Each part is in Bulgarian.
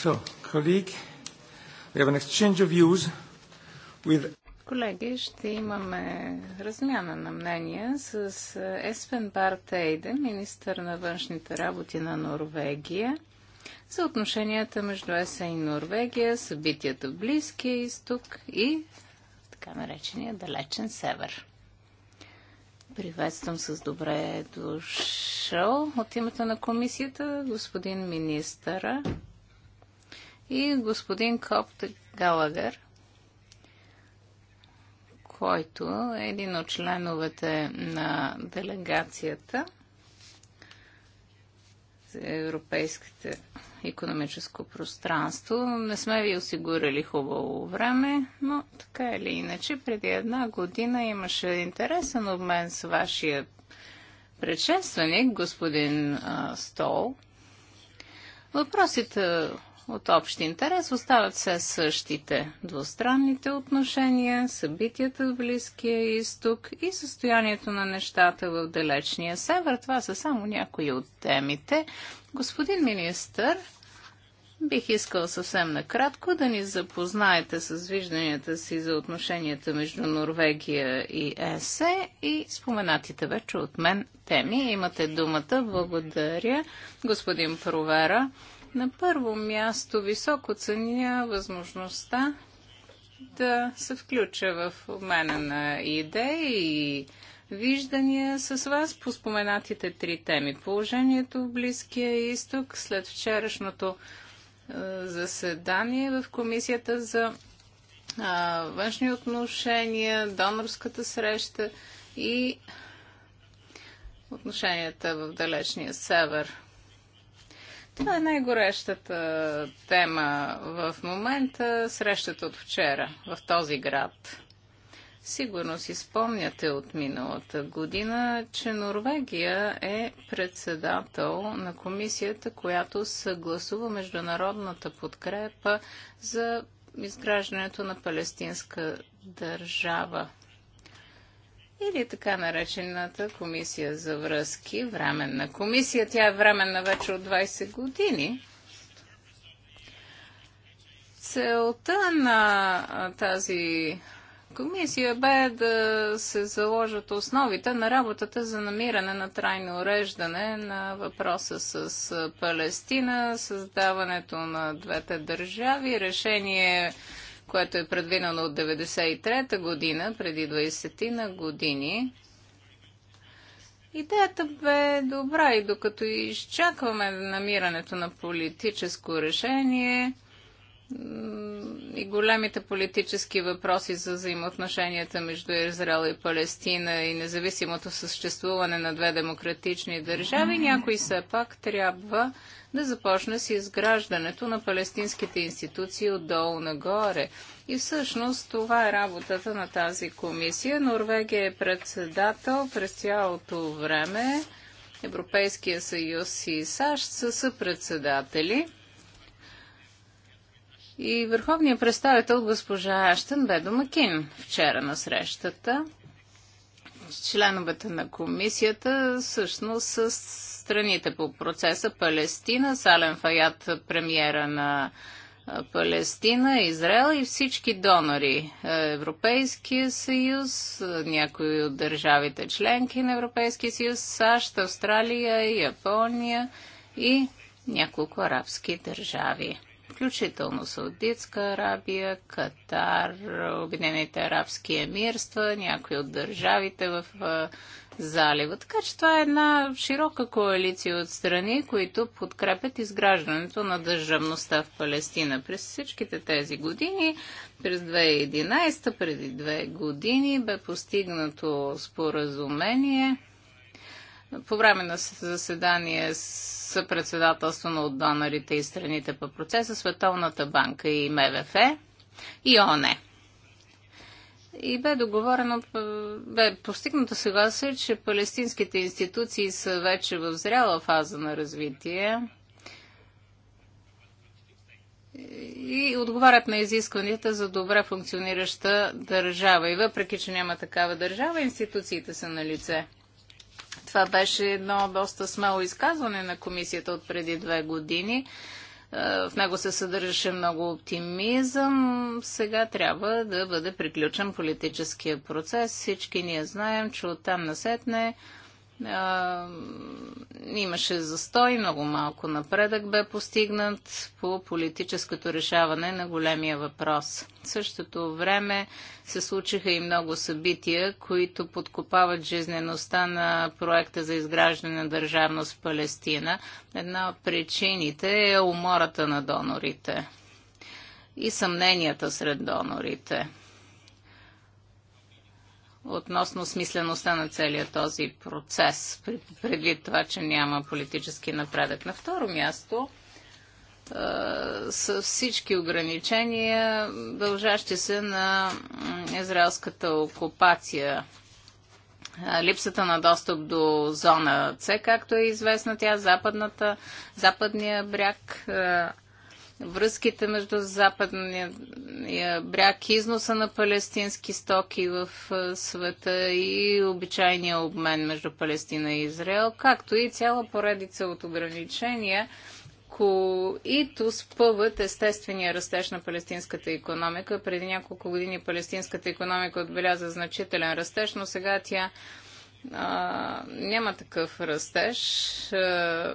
So, colleague, we have an exchange of views with Колеги, ще имаме размяна на мнения с Есвен Ейден, министър на външните работи на Норвегия, за отношенията между ЕСА и Норвегия, събитията в Близкия изток и така наречения Далечен Север. Приветствам с добре дошъл от името на комисията господин министъра и господин Копт Галагър, който е един от членовете на делегацията – европейското економическо пространство. Не сме ви осигурили хубаво време, но така или иначе, преди една година имаше интересен обмен с вашия предшественик, господин а, Стол. Въпросите от общ интерес остават все същите. Двустранните отношения, събитията в Близкия изток и състоянието на нещата в далечния север. Това са само някои от темите. Господин министър, бих искал съвсем накратко да ни запознаете с вижданията си за отношенията между Норвегия и ЕСЕ и споменатите вече от мен теми. Имате думата. Благодаря, господин Провера. На първо място високо ценя възможността да се включа в обмена на идеи и виждания с вас по споменатите три теми. Положението в Близкия изток след вчерашното е, заседание в Комисията за външни отношения, донорската среща и отношенията в далечния север. Това е най-горещата тема в момента, срещата от вчера в този град. Сигурно си спомняте от миналата година, че Норвегия е председател на комисията, която съгласува международната подкрепа за изграждането на палестинска държава или така наречената комисия за връзки, временна комисия. Тя е временна вече от 20 години. Целта на тази комисия бе да се заложат основите на работата за намиране на трайно уреждане на въпроса с Палестина, създаването на двете държави, решение което е предвидено от 1993 година, преди 20 на години. Идеята бе добра и докато изчакваме намирането на политическо решение, и големите политически въпроси за взаимоотношенията между Израел и Палестина и независимото съществуване на две демократични държави, някой все пак трябва да започне с изграждането на палестинските институции отдолу нагоре. И всъщност това е работата на тази комисия. Норвегия е председател през цялото време. Европейския съюз и САЩ са съпредседатели. И върховният представител госпожа Аштън бе домакин вчера на срещата. Членовете на комисията всъщност с страните по процеса Палестина, Сален Фаят, премиера на Палестина, Израел и всички донори. Европейския съюз, някои от държавите членки на Европейския съюз, САЩ, Австралия, Япония и няколко арабски държави включително Саудитска Арабия, Катар, Обединените арабски емирства, някои от държавите в залива. Така че това е една широка коалиция от страни, които подкрепят изграждането на държавността в Палестина. През всичките тези години, през 2011, преди две години, бе постигнато споразумение – по време на заседание с председателство на донорите и страните по процеса Световната банка и МВФ и ОНЕ. И бе договорено, бе постигнато съгласие, че палестинските институции са вече в зряла фаза на развитие и отговарят на изискванията за добре функционираща държава. И въпреки, че няма такава държава, институциите са на лице. Това беше едно доста смело изказване на комисията от преди две години. Е, в него се съдържаше много оптимизъм. Сега трябва да бъде приключен политическия процес. Всички ние знаем, че оттам насетне имаше застой, много малко напредък бе постигнат по политическото решаване на големия въпрос. В същото време се случиха и много събития, които подкопават жизнеността на проекта за изграждане на държавност в Палестина. Една от причините е умората на донорите и съмненията сред донорите относно смислеността на целия този процес, предвид това, че няма политически напредък. На второ място, са всички ограничения, дължащи се на израелската окупация. Липсата на достъп до зона С, както е известна тя, западната, западния бряг, връзките между западния бряг, износа на палестински стоки в света и обичайния обмен между Палестина и Израел, както и цяла поредица от ограничения, които спъват естествения растеж на палестинската економика. Преди няколко години палестинската економика отбеляза значителен растеж, но сега тя а, няма такъв растеж. А,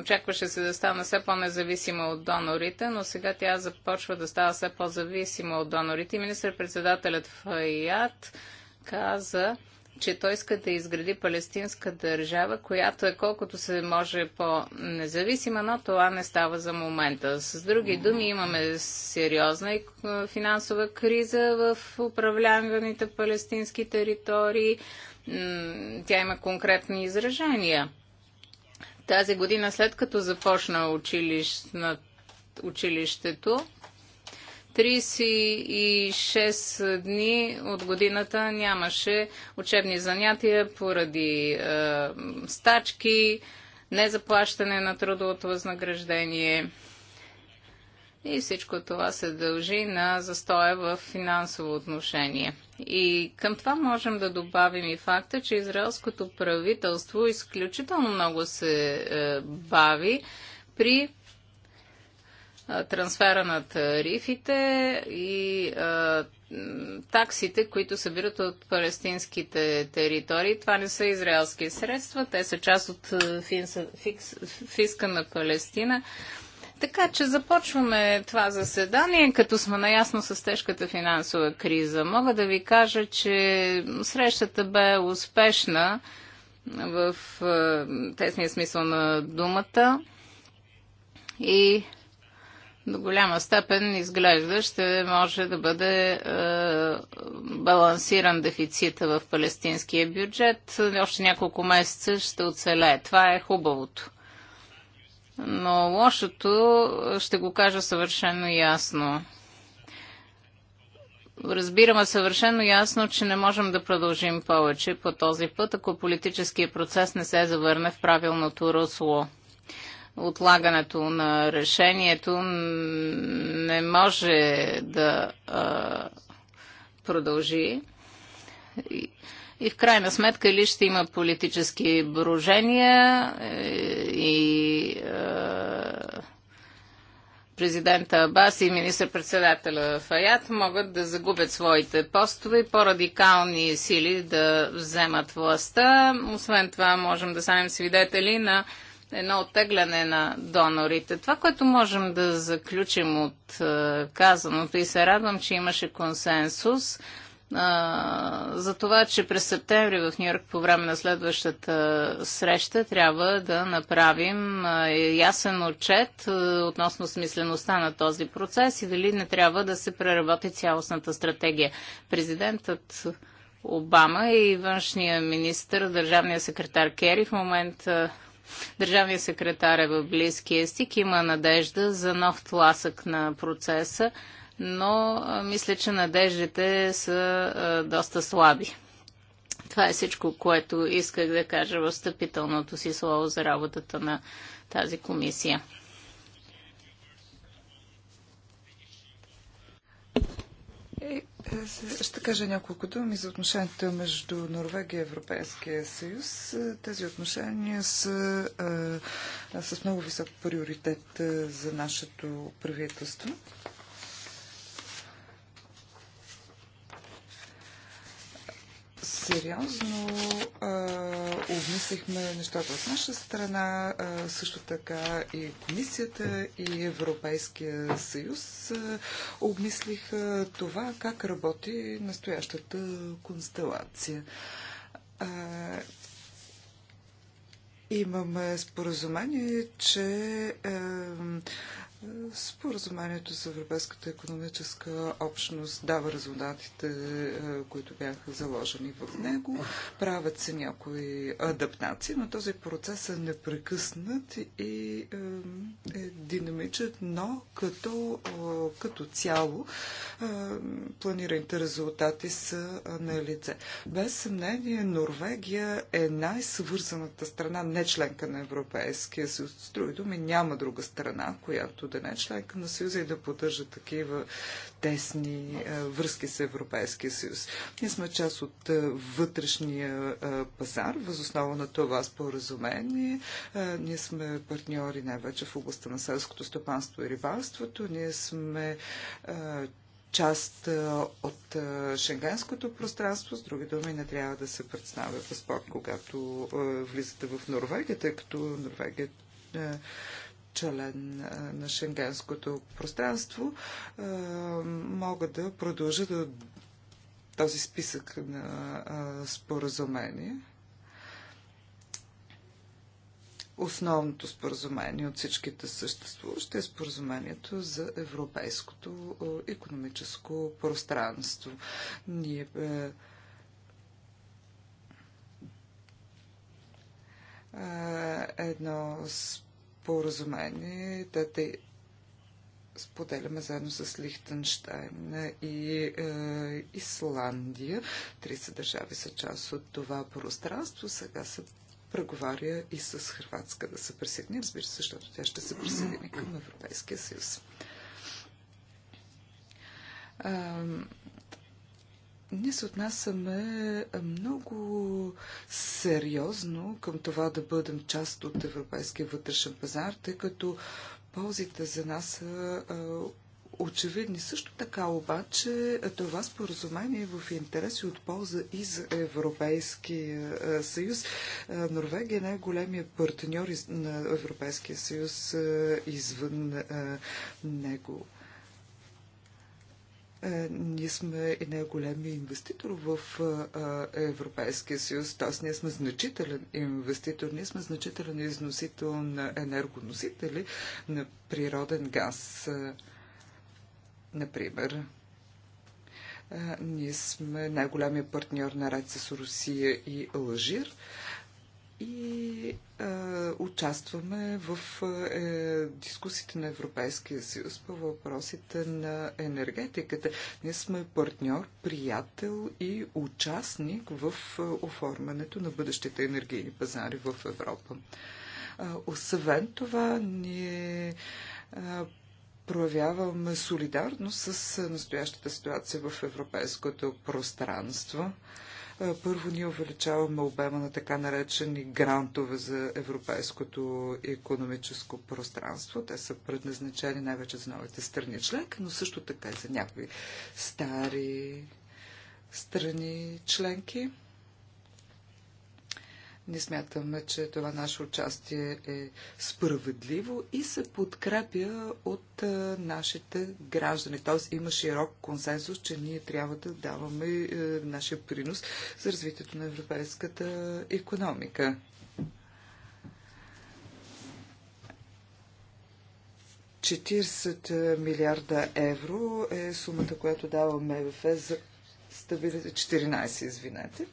очакваше се да стана все по-независима от донорите, но сега тя започва да става все по-зависима от донорите. Министър-председателят Фаят каза, че той иска да изгради палестинска държава, която е колкото се може по-независима, но това не става за момента. С други думи, имаме сериозна финансова криза в управляваните палестински територии тя има конкретни изражения. Тази година, след като започна училището, 36 дни от годината нямаше учебни занятия поради е, стачки, незаплащане на трудовото възнаграждение. И всичко това се дължи на застоя в финансово отношение. И към това можем да добавим и факта, че израелското правителство изключително много се е, бави при е, трансфера на тарифите и е, таксите, които събират от палестинските територии. Това не са израелски средства, те са част от е, финса, фикс, фиска на Палестина. Така че започваме това заседание, като сме наясно с тежката финансова криза. Мога да ви кажа, че срещата бе успешна в е, тесния смисъл на думата и до голяма степен изглежда ще може да бъде е, балансиран дефицита в палестинския бюджет. Още няколко месеца ще оцелее. Това е хубавото. Но лошото е, ще го кажа съвършено ясно. Разбираме съвършено ясно, че не можем да продължим повече по този път, ако политическия процес не се завърне в правилното русло. Отлагането на решението не може да а, продължи. И в крайна сметка или ще има политически брожения е, и е, президента Абас и министър-председателя Фаят могат да загубят своите постове и по-радикални сили да вземат властта. Освен това, можем да станем свидетели на едно оттегляне на донорите. Това, което можем да заключим от е, казаното и се радвам, че имаше консенсус – а, за това, че през септември в Нью-Йорк по време на следващата среща трябва да направим ясен отчет относно смислеността на този процес и дали не трябва да се преработи цялостната стратегия. Президентът Обама и външния министр, държавния секретар Кери в момента Държавният секретар е в близкия стик има надежда за нов тласък на процеса но мисля, че надеждите са доста слаби. Това е всичко, което исках да кажа в стъпителното си слово за работата на тази комисия. Е, ще кажа няколко думи за отношенията между Норвегия и Европейския съюз. Е, тези отношения са а, е, с много висок приоритет за нашето правителство. сериозно а, обмислихме нещата от наша страна, а, също така и Комисията и Европейския съюз а, обмислиха това как работи настоящата констелация. А, имаме споразумение, че е, Споразумението за Европейската економическа общност дава резултатите, е, които бяха заложени в него. Правят се някои адаптации, но този процес е непрекъснат и е, е динамичен, но като, е, като цяло планираните резултати са на лице. Без съмнение, Норвегия е най-свързаната страна, не членка на Европейския съюз. С други думи, няма друга страна, която от е членка на Съюза и да поддържа такива тесни е, връзки с Европейския съюз. Ние сме част от е, вътрешния е, пазар, възоснова на това споразумение. Ние сме партньори най-вече в областта на селското стопанство и рибарството. Ние сме част от шенгенското пространство. С други думи, не трябва да се представя паспорт, когато влизате в Норвегия, тъй като Норвегия член на шенгенското пространство, могат да продължат този списък на споразумения. Основното споразумение от всичките съществуващи е споразумението за европейското економическо пространство. Ние едно с споразумение да те споделяме заедно с Лихтенштайн и е, Исландия. са държави са част от това пространство. Сега се преговаря и с Хрватска да се присъедини, разбира се, защото тя ще се присъедини към Европейския съюз. Е, ние се отнасяме много сериозно към това да бъдем част от европейския вътрешен пазар, тъй като ползите за нас са очевидни. Също така обаче това споразумение е в интерес и от полза и за Европейския съюз. Норвегия е най-големия партньор на Европейския съюз извън него. Е, ние сме и най-големи инвеститор в е, е, Европейския съюз, т.е. ние сме значителен инвеститор, ние сме значителен износител на енергоносители, на природен газ, например. Ние сме най-големия партньор наред с Русия и Алжир и е, участваме в е, дискусите на Европейския съюз по въпросите на енергетиката. Ние сме партньор, приятел и участник в оформянето на бъдещите енергийни пазари в Европа. Освен това, ние проявяваме солидарност с настоящата ситуация в европейското пространство. Първо ние увеличаваме обема на така наречени грантове за европейското економическо пространство. Те са предназначени най-вече за новите страни членки, но също така и за някои стари страни членки. Ние смятаме, че това наше участие е справедливо и се подкрепя от нашите граждани. Т.е. има широк консенсус, че ние трябва да даваме е, нашия принос за развитието на европейската економика. Е, милиарда евро е сумата, която дава МВФ е за стабилизация. 14, извинете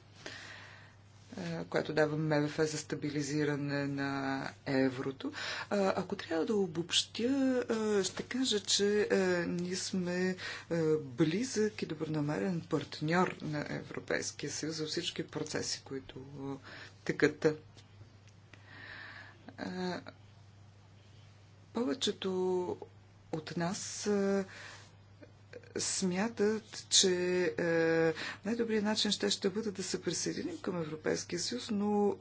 е, Което дава МВФ за стабилизиране на еврото. Ако трябва да обобщя, е, ще кажа, че е, ние сме близък и добронамерен партньор на Европейския съюз за всички процеси, които текат. Повечето от нас смятат, че е, най-добрият начин ще, ще бъде да се присъединим към Европейския съюз, но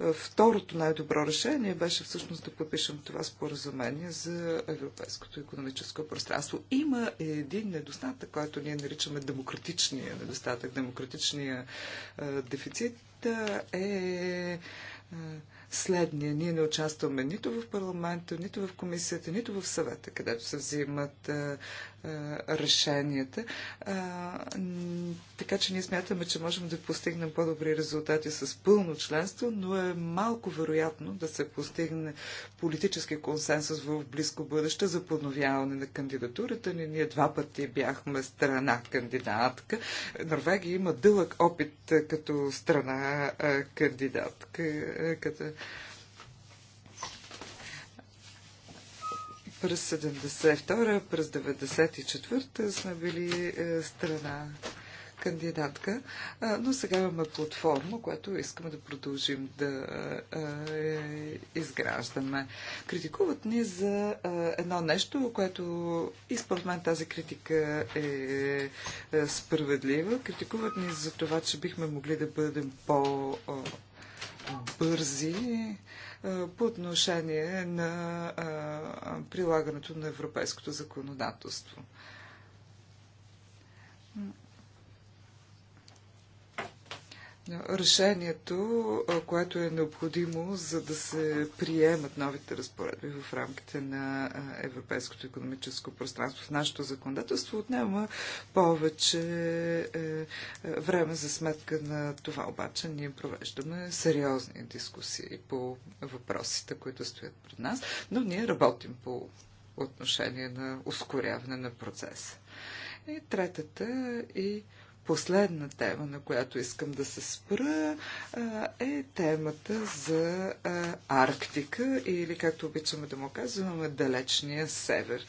е, е второто най-добро решение беше всъщност да подпишем това споразумение за Европейското економическо пространство. Има един недостатък, който ние наричаме демократичния недостатък, демократичния е, дефицит е, е следния. Ние не участваме нито в парламента, нито в комисията, нито в съвета, където се взимат е, е, решенията. Е, така че ние смятаме, че можем да постигнем по-добри резултати с пълно членство, но е малко вероятно да се постигне политически консенсус в близко бъдеще за подновяване на кандидатурата ни. Ние два пъти бяхме страна кандидатка. Норвегия има дълъг опит е, като страна кандидатка, като През 72 през 94 та сме били е, страна кандидатка, но сега имаме платформа, която искаме да продължим да е, е, изграждаме. Критикуват ни за едно нещо, което и според мен тази критика е справедлива. Критикуват ни за това, че бихме могли да бъдем по бързи по отношение на прилагането на европейското законодателство. решението, което е необходимо, за да се приемат новите разпоредби в рамките на Европейското економическо пространство в нашето законодателство, отнема повече е, е, време за сметка на това. Обаче ние провеждаме сериозни дискусии по въпросите, които стоят пред нас, но ние работим по отношение на ускоряване на процеса. И третата и е Последна тема, на която искам да се спра, е темата за Арктика или, както обичаме да му казваме, далечния север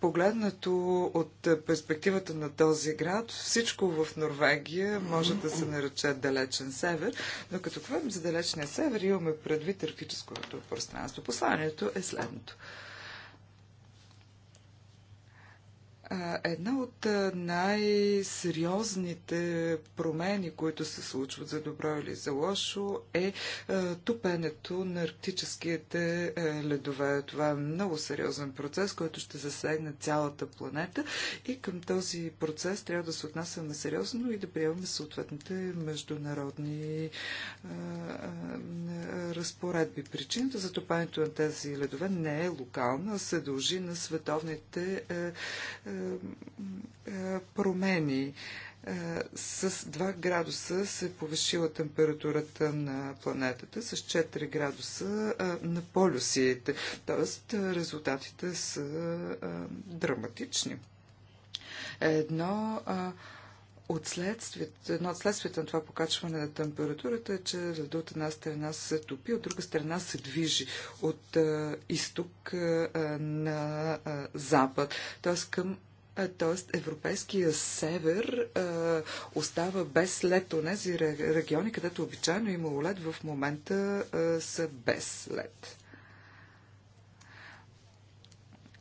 погледнато от перспективата на този град, всичко в Норвегия може да се нарече далечен север, но като говорим за далечния север, имаме предвид арктическото пространство. Посланието е следното. Една от най-сериозните промени, които се случват за добро или за лошо, е тупенето на арктическите ледове. Това е много сериозен процес, който ще засегне цялата планета и към този процес трябва да се отнасяме сериозно и да приемаме съответните международни разпоредби. Причината за топането на тези ледове не е локална, а се дължи на световните е, е, промени. Е, с 2 градуса се повишила температурата на планетата, с 4 градуса на полюсите. Тоест резултатите са драматични. Едно от следствията, едно от следствията на това покачване на температурата е, че леда от една страна се топи, от друга страна се движи от изток на запад, т.е. към т.е. Европейския север а, остава без след онези региони, където обичайно има лед, в момента а, са без лед.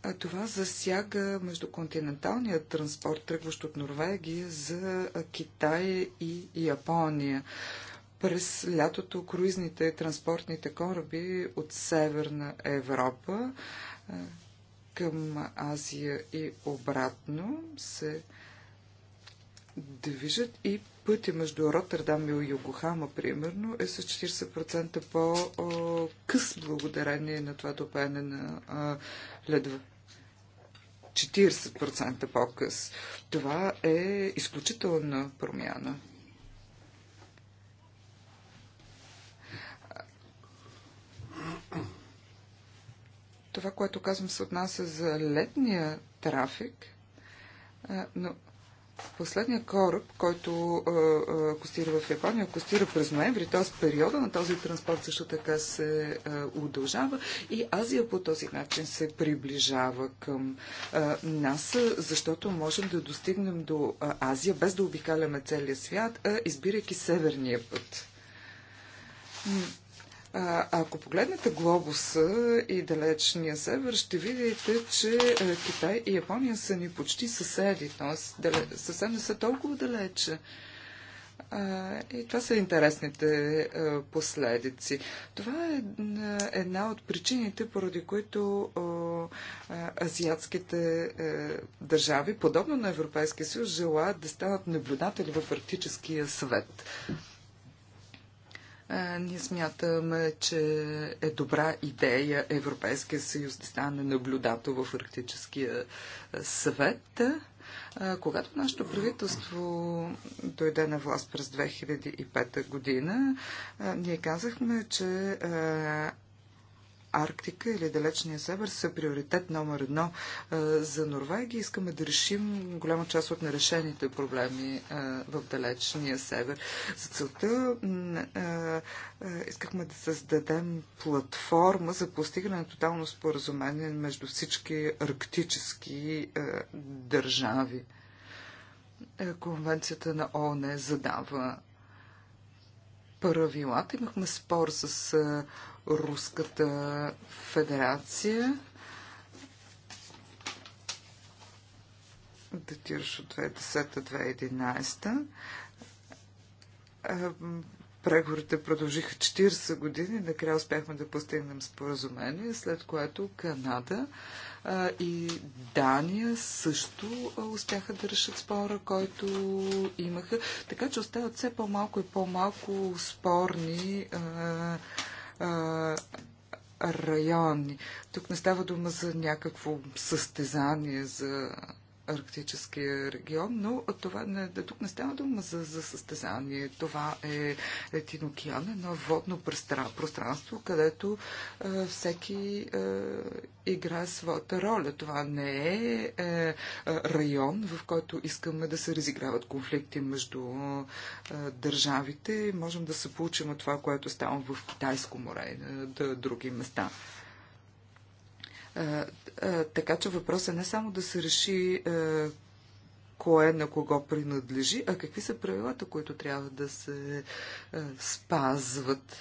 А това засяга междуконтиненталния транспорт, тръгващ от Норвегия за Китай и Япония. През лятото круизните транспортните кораби от Северна Европа а, към Азия и обратно се движат и пътя между Роттердам и Йогохама, примерно, е с 40% по-къс благодарение на това топене на ледва. 40% по-къс. Това е изключителна промяна. Това, което казвам, се отнася за летния трафик, но последният кораб, който костира в Япония, костира през ноември, т.е. периода на този транспорт също така се удължава и Азия по този начин се приближава към нас, защото можем да достигнем до Азия без да обикаляме целия свят, избирайки северния път. А, ако погледнете глобуса и далечния север, ще видите, че Китай и Япония са ни почти съседи, т.е. съвсем не са толкова далече. И това са интересните последици. Това е една от причините, поради които азиатските държави, подобно на Европейския съюз, желаят да станат наблюдатели в Арктическия съвет. Ние смятаме, че е добра идея Европейския съюз да стане наблюдател в Арктическия съвет. Когато нашето правителство дойде на власт през 2005 година, ние казахме, че Арктика или Далечния север са приоритет номер едно за Норвегия. Искаме да решим голяма част от нерешените проблеми в Далечния север. За целта искахме да създадем платформа за постигане на тотално споразумение между всички арктически държави. Е, конвенцията на ООН задава правилата. Имахме спор с Руската федерация, датираш от 2010-2011. Преговорите продължиха 40 години, накрая успяхме да постигнем споразумение, след което Канада и Дания също успяха да решат спора, който имаха. Така че остават все по-малко и по-малко спорни райони. Тук не става дума за някакво състезание, за арктическия регион, но това не, тук не става дума за, за състезание. Това е един океан, едно водно пространство, където е, всеки е, играе своята роля. Това не е, е район, в който искаме да се разиграват конфликти между е, държавите. Можем да се получим от това, което става в Китайско море и е, на да, други места така че въпросът е не само да се реши кое на кого принадлежи, а какви са правилата, които трябва да се спазват.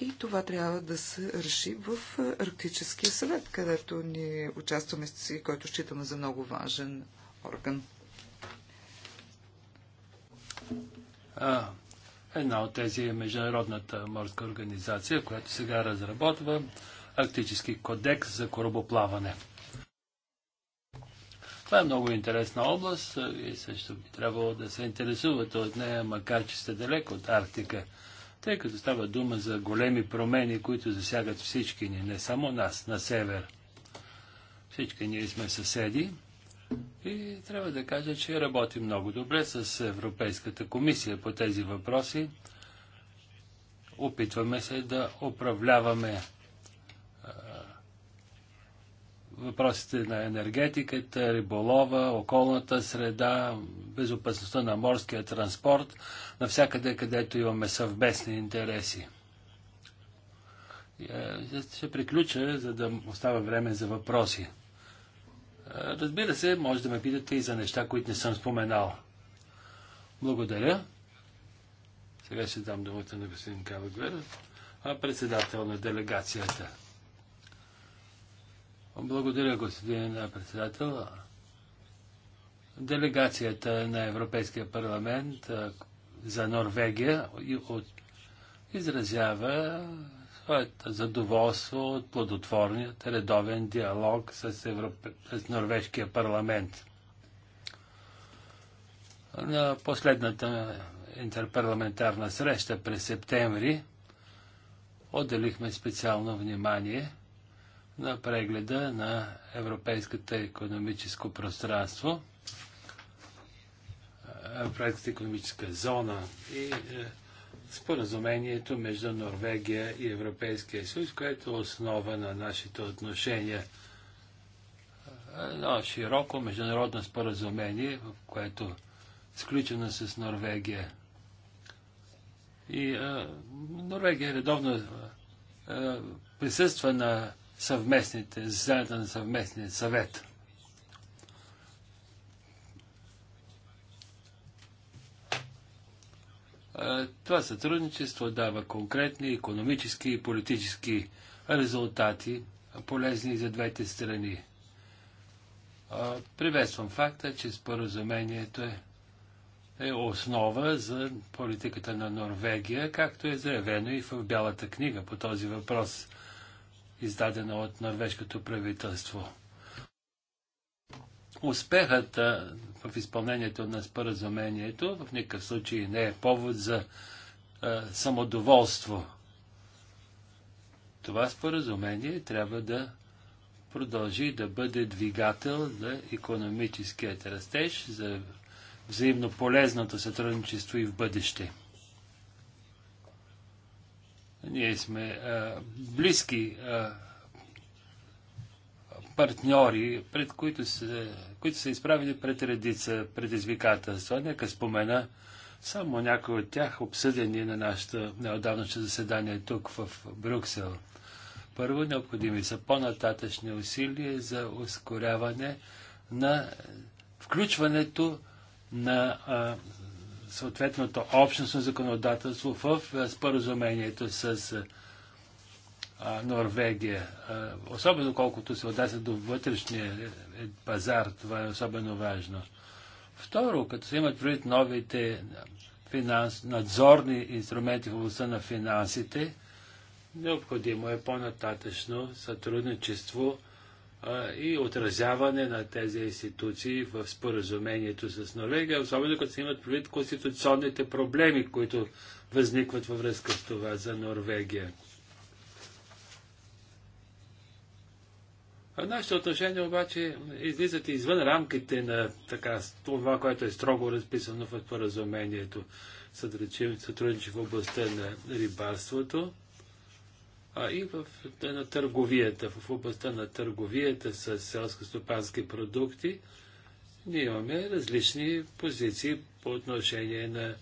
И това трябва да се реши в Арктическия съвет, където ни участваме и който считаме за много важен орган. А, една от тези е Международната морска организация, която сега разработва Арктически кодекс за корабоплаване. Това е много интересна област и също би трябвало да се интересувате от нея, макар че сте далеко от Арктика, тъй като става дума за големи промени, които засягат всички ни, не само нас, на север. Всички ние сме съседи и трябва да кажа, че работи много добре с Европейската комисия по тези въпроси. Опитваме се да управляваме въпросите на енергетиката, риболова, околната среда, безопасността на морския транспорт, навсякъде, където имаме съвместни интереси. Е, ще приключа, за да остава време за въпроси. Е, разбира се, може да ме питате и за неща, които не съм споменал. Благодаря. Сега ще дам думата на господин Калагвер, председател на делегацията. Благодаря, господин председател. Делегацията на Европейския парламент за Норвегия изразява своето задоволство от плодотворният редовен диалог с, Европе... с Норвежкия парламент. На последната интерпарламентарна среща през септември отделихме специално внимание – на прегледа на Европейската економическо пространство, Европейската економическа зона и е, споразумението между Норвегия и Европейския съюз, което е основа на нашите отношения. Едно широко международно споразумение, което е сключено с Норвегия. И а, Норвегия редовно а, присъства на съвместните, заедно на съвместния съвет. Това сътрудничество дава конкретни економически и политически резултати, полезни за двете страни. Приветствам факта, че споразумението е, е основа за политиката на Норвегия, както е заявено и в Бялата книга по този въпрос – издадена от норвежкото правителство. Успехът в изпълнението на споразумението в никакъв случай не е повод за а, самодоволство. Това споразумение трябва да продължи да бъде двигател за економическият растеж, за взаимно полезното сътрудничество и в бъдеще. Ние сме а, близки а, партньори, пред които са, които са изправили пред редица предизвикателства. Нека спомена само някои от тях, обсъдени на нашето неодавнаше заседание тук в Брюксел. Първо, необходими са по-нататъчни усилия за ускоряване на включването на а, съответното общностно законодателство в споразумението с Норвегия. Особено колкото се отнася до вътрешния е, е, пазар, това е особено важно. Второ, като се имат предвид новите финанс, надзорни инструменти в областта на финансите, необходимо е по-нататъчно сътрудничество и отразяване на тези институции в споразумението с Норвегия, особено като се имат предвид конституционните проблеми, които възникват във връзка с това за Норвегия. А нашите отношения обаче излизат извън рамките на така, това, което е строго разписано в споразумението. Сътрудничи в областта на рибарството а и в, на търговията, в областта на търговията с селско-стопански продукти, ние имаме различни позиции по отношение на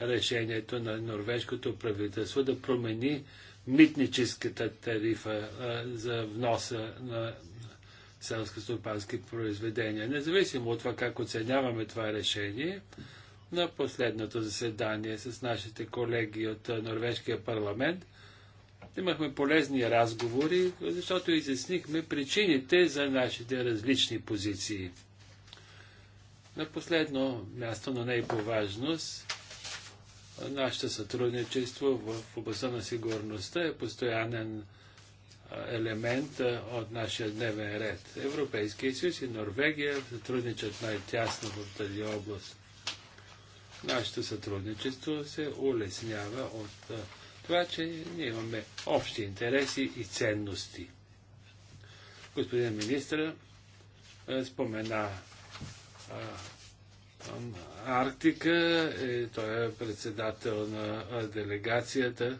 решението на норвежкото правителство да промени митническата тарифа а, за вноса на селско-стопански произведения. Независимо от това как оценяваме това решение, на последното заседание с нашите колеги от Норвежкия парламент – Имахме полезни разговори, защото изяснихме причините за нашите различни позиции. На последно място, но не и по важност, нашето сътрудничество в областта на сигурността е постоянен елемент от нашия дневен ред. Европейския съюз и Норвегия сътрудничат най-тясно в тази област. Нашето сътрудничество се улеснява от това, че ние имаме общи интереси и ценности. Господин министр е, спомена а, Арктика, е, той е председател на а, делегацията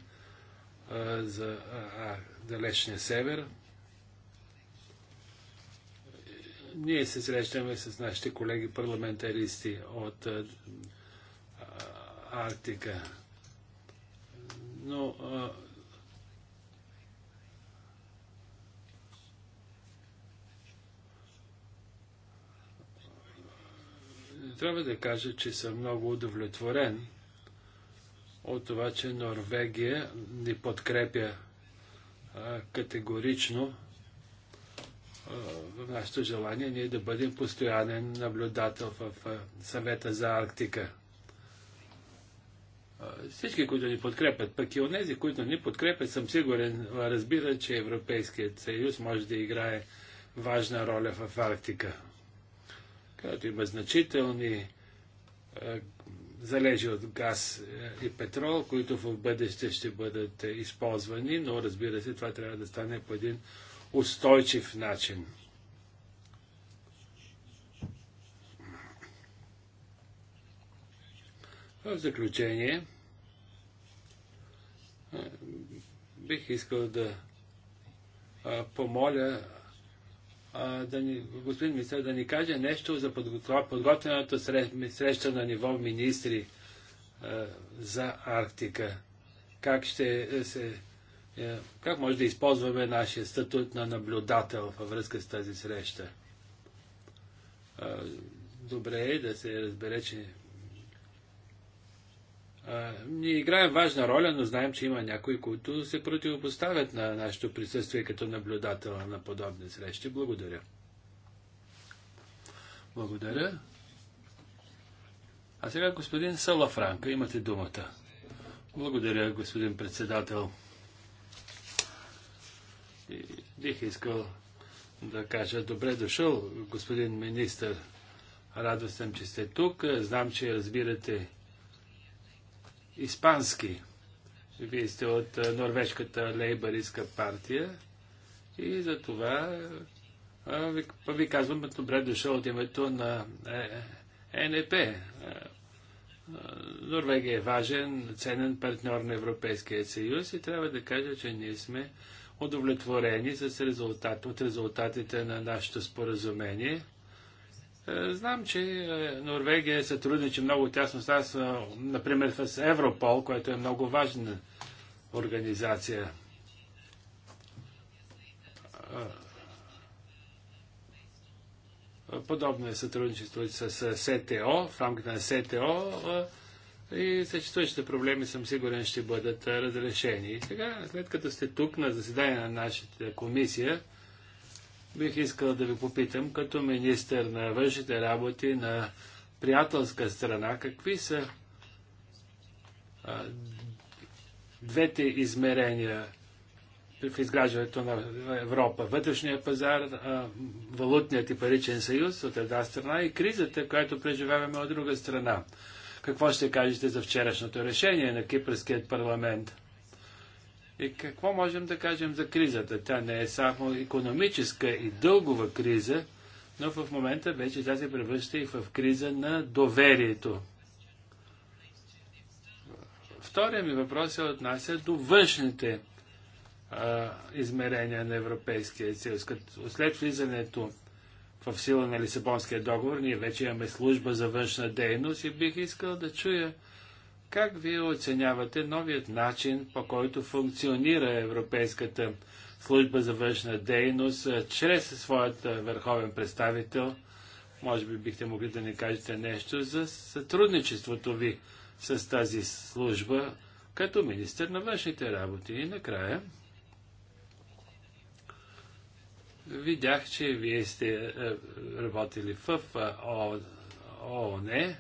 за далечния север. Ние се срещаме с нашите колеги парламентаристи от Арктика но а, трябва да кажа, че съм много удовлетворен от това, че Норвегия ни подкрепя а, категорично в нашето желание ние да бъдем постоянен наблюдател в съвета за Арктика. Всички, които ни подкрепят, пък и онези, които ни подкрепят, съм сигурен, разбира, че Европейският съюз може да играе важна роля в Арктика, където има значителни залежи от газ и петрол, които в бъдеще ще бъдат използвани, но разбира се, това трябва да стане по един устойчив начин. В заключение, бих искал да помоля да ни, господин министър да ни каже нещо за подготвената среща на ниво министри за Арктика. Как ще се е, как може да използваме нашия статут на наблюдател във връзка с тази среща? Добре е да се разбере, че ние играем важна роля, но знаем, че има някои, които се противопоставят на нашето присъствие като наблюдател на подобни срещи. Благодаря. Благодаря. А сега господин Салафранка, имате думата. Благодаря, господин председател. И бих искал да кажа добре дошъл, господин министр. радва съм, че сте тук. Знам, че разбирате испански. Вие сте от норвежката лейбаристка партия и за това а, ви, ви казвам добре дошъл от името на е, е НП. Норвегия е важен, ценен партньор на Европейския съюз и трябва да кажа, че ние сме удовлетворени с резултат, от резултатите на нашето споразумение – е, знам, че е, Норвегия сътрудничи много тясно с нас, е, например с Европол, което е много важна организация. Подобно е сътрудничество с СТО, в рамките на СТО и съществуващите проблеми съм сигурен ще бъдат разрешени. И сега, след като сте тук на заседание на нашата комисия, бих искал да ви попитам, като министър на външните работи на приятелска страна, какви са а, двете измерения в изграждането на Европа. Вътрешния пазар, а, валутният и паричен съюз от една страна и кризата, която преживяваме от друга страна. Какво ще кажете за вчерашното решение на Кипърският парламент? И какво можем да кажем за кризата? Тя не е само економическа и дългова криза, но в момента вече тя се превръща и в криза на доверието. Втория ми въпрос се отнася до външните а, измерения на Европейския съюз. След влизането в сила на Лисабонския договор, ние вече имаме служба за външна дейност и бих искал да чуя как вие оценявате новият начин, по който функционира Европейската служба за външна дейност, чрез своят върховен представител? Може би бихте могли да ни кажете нещо за сътрудничеството ви с тази служба като министър на външните работи. И накрая видях, че вие сте работили в ООН е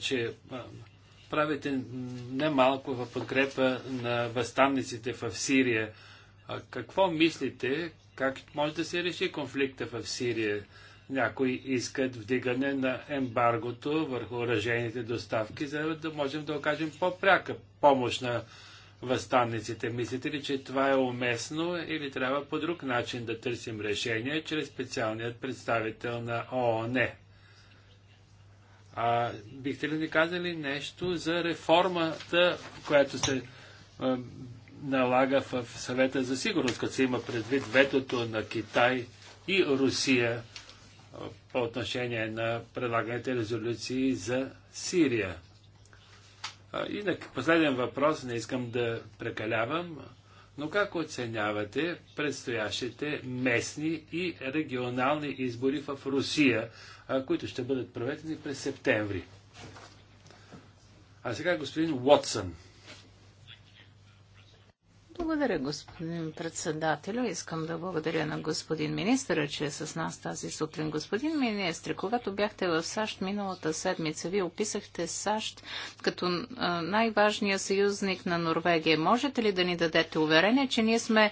че правите немалко в подкрепа на възстанниците в Сирия. Какво мислите, как може да се реши конфликта в Сирия? Някои искат вдигане на ембаргото върху оръжейните доставки, за да можем да окажем по-пряка помощ на възстанниците. Мислите ли, че това е уместно или трябва по друг начин да търсим решение чрез специалният представител на ООН? А, бихте ли ни казали нещо за реформата, която се а, налага в, съвета за сигурност, като се има предвид ветото на Китай и Русия а, по отношение на предлаганите резолюции за Сирия? А, и на последен въпрос, не искам да прекалявам, но как оценявате предстоящите местни и регионални избори в Русия? които ще бъдат проведени през септември. А сега господин Уотсън. Благодаря, господин председателю. Искам да благодаря на господин министъра, че е с нас тази сутрин. Господин министр, когато бяхте в САЩ миналата седмица, вие описахте САЩ като най-важния съюзник на Норвегия. Можете ли да ни дадете уверение, че ние сме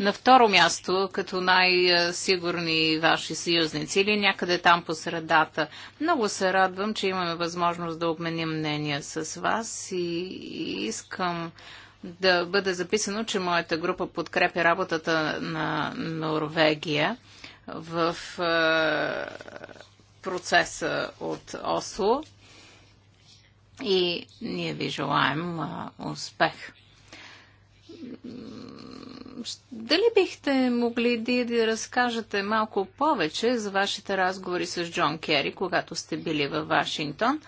на второ място като най-сигурни ваши съюзници или някъде там по средата. Много се радвам, че имаме възможност да обменим мнения с вас и, искам да бъде записано, че моята група подкрепя работата на Норвегия в е, процеса от Осло и ние ви желаем е, успех дали бихте могли да, да разкажете малко повече за вашите разговори с Джон Кери, когато сте били във Вашингтон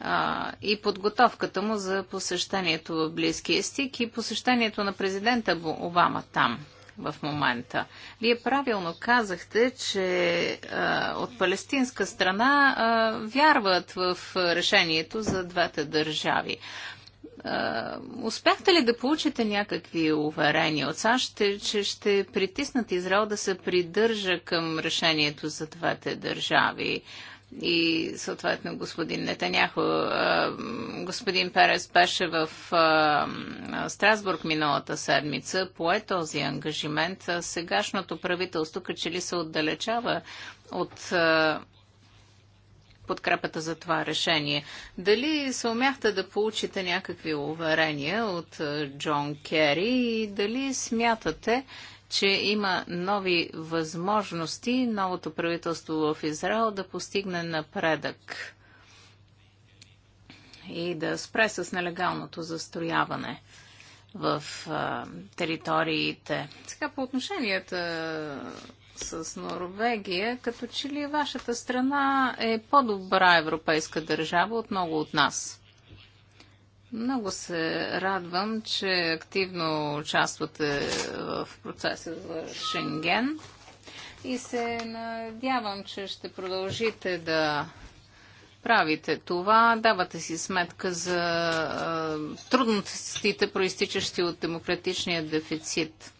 а, и подготовката му за посещението в Близкия стик и посещението на президента Обама там? в момента. Вие правилно казахте, че а, от палестинска страна а, вярват в решението за двете държави. А, успяхте ли да получите някакви уверения от САЩ, че ще притиснат Израел да се придържа към решението за двете държави? и съответно господин Нетаняхо. Господин Перес беше в Страсбург миналата седмица, пое този ангажимент. Сегашното правителство като че ли се отдалечава от подкрепата за това решение. Дали се умяхте да получите някакви уверения от Джон Кери и дали смятате, че има нови възможности новото правителство в Израел да постигне напредък и да спре с нелегалното застрояване в а, териториите. Сега по отношенията с Норвегия, като че ли вашата страна е по-добра европейска държава от много от нас. Много се радвам, че активно участвате в процеса за Шенген и се надявам, че ще продължите да правите това, давате си сметка за трудностите, проистичащи от демократичния дефицит.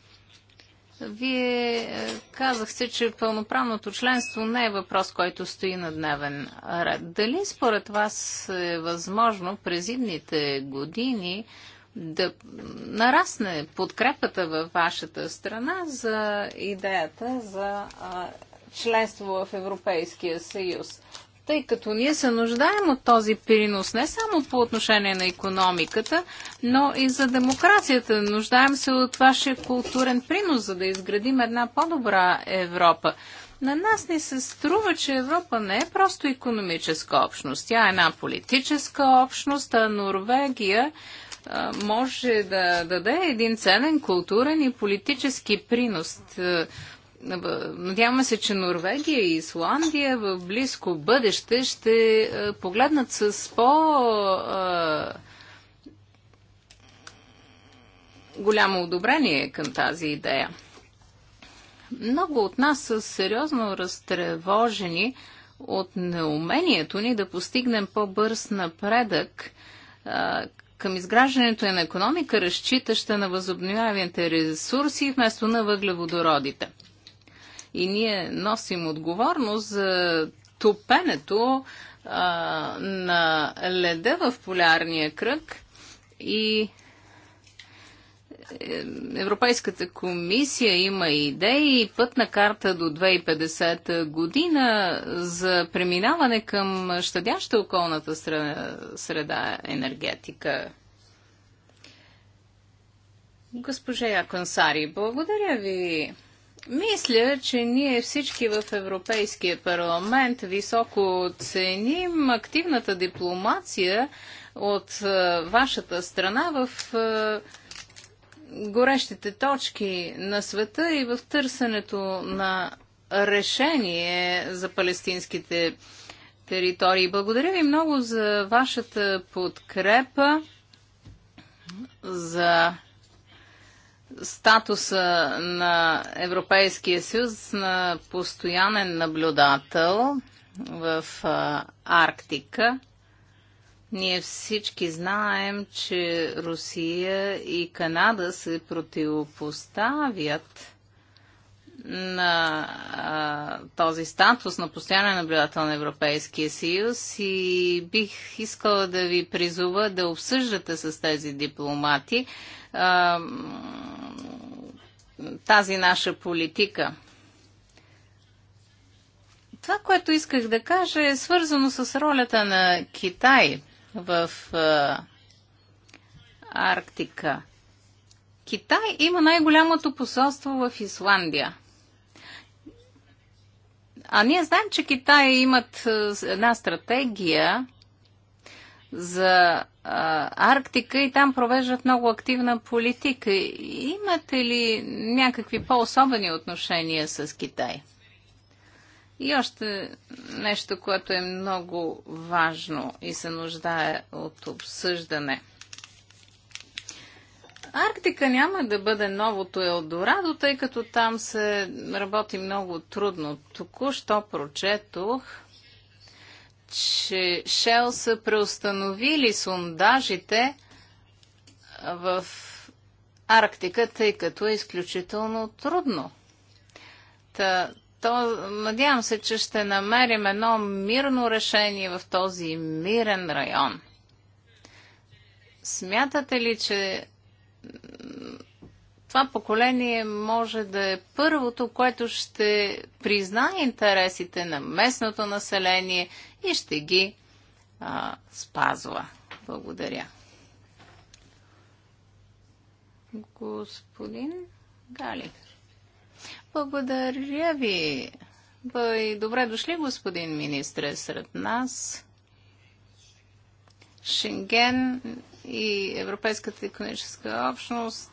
Вие е, казахте, че пълноправното членство не е въпрос, който стои на дневен ред. Дали според вас е възможно през идните години да нарасне подкрепата във вашата страна за идеята за членство в Европейския съюз? тъй като ние се нуждаем от този принос не само по отношение на економиката, но и за демокрацията. Нуждаем се от вашия културен принос, за да изградим една по-добра Европа. На нас ни се струва, че Европа не е просто економическа общност. Тя е една политическа общност, а Норвегия може да даде един ценен културен и политически принос. Надяваме се, че Норвегия и Исландия в близко бъдеще ще е, погледнат с по- е, голямо одобрение към тази идея. Много от нас са сериозно разтревожени от неумението ни да постигнем по-бърз напредък е, към изграждането на економика, разчитаща на възобновявените ресурси вместо на въглеводородите и ние носим отговорност за топенето а, на леда в полярния кръг и е, Европейската комисия има идеи и пътна карта до 2050 година за преминаване към щадяща околната среда енергетика. Госпожа Яконсари, благодаря ви мисля, че ние всички в Европейския парламент високо ценим активната дипломация от е, вашата страна в е, горещите точки на света и в търсенето на решение за палестинските територии. Благодаря ви много за вашата подкрепа, за статуса на Европейския съюз на постоянен наблюдател в Арктика. Ние всички знаем, че Русия и Канада се противопоставят на а, този статус на постоянен наблюдател на Европейския съюз и бих искала да ви призова да обсъждате с тези дипломати а, тази наша политика. Това, което исках да кажа, е свързано с ролята на Китай в е, Арктика. Китай има най-голямото посолство в Исландия. А ние знаем, че Китай имат една стратегия за а, Арктика и там провеждат много активна политика. Имате ли някакви по-особени отношения с Китай? И още нещо, което е много важно и се нуждае от обсъждане. Арктика няма да бъде новото Елдорадо, тъй като там се работи много трудно. Току-що прочетох, че Шел са преустановили сундажите в Арктика, тъй като е изключително трудно. Та, то, надявам се, че ще намерим едно мирно решение в този мирен район. Смятате ли, че това поколение може да е първото, което ще признае интересите на местното население и ще ги а, спазва. Благодаря. Господин Гали. Благодаря ви. Бъй, добре дошли, господин министре, сред нас. Шенген и Европейската економическа общност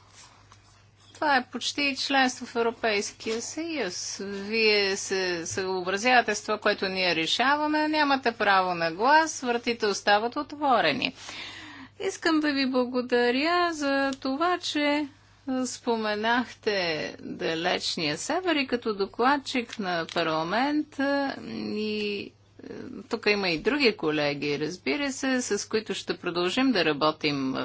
това е почти членство в Европейския съюз. Вие се съобразявате с това, което ние решаваме, нямате право на глас, вратите остават отворени. Искам да ви благодаря за това, че споменахте далечния север и като докладчик на парламент и е, тук има и други колеги, разбира се, с които ще продължим да работим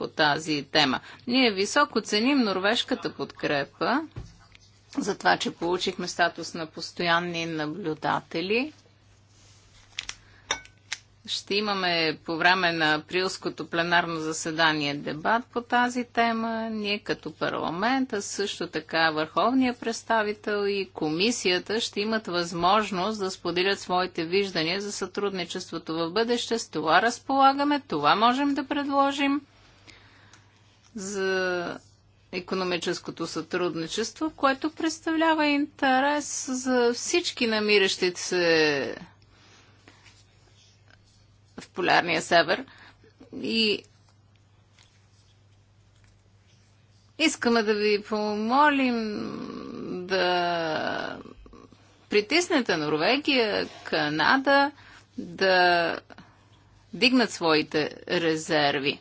по тази тема. Ние високо ценим норвежката подкрепа за това, че получихме статус на постоянни наблюдатели. Ще имаме по време на априлското пленарно заседание дебат по тази тема. Ние като парламент, а също така върховният представител и комисията ще имат възможност да споделят своите виждания за сътрудничеството в бъдеще. С това разполагаме, това можем да предложим за економическото сътрудничество, което представлява интерес за всички намиращи се в полярния север. И искаме да ви помолим да притиснете Норвегия, Канада да дигнат своите резерви.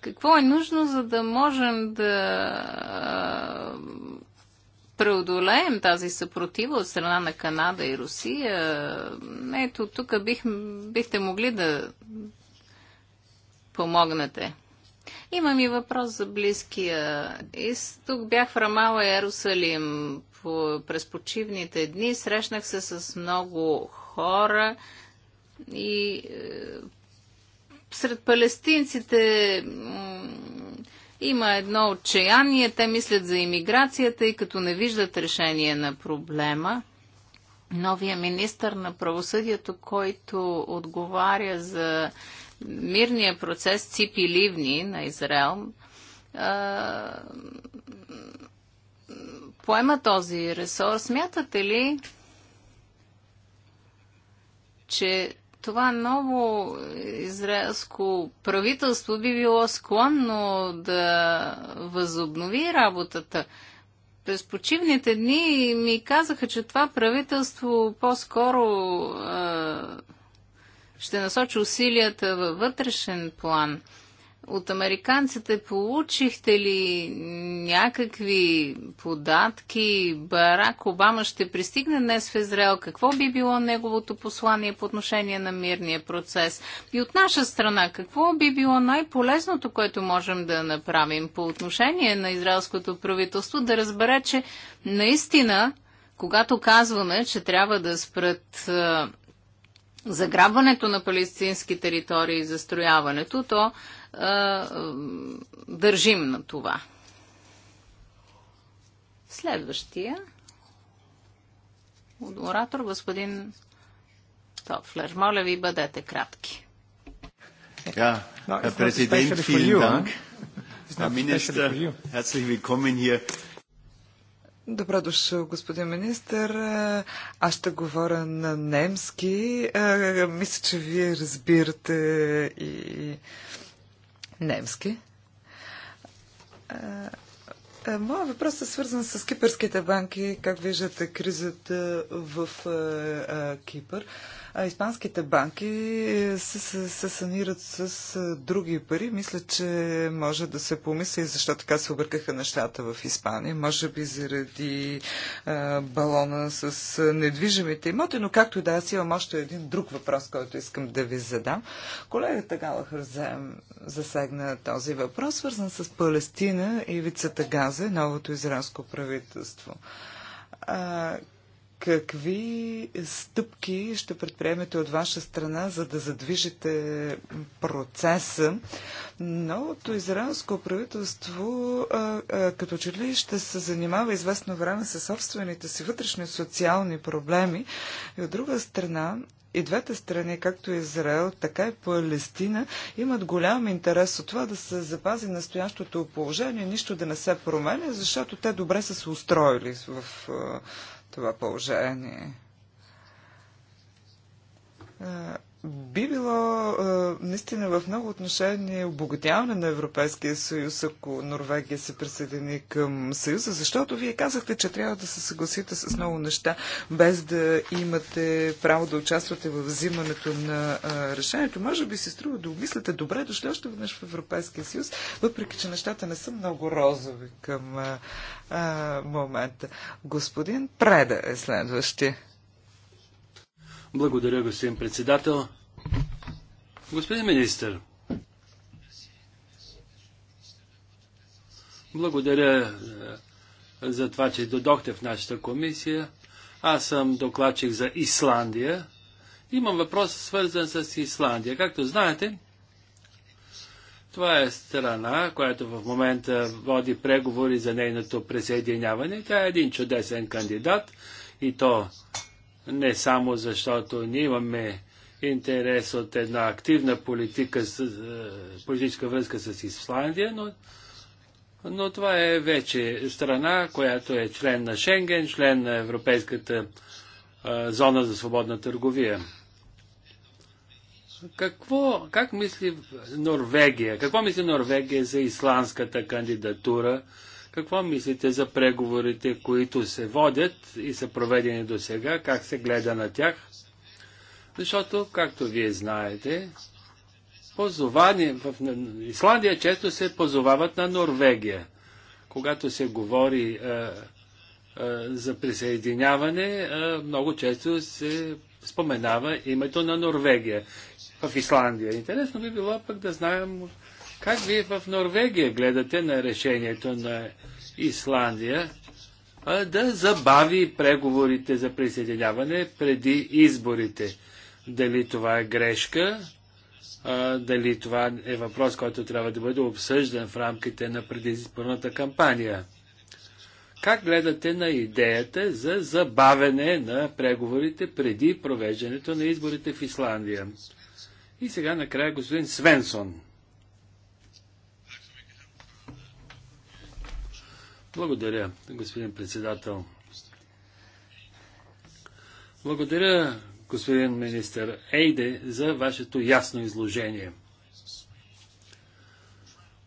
Какво е нужно, за да можем да преодолеем тази съпротива от страна на Канада и Русия? Ето, тук бих, бихте могли да помогнете. Имам и въпрос за Близкия и тук Бях в Рамала и Ерусалим по, през почивните дни. Срещнах се с много хора и е, сред палестинците има едно отчаяние. Те мислят за иммиграцията и като не виждат решение на проблема. Новия министр на правосъдието, който отговаря за мирния процес Ципи Ливни на Израел, поема този ресурс, Смятате ли, че това ново израелско правителство би било склонно да възобнови работата. През почивните дни ми казаха, че това правителство по-скоро ще насочи усилията във вътрешен план от американците получихте ли някакви податки? Барак Обама ще пристигне днес в Израел. Какво би било неговото послание по отношение на мирния процес? И от наша страна, какво би било най-полезното, което можем да направим по отношение на израелското правителство? Да разбере, че наистина, когато казваме, че трябва да спрат заграбването на палестински територии и застрояването, то държим на това. Следващия оратор, господин Тофлер. Моля ви, бъдете кратки. Ja, Добре дошъл, господин министър. Аз ще говоря на немски. Мисля, че вие разбирате и немски. Моят въпрос е свързан с кипърските банки. Как виждате кризата в Кипър? Испанските банки се, се, се санират с други пари. Мисля, че може да се помисли защо така се объркаха нещата в Испания. Може би заради а, балона с недвижимите имоти, но както и да, е, аз имам още един друг въпрос, който искам да ви задам. Колегата Галахър засегна този въпрос, свързан с Палестина и вицата Газа, новото израелско правителство. А, Какви стъпки ще предприемете от ваша страна, за да задвижите процеса? Новото израелско правителство като че ли ще се занимава известно време с собствените си вътрешни социални проблеми и от друга страна и двете страни, както Израел, така и Палестина, имат голям интерес от това да се запази настоящото положение, нищо да не се променя, защото те добре са се устроили в това положение. Е, би било а, наистина в много отношение обогатяване на Европейския съюз, ако Норвегия се присъедини към съюза, защото вие казахте, че трябва да се съгласите с много неща, без да имате право да участвате в взимането на а, решението. Може би се струва да обмислите добре, дошли още веднъж в Европейския съюз, въпреки че нещата не са много розови към а, а, момента. Господин Преда е следващия. Благодаря, господин председател. Господин министр, благодаря е, за това, че додохте в нашата комисия. Аз съм докладчик за Исландия. Имам въпрос свързан с Исландия. Както знаете, това е страна, която в момента води преговори за нейното присъединяване. Тя е един чудесен кандидат и то не само защото ние имаме интерес от една активна политика, е, политическа връзка с Исландия, но, но това е вече страна, която е член на Шенген, член на Европейската а, е, зона за свободна търговия. Какво, как мисли Норвегия? Какво мисли Норвегия за исландската кандидатура какво мислите за преговорите, които се водят и са проведени до сега? Как се гледа на тях? Защото, както вие знаете, позовани, в Исландия често се позовават на Норвегия. Когато се говори а, е, а, е, за присъединяване, а, е, много често се споменава името на Норвегия в Исландия. Интересно би било пък да знаем как вие в Норвегия гледате на решението на Исландия а, да забави преговорите за присъединяване преди изборите? Дали това е грешка? А, дали това е въпрос, който трябва да бъде обсъждан в рамките на предизборната кампания? Как гледате на идеята за забавене на преговорите преди провеждането на изборите в Исландия? И сега накрая господин Свенсон. Благодаря, господин председател. Благодаря, господин министър Ейде, за вашето ясно изложение.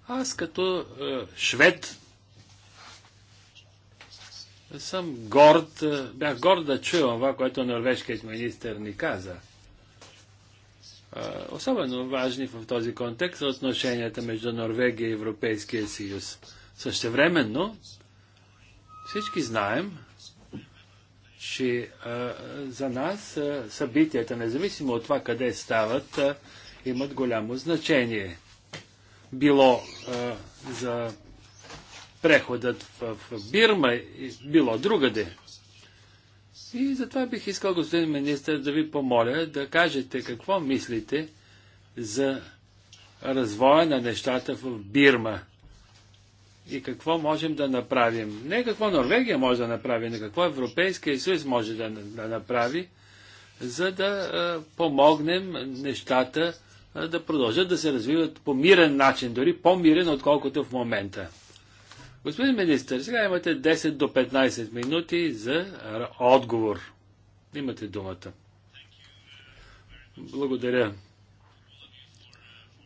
Аз като е, швед съм горд, е, бях горд да чуя това, което норвежкият министр ни каза. Е, особено важни в този контекст са отношенията между Норвегия и Европейския съюз. Същевременно всички знаем, че а, за нас а, събитията, независимо от това къде стават, а, имат голямо значение. Било а, за преходът в, в Бирма, било другаде. И затова бих искал, господин министр, да ви помоля да кажете какво мислите за развоя на нещата в Бирма и какво можем да направим. Не какво Норвегия може да направи, не какво Европейския съюз може да, да направи, за да а, помогнем нещата а, да продължат да се развиват по мирен начин, дори по-мирен, отколкото в момента. Господин министър, сега имате 10 до 15 минути за отговор. Имате думата. Благодаря.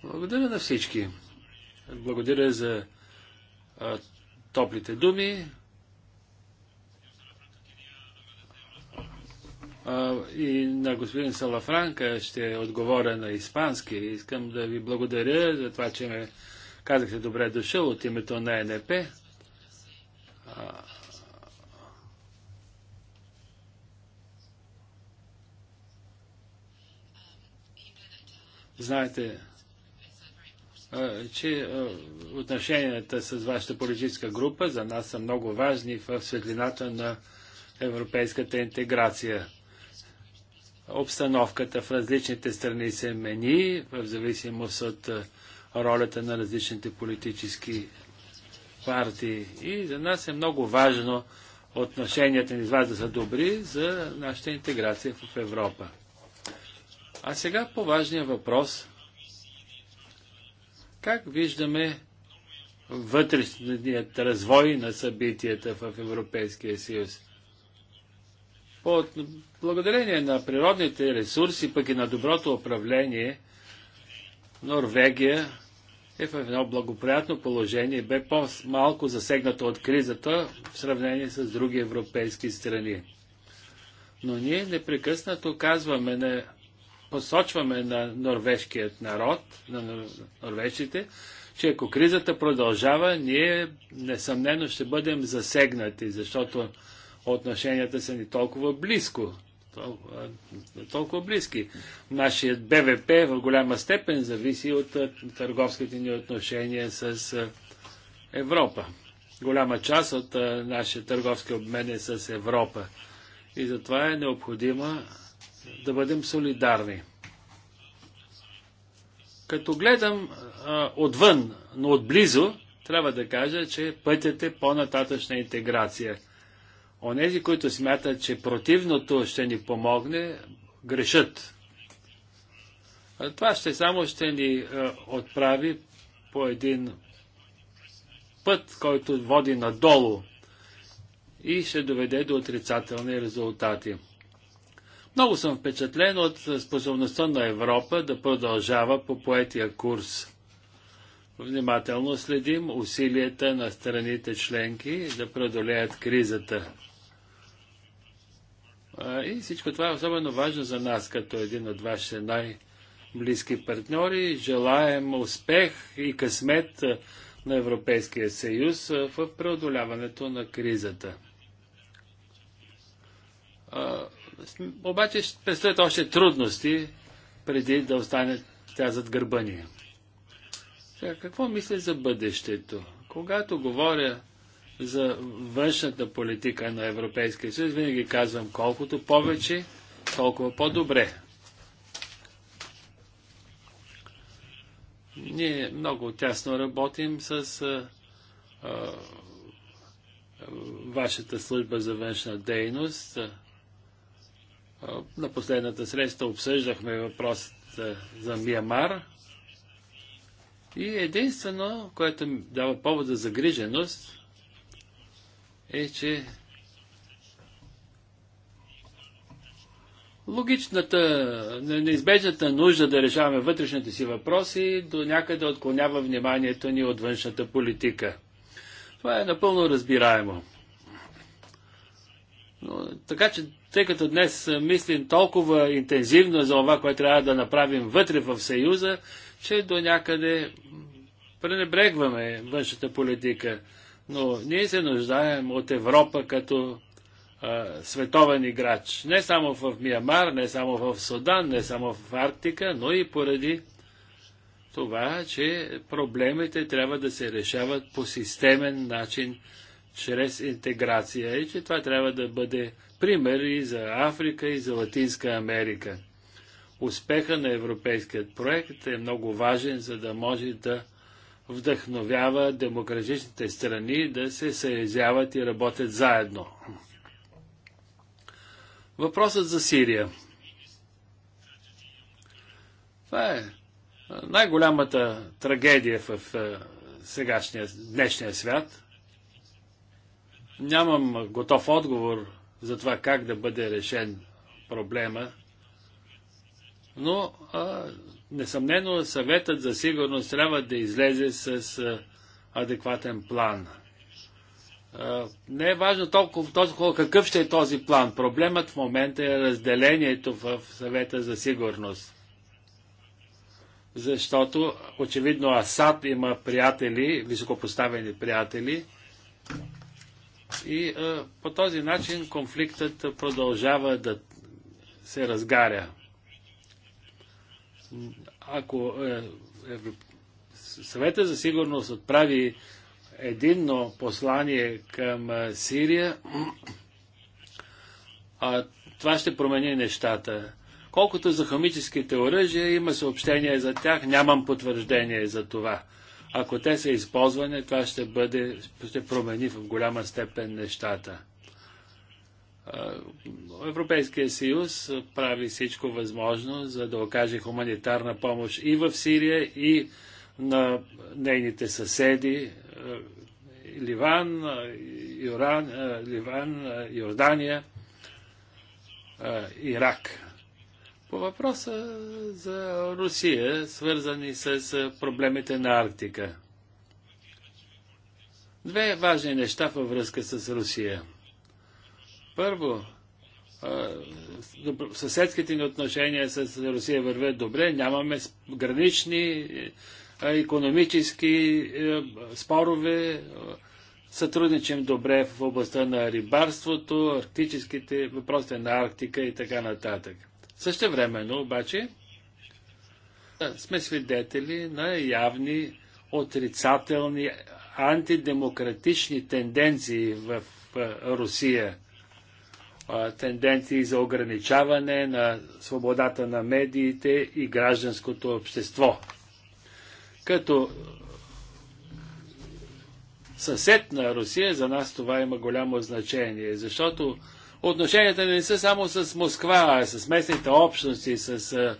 Благодаря на всички. Благодаря за топлите думи. и на господин Салафранка ще отговоря на испански. Искам да ви благодаря за това, че ме казахте добре дошъл от името на НП. знаете, че отношенията с вашата политическа група за нас са много важни в светлината на европейската интеграция. Обстановката в различните страни се мени в зависимост от ролята на различните политически партии. И за нас е много важно отношенията ни с вас да са добри за нашата интеграция в Европа. А сега по важния въпрос – как виждаме вътрешният развой на събитията в Европейския съюз? По, благодарение на природните ресурси, пък и на доброто управление, Норвегия е в едно благоприятно положение, бе по-малко засегната от кризата в сравнение с други европейски страни. Но ние непрекъснато казваме на посочваме на норвежкият народ, на норвежците, че ако кризата продължава, ние несъмнено ще бъдем засегнати, защото отношенията са ни толкова близко. Толкова, толкова близки. Нашият БВП в голяма степен зависи от търговските ни отношения с Европа. Голяма част от нашия търговски обмен е с Европа. И затова е необходима да бъдем солидарни. Като гледам а, отвън, но отблизо, трябва да кажа, че пътят е по-нататъчна интеграция. Онези, които смятат, че противното ще ни помогне, грешат. А това ще само ще ни а, отправи по един път, който води надолу и ще доведе до отрицателни резултати. Много съм впечатлен от способността на Европа да продължава по поетия курс. Внимателно следим усилията на страните членки да преодолеят кризата. И всичко това е особено важно за нас, като един от вашите най-близки партньори. Желаем успех и късмет на Европейския съюз в преодоляването на кризата. Обаче ще предстоят още трудности, преди да остане тя зад гърба ни. Сега, какво мисля за бъдещето? Когато говоря за външната политика на Европейския съюз, винаги казвам колкото повече, толкова по-добре. Ние много тясно работим с а, а, вашата служба за външна дейност. На последната среща обсъждахме въпросът за Миямар и единствено, което ми дава повод за загриженост, е, че логичната, неизбежната нужда да решаваме вътрешните си въпроси до някъде отклонява вниманието ни от външната политика. Това е напълно разбираемо. Но, така че тъй като днес мислим толкова интензивно за това, което трябва да направим вътре в Съюза, че до някъде пренебрегваме външната политика. Но ние се нуждаем от Европа като а, световен играч. Не само в Миямар, не само в Судан, не само в Арктика, но и поради това, че проблемите трябва да се решават по системен начин чрез интеграция и че това трябва да бъде пример и за Африка, и за Латинска Америка. Успеха на европейският проект е много важен, за да може да вдъхновява демократичните страни да се съязяват и работят заедно. Въпросът за Сирия. Това е най-голямата трагедия в е, сегашния, днешния свят – Нямам готов отговор за това как да бъде решен проблема, но а, несъмнено съветът за сигурност трябва да излезе с а, адекватен план. А, не е важно толкова, толкова какъв ще е този план. Проблемът в момента е разделението в съвета за сигурност. Защото очевидно Асад има приятели, високопоставени приятели, и а, по този начин конфликтът продължава да се разгаря. Ако е, е, Съвета за сигурност отправи единно послание към а, Сирия, а, това ще промени нещата. Колкото за хамическите оръжия, има съобщение за тях, нямам потвърждение за това. Ако те са използвани, това ще, бъде, ще промени в голяма степен нещата. Европейския съюз прави всичко възможно, за да окаже хуманитарна помощ и в Сирия, и на нейните съседи Ливан, Юран, Ливан Йордания, Ирак. По въпроса за Русия, свързани с проблемите на Арктика. Две важни неща във връзка с Русия. Първо, съседските ни отношения с Русия вървят добре, нямаме гранични економически спорове, сътрудничим добре в областта на рибарството, арктическите въпроси на Арктика и така нататък. Също времено обаче сме свидетели на явни отрицателни антидемократични тенденции в Русия. Тенденции за ограничаване на свободата на медиите и гражданското общество. Като съсед на Русия за нас това има голямо значение, защото отношенията не са само с Москва, а с местните общности, с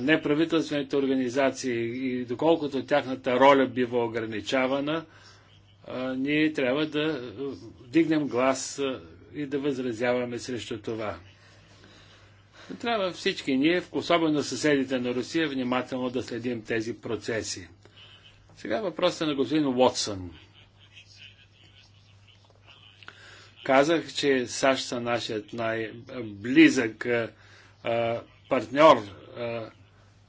неправителствените организации и доколкото тяхната роля бива ограничавана, ние трябва да дигнем глас и да възразяваме срещу това. Трябва всички ние, особено съседите на Русия, внимателно да следим тези процеси. Сега въпросът е на господин Уотсън. Казах, че САЩ са нашият най-близък партньор.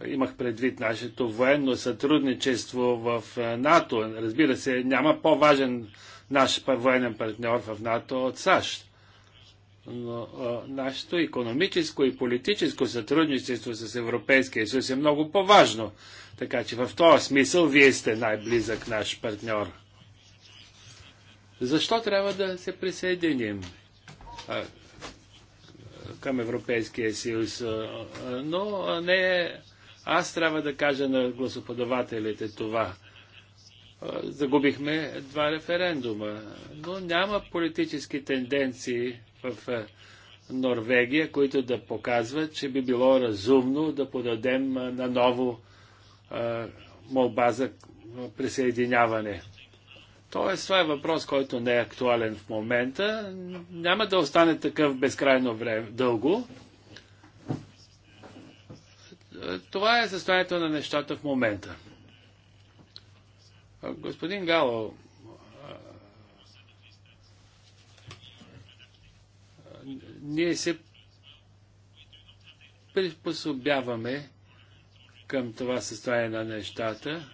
имах предвид нашето военно сътрудничество в НАТО. Разбира се, няма по-важен наш военен партньор в НАТО от САЩ. Но нашето економическо и политическо сътрудничество с Европейския съюз е много по-важно. Така че в този смисъл вие сте най-близък наш партньор. Защо трябва да се присъединим а, към Европейския съюз? Но не аз трябва да кажа на гласоподавателите това. Загубихме два референдума, но няма политически тенденции в Норвегия, които да показват, че би било разумно да подадем наново молба за присъединяване. Тоест, това е въпрос, който не е актуален в момента. Няма да остане такъв безкрайно време, дълго. Това е състоянието на нещата в момента. Господин Гало, ние се приспособяваме към това състояние на нещата.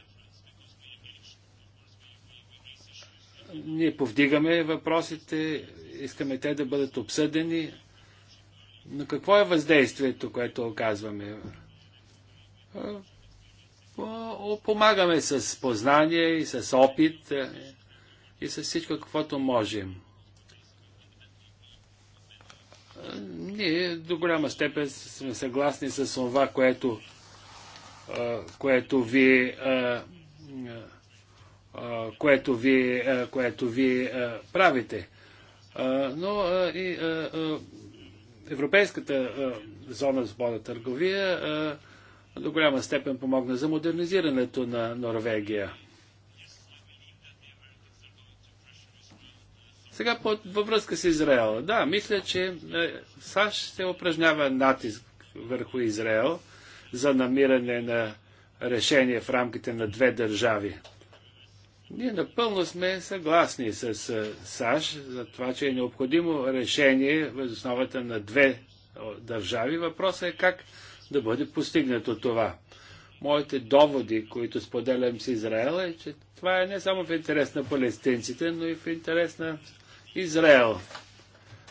Ние повдигаме въпросите, искаме те да бъдат обсъдени, но какво е въздействието, което оказваме? Помагаме с познание и с опит и с всичко, каквото можем. Ние до голяма степен сме съгласни с това, което, което ви което вие, което вие правите. Но и Европейската зона за свободна търговия до голяма степен помогна за модернизирането на Норвегия. Сега по, във връзка с Израел. Да, мисля, че САЩ ще упражнява натиск върху Израел за намиране на решение в рамките на две държави. Ние напълно сме съгласни с САЩ за това, че е необходимо решение въз основата на две държави. Въпросът е как да бъде постигнато това. Моите доводи, които споделям с Израел, е, че това е не само в интерес на палестинците, но и в интерес на Израел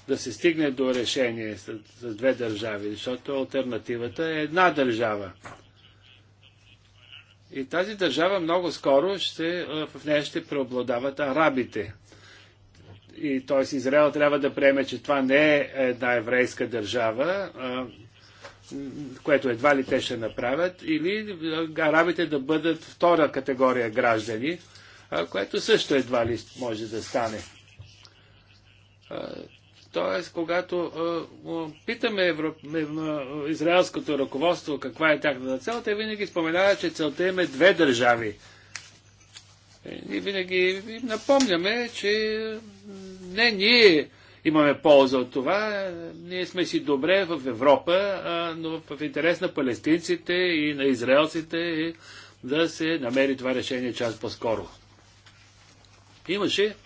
да се стигне до решение с, с две държави, защото альтернативата е една държава. И тази държава много скоро ще, в нея ще преобладават арабите. И т.е. Израел трябва да приеме, че това не е една еврейска държава, което едва ли те ще направят, или арабите да бъдат втора категория граждани, което също едва ли може да стане. Тоест, когато питаме Евро... Е, израелското ръководство каква е тяхната цел, те винаги споменават, че целта им е две държави. Е, ние винаги им напомняме, че не ние имаме полза от това. Ние сме си добре в Европа, но в интерес на палестинците и на израелците е да се намери това решение час по-скоро. Имаше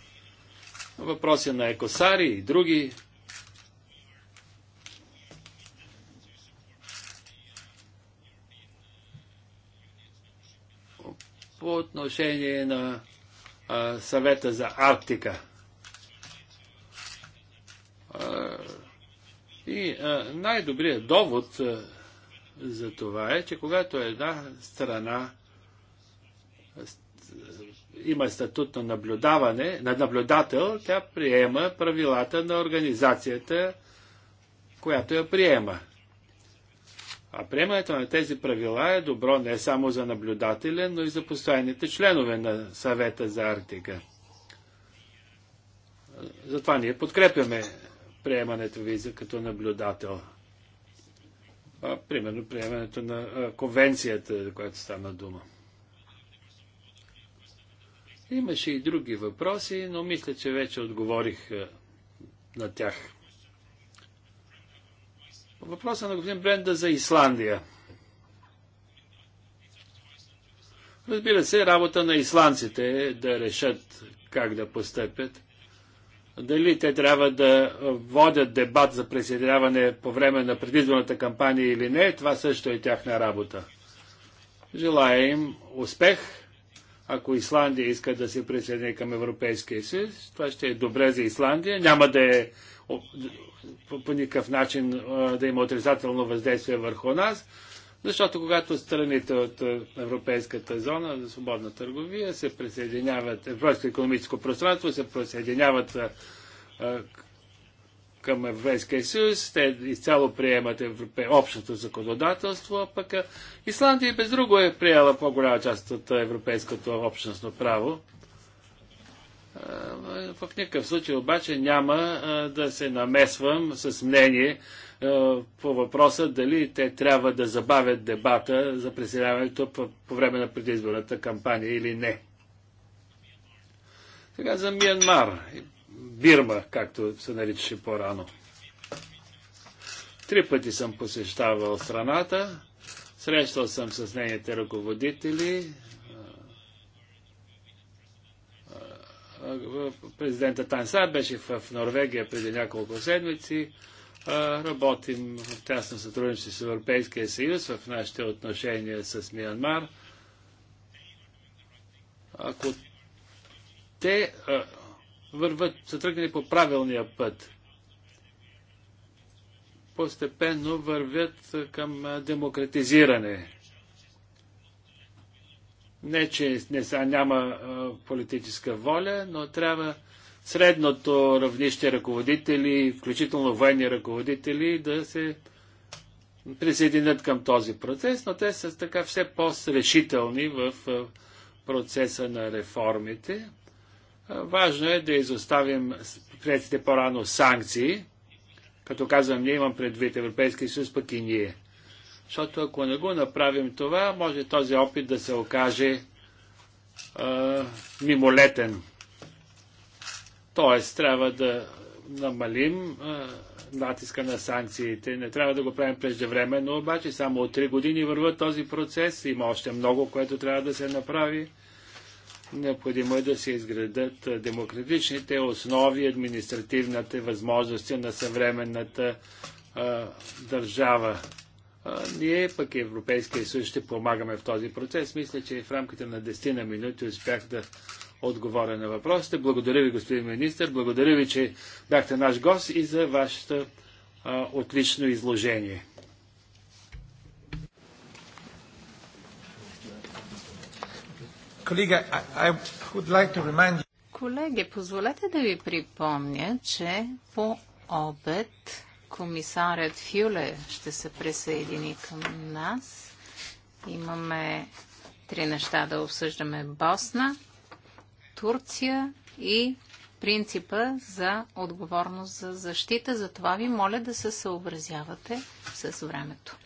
въпроси на екосари и други. По отношение на а, съвета за Арктика. А, и най-добрият довод а, за това е, че когато една страна има статут на наблюдаване, на наблюдател, тя приема правилата на организацията, която я приема. А приемането на тези правила е добро не само за наблюдателя, но и за постоянните членове на съвета за Арктика. Затова ние подкрепяме приемането ви за като наблюдател. А, примерно приемането на а, конвенцията, за която стана дума. Имаше и други въпроси, но мисля, че вече отговорих е, на тях. Въпроса на господин Бренда за Исландия. Разбира се, работа на исландците е да решат как да постъпят. Дали те трябва да водят дебат за присъединяване по време на предизборната кампания или не, това също е тяхна работа. Желая им успех ако Исландия иска да се присъедини към Европейския съюз, това ще е добре за Исландия. Няма да е по, по никакъв начин да има отрицателно въздействие върху нас, защото когато страните от Европейската зона за свободна търговия се присъединяват, Европейското економическо пространство се присъединяват към Европейския съюз, те изцяло приемат европе... общото законодателство, а пък Исландия без друго е приела по-голяма част от европейското общностно право. В никакъв случай обаче няма да се намесвам с мнение по въпроса дали те трябва да забавят дебата за преселяването по време на предизборната кампания или не. Сега за Миянмар. Бирма, както се наричаше по-рано. Три пъти съм посещавал страната, срещал съм с нейните ръководители, президента Тансар беше в Норвегия преди няколко седмици. Работим в тясно сътрудничество с Европейския съюз в нашите отношения с Миянмар. Ако те върват, са тръгнали по правилния път. Постепенно вървят към демократизиране. Не, че не, няма а, политическа воля, но трябва средното равнище ръководители, включително военни ръководители, да се присъединят към този процес, но те са така все по срешителни в процеса на реформите. Важно е да изоставим приятелите по-рано санкции, като казвам, ние имам предвид Европейския съюз, пък и ние. Защото ако не го направим това, може този опит да се окаже а, мимолетен. Тоест, трябва да намалим а, натиска на санкциите. Не трябва да го правим преждевременно, обаче само от 3 години върва този процес. Има още много, което трябва да се направи. Необходимо е да се изградат демократичните основи, административните възможности на съвременната а, държава. А, ние пък Европейския съюз ще помагаме в този процес. Мисля, че в рамките на 10 на минути успях да отговоря на въпросите. Благодаря ви, господин министр. Благодаря ви, че бяхте наш гост и за вашето а, отлично изложение. Колеги, позволете да ви припомня, че по обед комисарят Фюле ще се присъедини към нас. Имаме три неща да обсъждаме. Босна, Турция и принципа за отговорност за защита. Затова ви моля да се съобразявате с времето.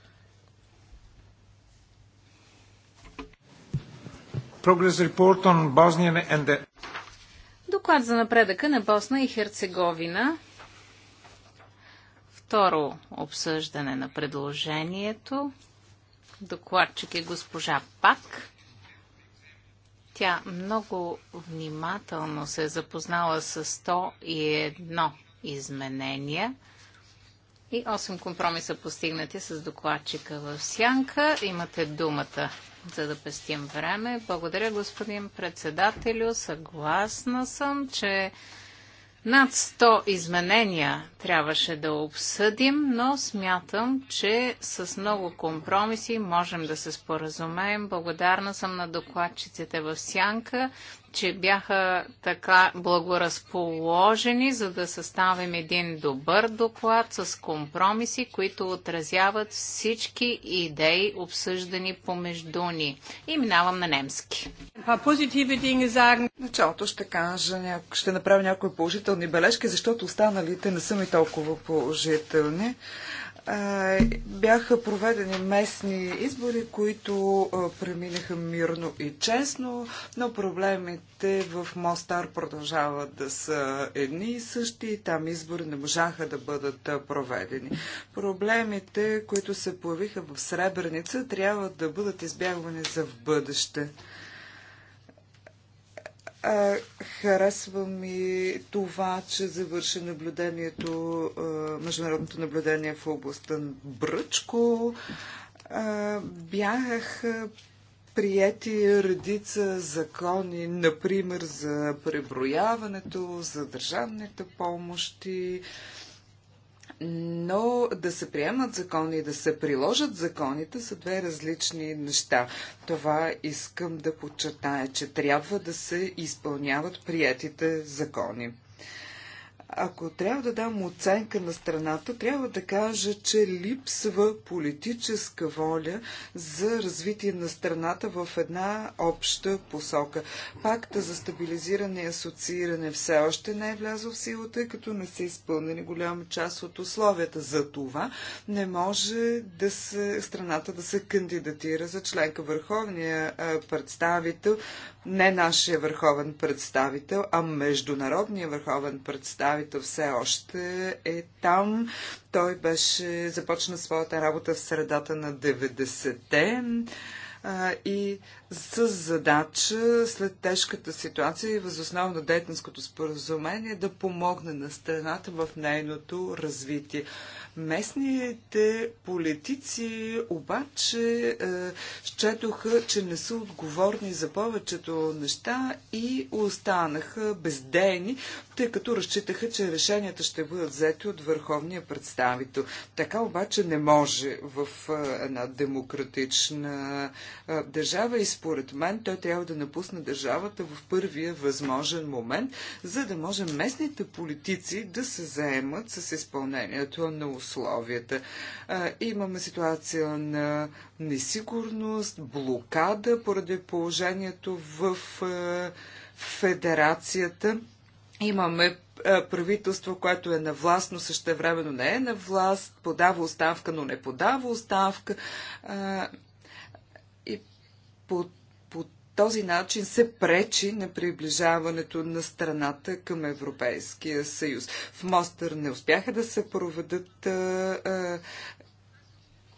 Доклад за напредъка на Босна и Херцеговина. Второ обсъждане на предложението. Докладчик е госпожа Пак. Тя много внимателно се е запознала с 101 изменения – и 8 компромиса постигнати с докладчика в сянка. Имате думата, за да пестим време. Благодаря, господин председателю. Съгласна съм, че над 100 изменения трябваше да обсъдим, но смятам, че с много компромиси можем да се споразумеем. Благодарна съм на докладчиците в Сянка че бяха така благоразположени, за да съставим един добър доклад с компромиси, които отразяват всички идеи, обсъждани помежду ни. И минавам на немски. Началото ще кажа, ще направя някои положителни бележки, защото останалите не са ми толкова положителни бяха проведени местни избори, които преминаха мирно и честно, но проблемите в Мостар продължават да са едни и същи и там избори не можаха да бъдат проведени. Проблемите, които се появиха в Сребреница, трябва да бъдат избягвани за в бъдеще. А, харесва ми това, че завърши наблюдението, а, международното наблюдение в областта на Бръчко. А, бях прияти редица закони, например за преброяването, за държавните помощи, но да се приемат закони и да се приложат законите са две различни неща. Това искам да подчертая, че трябва да се изпълняват приятите закони. Ако трябва да дам оценка на страната, трябва да кажа, че липсва политическа воля за развитие на страната в една обща посока. Пакта за стабилизиране и асоцииране все още не е влязъл в сила, тъй като не са изпълнени голяма част от условията. За това не може да се, страната да се кандидатира за членка. Върховния представител не нашия върховен представител, а международния върховен представител все още е там. Той беше, започна своята работа в средата на 90-те и с задача след тежката ситуация и възоснова на Дейтенското споразумение да помогне на страната в нейното развитие. Местните политици обаче е, счетоха, че не са отговорни за повечето неща и останаха бездейни, тъй като разчитаха, че решенията ще бъдат взети от върховния представител. Така обаче не може в е, една демократична е, държава и според мен той трябва да напусне държавата в първия възможен момент, за да може местните политици да се заемат с изпълнението на условията. Имаме ситуация на несигурност, блокада поради положението в федерацията. Имаме правителство, което е на власт, но същевременно не е на власт, подава оставка, но не подава оставка. И под този начин се пречи на приближаването на страната към Европейския съюз. В Мостър не успяха да се проведат а,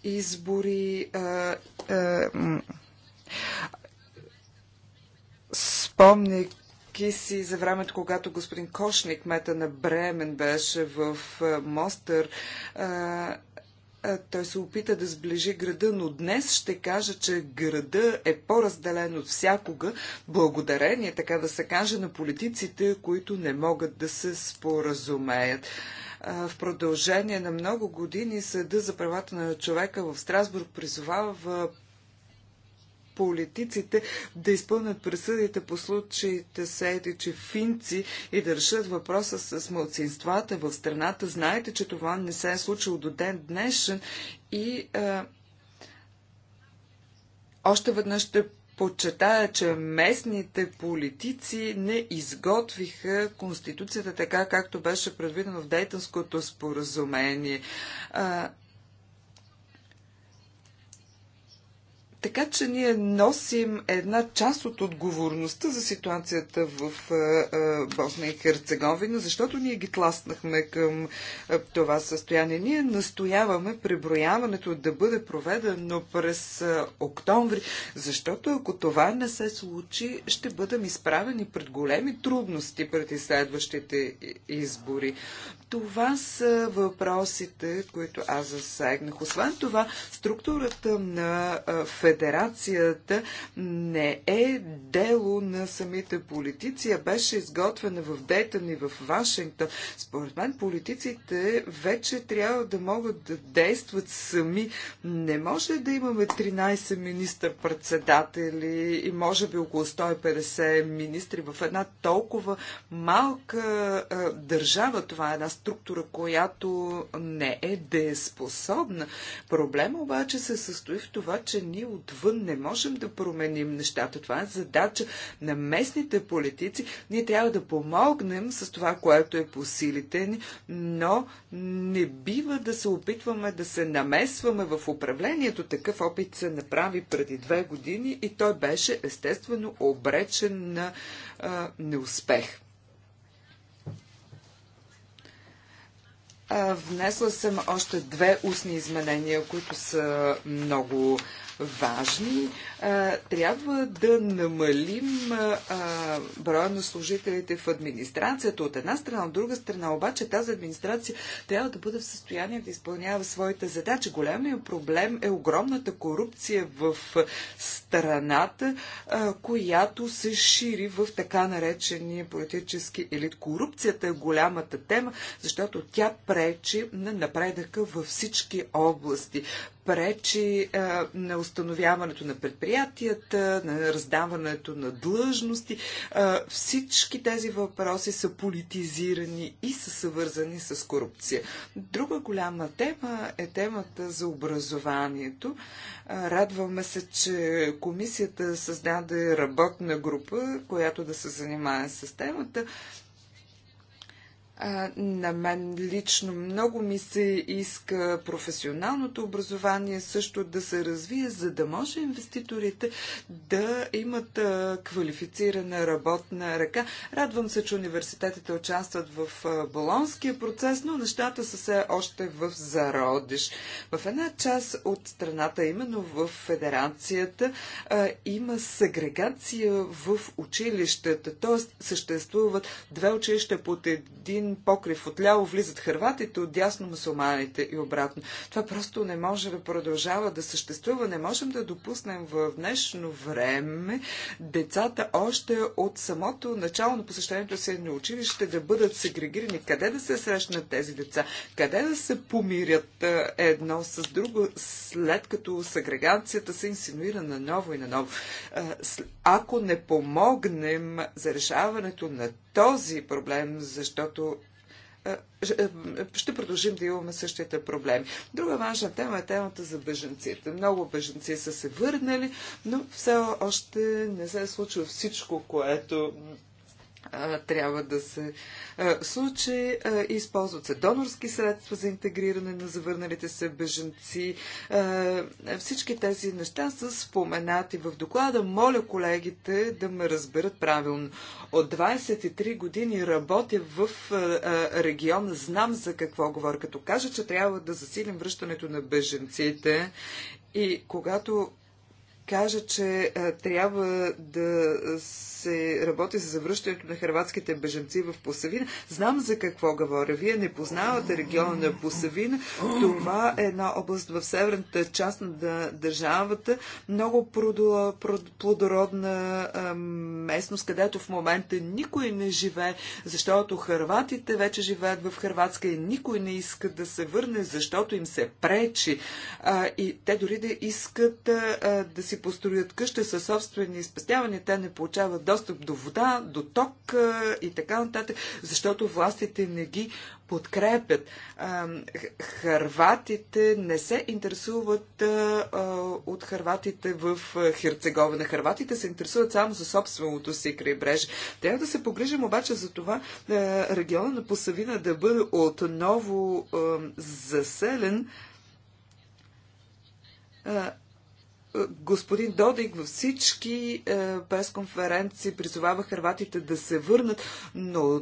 избори. А, спомняйки си за времето, когато господин Кошник, мета на Бремен, беше в Мостър, е, той се опита да сближи града, но днес ще кажа, че града е по-разделен от всякога, благодарение, така да се каже, на политиците, които не могат да се споразумеят. Е, в продължение на много години Съда за правата на човека в Страсбург призовава политиците да изпълнят присъдите по случаите Сейдич и Финци и да решат въпроса с младсинствата в страната. Знаете, че това не се е случило до ден днешен и а, още веднъж ще подчертая, че местните политици не изготвиха Конституцията така, както беше предвидено в Дейтанското споразумение. А, Така че ние носим една част от отговорността за ситуацията в е, е, Босна и Херцеговина, защото ние ги тласнахме към е, това състояние. Ние настояваме преброяването да бъде проведено през октомври, защото ако това не се случи, ще бъдем изправени пред големи трудности пред следващите избори. Това са въпросите, които аз засегнах. Освен това, структурата на федерацията федерацията не е дело на самите политици, а беше изготвена в Дейтън и в Вашингтон. Според мен политиците вече трябва да могат да действат сами. Не може да имаме 13 министър-председатели и може би около 150 министри в една толкова малка държава. Това е една структура, която не е дееспособна. Проблема обаче се състои в това, че ние отвън не можем да променим нещата. Това е задача на местните политици. Ние трябва да помогнем с това, което е по силите ни, но не бива да се опитваме да се намесваме в управлението. Такъв опит се направи преди две години и той беше естествено обречен на а, неуспех. Внесла съм още две устни изменения, които са много важни. Трябва да намалим броя на служителите в администрацията от една страна, от друга страна. Обаче тази администрация трябва да бъде в състояние да изпълнява своите задачи. Големият проблем е огромната корупция в страната, която се шири в така наречения политически елит. Корупцията е голямата тема, защото тя пречи на напредъка във всички области пречи а, на установяването на предприятията, на раздаването на длъжности. А, всички тези въпроси са политизирани и са съвързани с корупция. Друга голяма тема е темата за образованието. А, радваме се, че комисията създаде работна група, която да се занимае с темата. На мен лично много ми се иска професионалното образование също да се развие, за да може инвеститорите да имат квалифицирана работна ръка. Радвам се, че университетите участват в болонския процес, но нещата са все още в зародиш. В една част от страната, именно в федерацията, има сегрегация в училищата, т.е. съществуват две училища под един покрив. Отляво влизат хърватите, отдясно мусулманите и обратно. Това просто не може да продължава да съществува. Не можем да допуснем в днешно време децата още от самото начало на посещението си на училище да бъдат сегрегирани. Къде да се срещнат тези деца? Къде да се помирят едно с друго, след като сегрегацията се инсинуира наново и наново? Ако не помогнем за решаването на този проблем, защото е, е, ще продължим да имаме същите проблеми. Друга важна тема е темата за беженците. Много беженци са се върнали, но все още не се е случило всичко, което трябва да се случи. Използват се донорски средства за интегриране на завърналите се беженци. Всички тези неща са споменати в доклада. Моля колегите да ме разберат правилно. От 23 години работя в региона. Знам за какво говоря. Като кажа, че трябва да засилим връщането на беженците и когато кажа, че трябва да се работи за завръщането на хрватските беженци в Посавина. Знам за какво говоря. Вие не познавате региона на Посавина. Това е една област в северната част на държавата. Много плодородна местност, където в момента никой не живее, защото хрватите вече живеят в Хрватска и никой не иска да се върне, защото им се пречи. И те дори да искат да си построят къща със собствени спестявания, те не получават достъп до вода, до ток и така нататък, защото властите не ги подкрепят. Харватите не се интересуват от харватите в Херцеговина. Харватите се интересуват само за собственото си крайбреже. Трябва да се погрижим обаче за това региона на Посавина да бъде отново заселен господин Додик във всички е, пресконференции призовава харватите да се върнат, но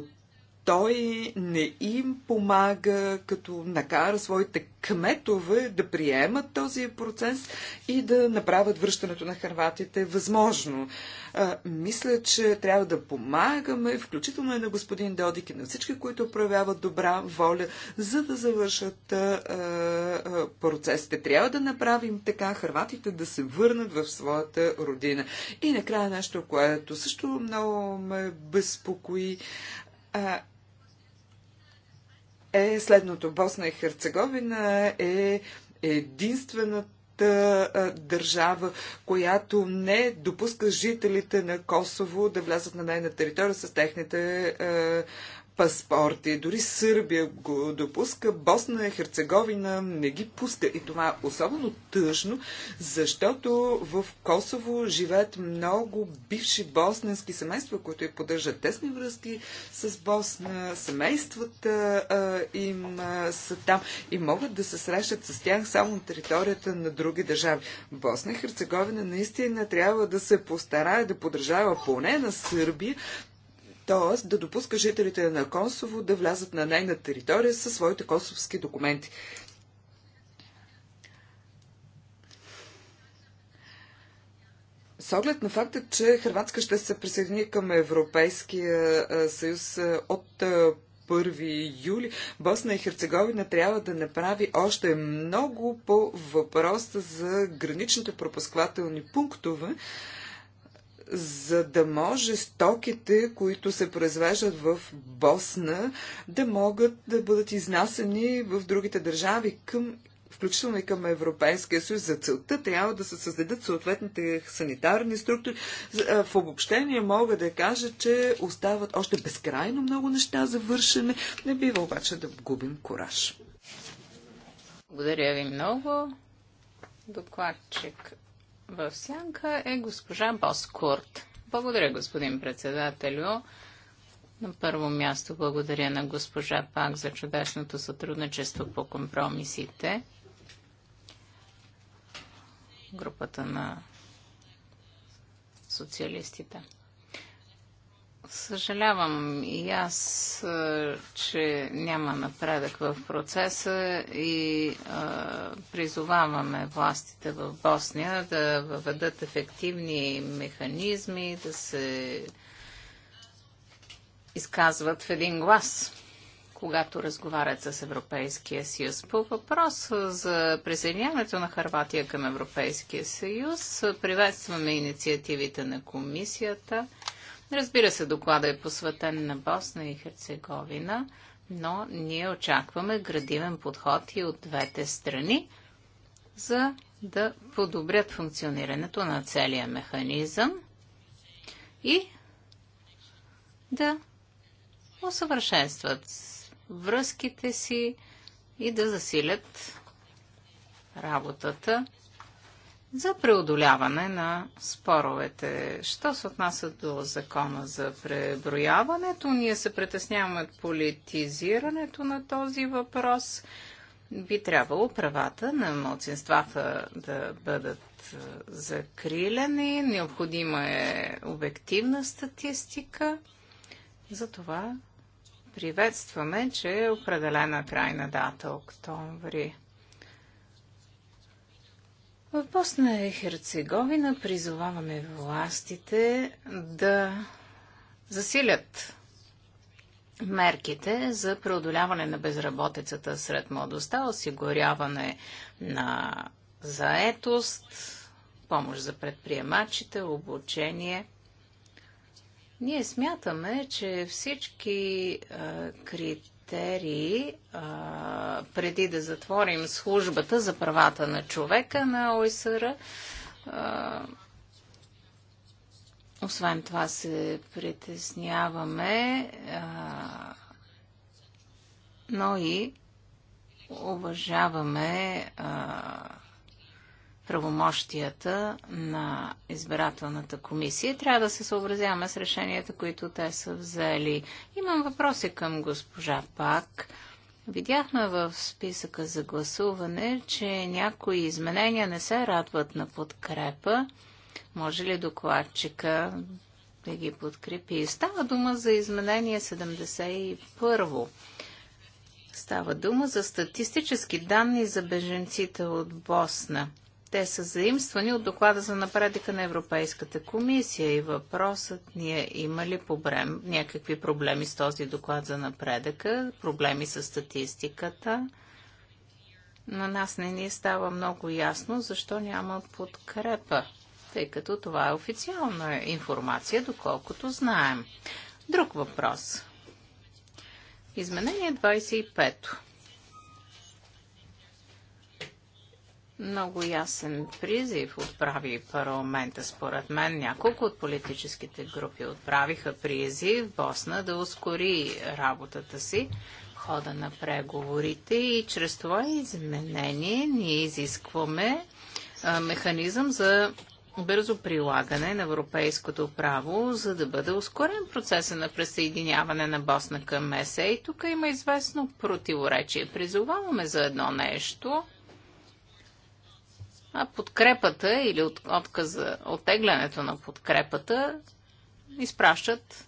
той не им помага, като накара своите кметове да приемат този процес и да направят връщането на харватите възможно. А, мисля, че трябва да помагаме, включително и на господин Додик и на всички, които проявяват добра воля, за да завършат а, а, процесите. Трябва да направим така харватите да се върнат в своята родина. И накрая нещо, което също много ме безпокои. А, е следното. Босна и Херцеговина е единствената държава, която не допуска жителите на Косово да влязат на нейна територия с техните е, паспорти. Дори Сърбия го допуска, Босна и Херцеговина не ги пуска. И това е особено тъжно, защото в Косово живеят много бивши босненски семейства, които и поддържат тесни връзки с Босна. Семействата а, им а, са там и могат да се срещат с тях само на територията на други държави. Босна и Херцеговина наистина трябва да се постарае да поддържава поне на Сърбия, т.е. да допуска жителите на Косово да влязат на нейна територия със своите косовски документи. С оглед на факта, че Хрватска ще се присъедини към Европейския съюз от 1 юли, Босна и Херцеговина трябва да направи още много по въпроса за граничните пропусквателни пунктове, за да може стоките, които се произвеждат в Босна, да могат да бъдат изнасени в другите държави, към, включително и към Европейския съюз. За целта трябва да се създадат съответните санитарни структури. В обобщение мога да кажа, че остават още безкрайно много неща за вършене. Не бива обаче да губим кораж. Благодаря ви много. Докладчик в сянка е госпожа Боскурт. Благодаря, господин председателю. На първо място благодаря на госпожа Пак за чудесното сътрудничество по компромисите. Групата на социалистите. Съжалявам и аз, че няма напредък в процеса и призоваваме властите в Босния да въведат ефективни механизми, да се изказват в един глас когато разговарят с Европейския съюз. По въпрос за присъединяването на Харватия към Европейския съюз, приветстваме инициативите на комисията – Разбира се, доклада е посветен на Босна и Херцеговина, но ние очакваме градивен подход и от двете страни, за да подобрят функционирането на целия механизъм и да усъвършенстват връзките си и да засилят работата за преодоляване на споровете. Що се отнася до закона за преброяването, ние се притесняваме от политизирането на този въпрос. Би трябвало правата на младсинствата да бъдат е, закрилени, необходима е обективна статистика. Затова приветстваме, че е определена крайна дата октомври в Босна и Херцеговина призоваваме властите да засилят мерките за преодоляване на безработицата сред младостта, осигуряване на заетост, помощ за предприемачите, обучение. Ние смятаме, че всички критерии Тери, а, преди да затворим службата за правата на човека на ОСР. А, освен това се притесняваме, а, но и уважаваме а, правомощията на избирателната комисия. Трябва да се съобразяваме с решенията, които те са взели. Имам въпроси към госпожа Пак. Видяхме в списъка за гласуване, че някои изменения не се радват на подкрепа. Може ли докладчика да ги подкрепи? Става дума за изменение 71. Става дума за статистически данни за беженците от Босна. Те са заимствани от доклада за напредъка на Европейската комисия и въпросът ни е има ли проблем, някакви проблеми с този доклад за напредъка, проблеми с статистиката. На нас не ни става много ясно защо няма подкрепа, тъй като това е официална информация, доколкото знаем. Друг въпрос. Изменение 25. Много ясен призив отправи парламента. Според мен няколко от политическите групи отправиха призив Босна да ускори работата си в хода на преговорите и чрез това изменение ние изискваме а, механизъм за бързо прилагане на европейското право, за да бъде ускорен процеса на присъединяване на Босна към МСЕ. И тук има известно противоречие. Призоваваме за едно нещо – а подкрепата или от, отказа, оттеглянето на подкрепата изпращат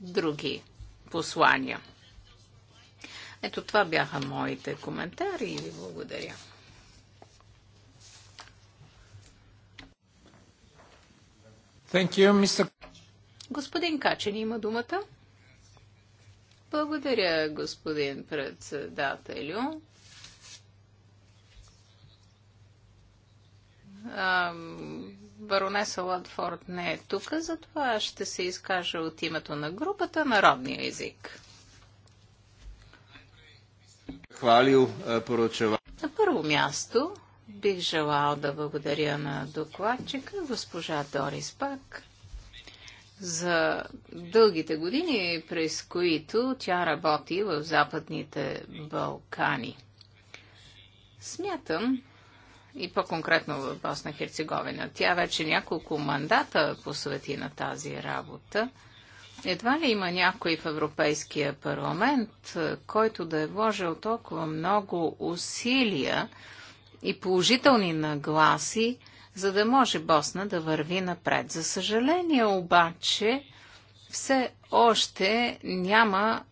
други послания. Ето това бяха моите коментари и ви благодаря. Thank you, Mr. Господин Качен има думата. Благодаря, господин председателю. баронеса Ладфорд не е тук, затова ще се изкажа от името на групата народния език. Хвалил поручева. На първо място бих желал да благодаря на докладчика, госпожа Дорис Пак, за дългите години, през които тя работи в Западните Балкани. Смятам, и по-конкретно в Босна Херцеговина. Тя вече няколко мандата посвети на тази работа. Едва ли има някой в Европейския парламент, е, който да е вложил толкова много усилия и положителни нагласи, за да може Босна да върви напред. За съжаление обаче, все още няма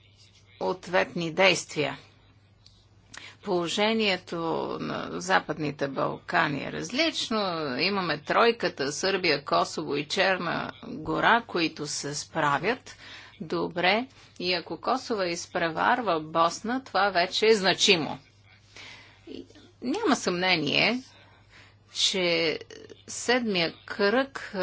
ответни действия. Положението на Западните Балкани е различно. Имаме тройката Сърбия, Косово и Черна гора, които се справят добре. И ако Косова изпреварва Босна, това вече е значимо. Няма съмнение, че седмия кръг е,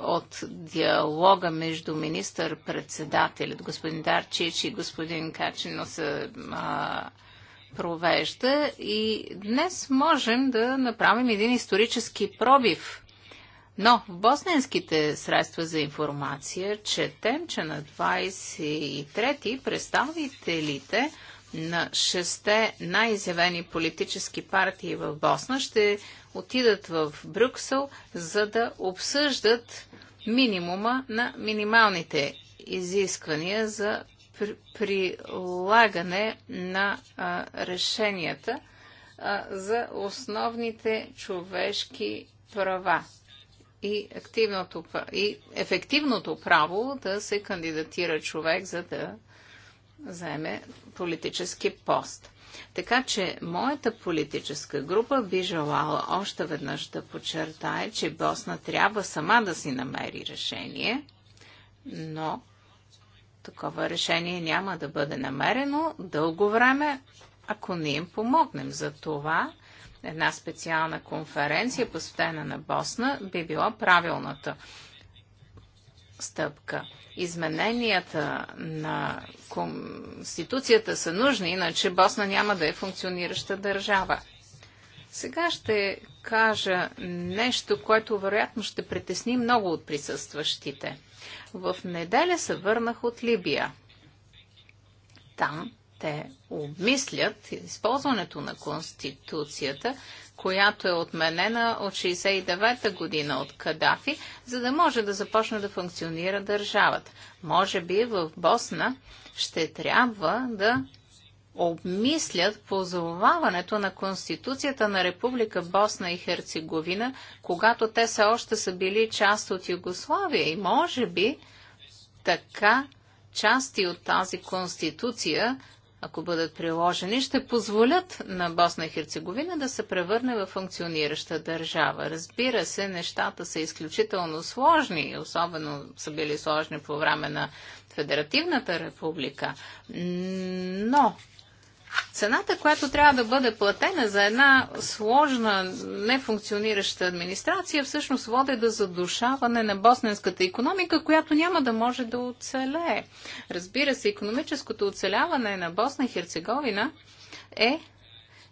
от диалога между министър-председателят господин Дарчич и господин Качино са а, провежда и днес можем да направим един исторически пробив. Но в босненските средства за информация четем, че на 23-ти представителите на шесте най-изявени политически партии в Босна ще отидат в Брюксел, за да обсъждат минимума на минималните изисквания за прилагане на решенията за основните човешки права и, активното, и ефективното право да се кандидатира човек, за да заеме политически пост. Така че моята политическа група би желала още веднъж да подчертае, че Босна трябва сама да си намери решение, но Такова решение няма да бъде намерено дълго време, ако не им помогнем. За това една специална конференция, посветена на Босна, би била правилната стъпка. Измененията на Конституцията са нужни, иначе Босна няма да е функционираща държава. Сега ще кажа нещо, което вероятно ще притесни много от присъстващите – в неделя се върнах от Либия. Там те обмислят използването на Конституцията, която е отменена от 69-та година от Кадафи, за да може да започне да функционира държавата. Може би в Босна ще трябва да обмислят позоваването на Конституцията на Република Босна и Херцеговина, когато те са още са били част от Югославия и може би така части от тази Конституция, ако бъдат приложени, ще позволят на Босна и Херцеговина да се превърне в функционираща държава. Разбира се, нещата са изключително сложни, особено са били сложни по време на Федеративната република, но Цената, която трябва да бъде платена за една сложна, нефункционираща администрация, всъщност води до задушаване на босненската економика, която няма да може да оцелее. Разбира се, економическото оцеляване на Босна и Херцеговина е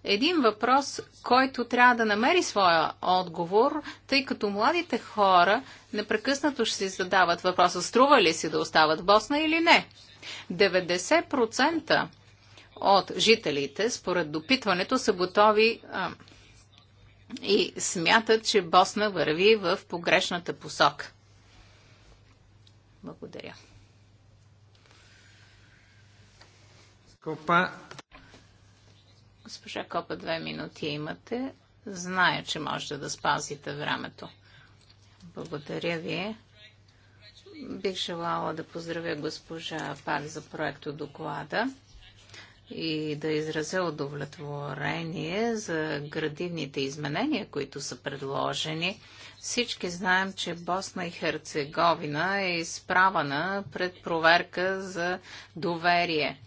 един въпрос, който трябва да намери своя отговор, тъй като младите хора непрекъснато ще си задават въпроса, струва ли си да остават в Босна или не. 90% от жителите, според допитването, са готови а, и смятат, че Босна върви в погрешната посока. Благодаря. Копа. Госпожа Копа, две минути имате. Зная, че можете да спазите времето. Благодаря ви. Бих желала да поздравя госпожа Пак за проекто доклада и да изразя удовлетворение за градивните изменения, които са предложени. Всички знаем, че Босна и Херцеговина е изправена пред проверка за доверие.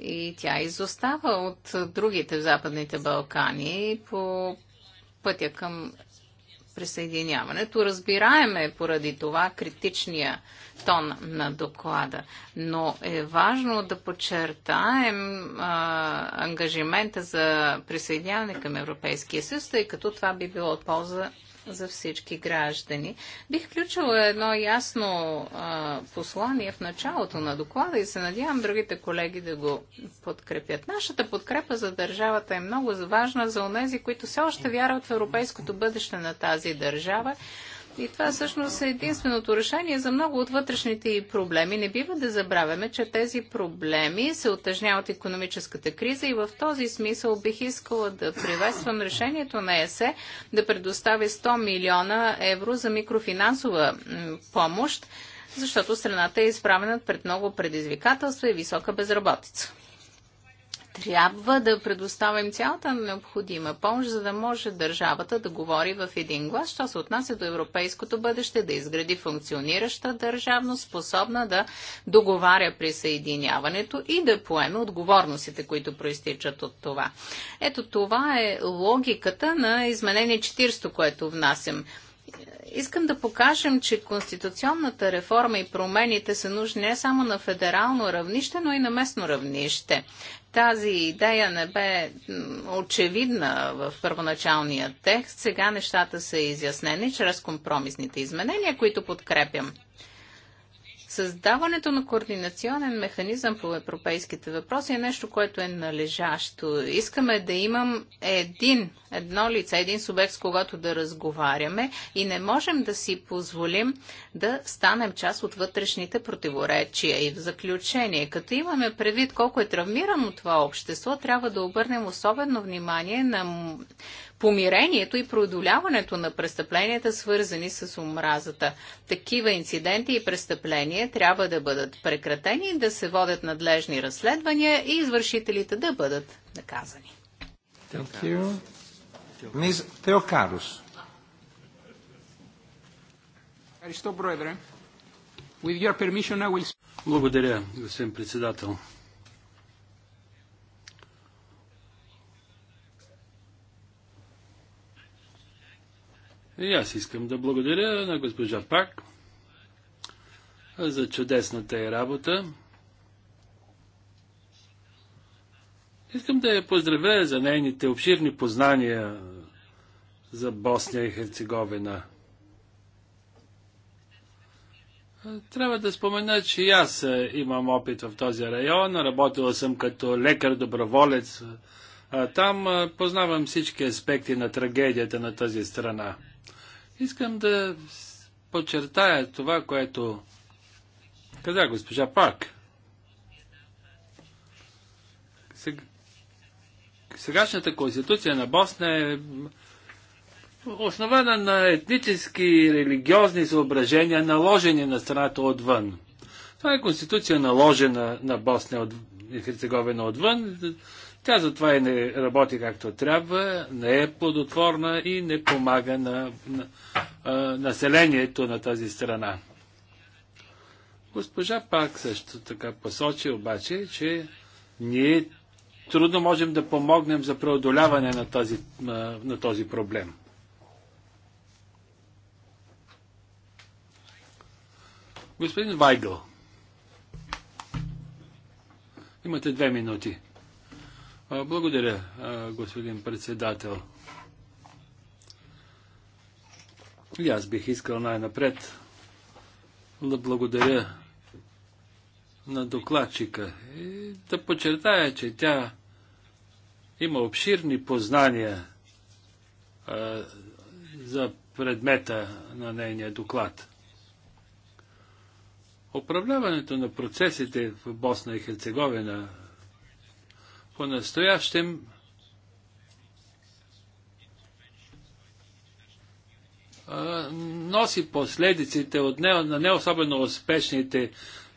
И тя изостава от другите в Западните Балкани по пътя към присъединяването. Разбираеме поради това критичния тон на доклада, но е важно да подчертаем а, ангажимента за присъединяване към Европейския съюз, тъй като това би било от полза за всички граждани. Бих включила едно ясно а, послание в началото на доклада и се надявам другите колеги да го подкрепят. Нашата подкрепа за държавата е много важна за онези, които все още вярват в европейското бъдеще на тази държава и това всъщност е единственото решение за много от вътрешните и проблеми. Не бива да забравяме, че тези проблеми се отъжняват економическата криза и в този смисъл бих искала да приветствам решението на ЕСЕ да предостави 100 милиона евро за микрофинансова помощ, защото страната е изправена пред много предизвикателства и висока безработица трябва да предоставим цялата необходима помощ, за да може държавата да говори в един глас, що се отнася до европейското бъдеще, да изгради функционираща държавност, способна да договаря присъединяването и да поеме отговорностите, които проистичат от това. Ето това е логиката на изменение 40, което внасям искам да покажем, че конституционната реформа и промените са нужни не само на федерално равнище, но и на местно равнище. Тази идея не бе очевидна в първоначалния текст. Сега нещата са изяснени чрез компромисните изменения, които подкрепям. Създаването на координационен механизъм по европейските въпроси е нещо, което е належащо. Искаме да имам един, едно лице, един субект, с когато да разговаряме и не можем да си позволим да станем част от вътрешните противоречия. И в заключение, като имаме предвид колко е травмирано това общество, трябва да обърнем особено внимание на помирението и продоляването на престъпленията, свързани с омразата. Такива инциденти и престъпления трябва да бъдат прекратени, да се водят надлежни разследвания и извършителите да бъдат наказани. Теокарус. Благодаря, господин председател. И аз искам да благодаря на госпожа Пак за чудесната й работа. Искам да я поздравя за нейните обширни познания за Босния и Херцеговина. Трябва да спомена, че и аз имам опит в този район. Работила съм като лекар-доброволец. Там познавам всички аспекти на трагедията на тази страна. Искам да подчертая това, което каза госпожа Парк. Сегашната конституция на Босна е основана на етнически и религиозни съображения, наложени на страната отвън. Това е конституция наложена на Босна и Херцеговина отвън, тя затова и не работи както трябва, не е плодотворна и не помага на, на на населението на тази страна. Госпожа пак също така посочи обаче, че ние трудно можем да помогнем за преодоляване на този, на, на този проблем. Господин Вайгъл, имате две минути. Благодаря, господин председател. И аз бих искал най-напред да благодаря на докладчика и да подчертая, че тя има обширни познания за предмета на нейния доклад. Управляването на процесите в Босна и Херцеговина по-настоящем носи последиците от не, на не особено успешните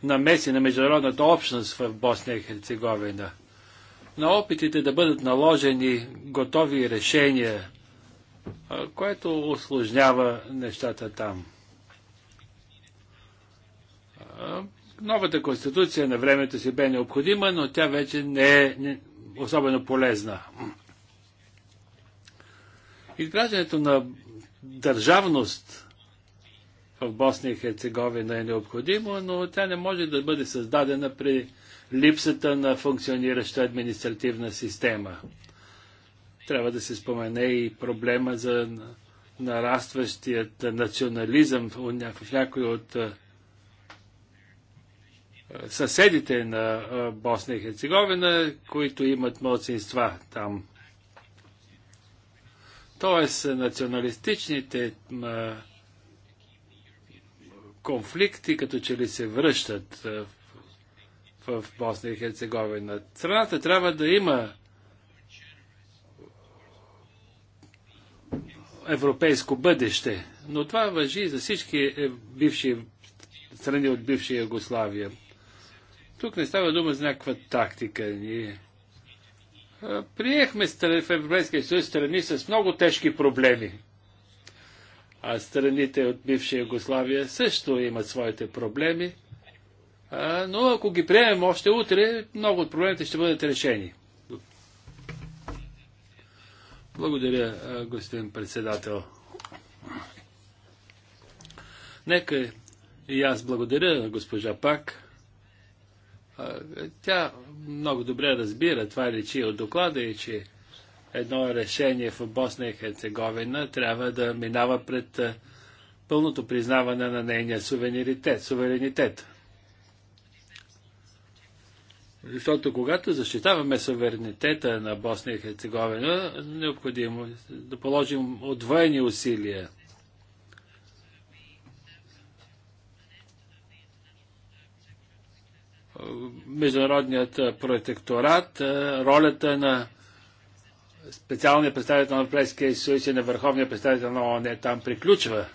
намеси на международната общност в Босния и Херцеговина. На опитите да бъдат наложени готови решения, което осложнява нещата там. Новата конституция на времето си бе необходима, но тя вече не е особено полезна. Изграждането на държавност в Босния и Херцеговина е необходимо, но тя не може да бъде създадена при липсата на функционираща административна система. Трябва да се спомене и проблема за нарастващият национализъм в някои от съседите на Босна и Херцеговина, които имат младсинства там. Тоест, националистичните конфликти като че ли се връщат в Босна и Херцеговина. Страната трябва да има европейско бъдеще, но това въжи за всички е, бивши страни от бивша Югославия. Тук не става дума за някаква тактика. Ние приехме в Европейския съюз страни с много тежки проблеми. А страните от бивша Югославия също имат своите проблеми. А, но ако ги приемем още утре, много от проблемите ще бъдат решени. Благодаря, господин председател. Нека и аз благодаря, госпожа Пак. Тя много добре разбира това речи от доклада и че едно решение в Босна и Херцеговина трябва да минава пред пълното признаване на нейния суверенитет. суверенитет. Защото когато защитаваме суверенитета на Босна и Херцеговина, необходимо е да положим отвоени усилия – Международният протекторат, ролята на специалния представител на Европейския съюз и на върховния представител на ООН там приключва.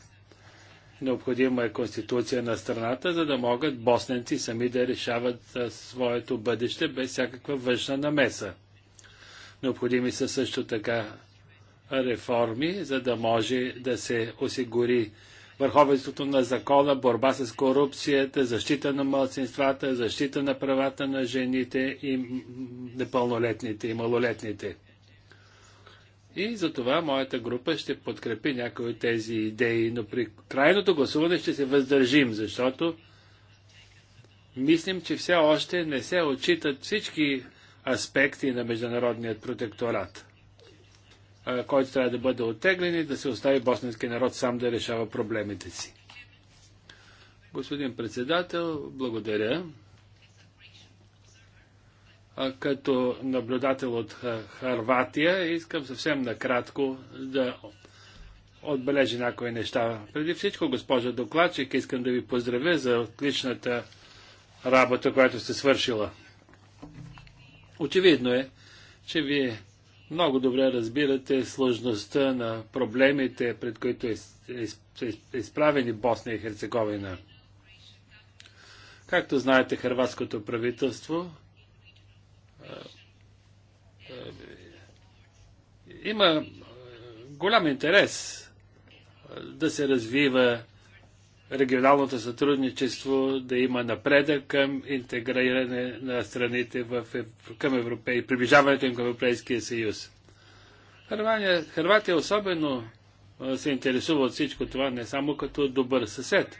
Необходима е конституция на страната, за да могат босненци сами да решават своето бъдеще без всякаква външна намеса. Необходими са също така реформи, за да може да се осигури върховенството на закона, борба с корупцията, защита на младсинствата, защита на правата на жените и непълнолетните и малолетните. И за това моята група ще подкрепи някои от тези идеи, но при крайното гласуване ще се въздържим, защото мислим, че все още не се отчитат всички аспекти на международният протекторат който трябва да бъде оттеглен и да се остави босненския народ сам да решава проблемите си. Господин председател, благодаря. Като наблюдател от Харватия, искам съвсем накратко да отбележи някои неща. Преди всичко, госпожа докладчик, искам да ви поздравя за отличната работа, която сте свършила. Очевидно е, че вие много добре разбирате сложността на проблемите, пред които е, е, е, е изправени Босния и Херцеговина. Както знаете, хрватското правителство има голям интерес да се развива регионалното сътрудничество да има напредък към интегриране на страните в, към Европе, и приближаването им към Европейския съюз. Хървания, Хърватия особено се интересува от всичко това, не само като добър съсед,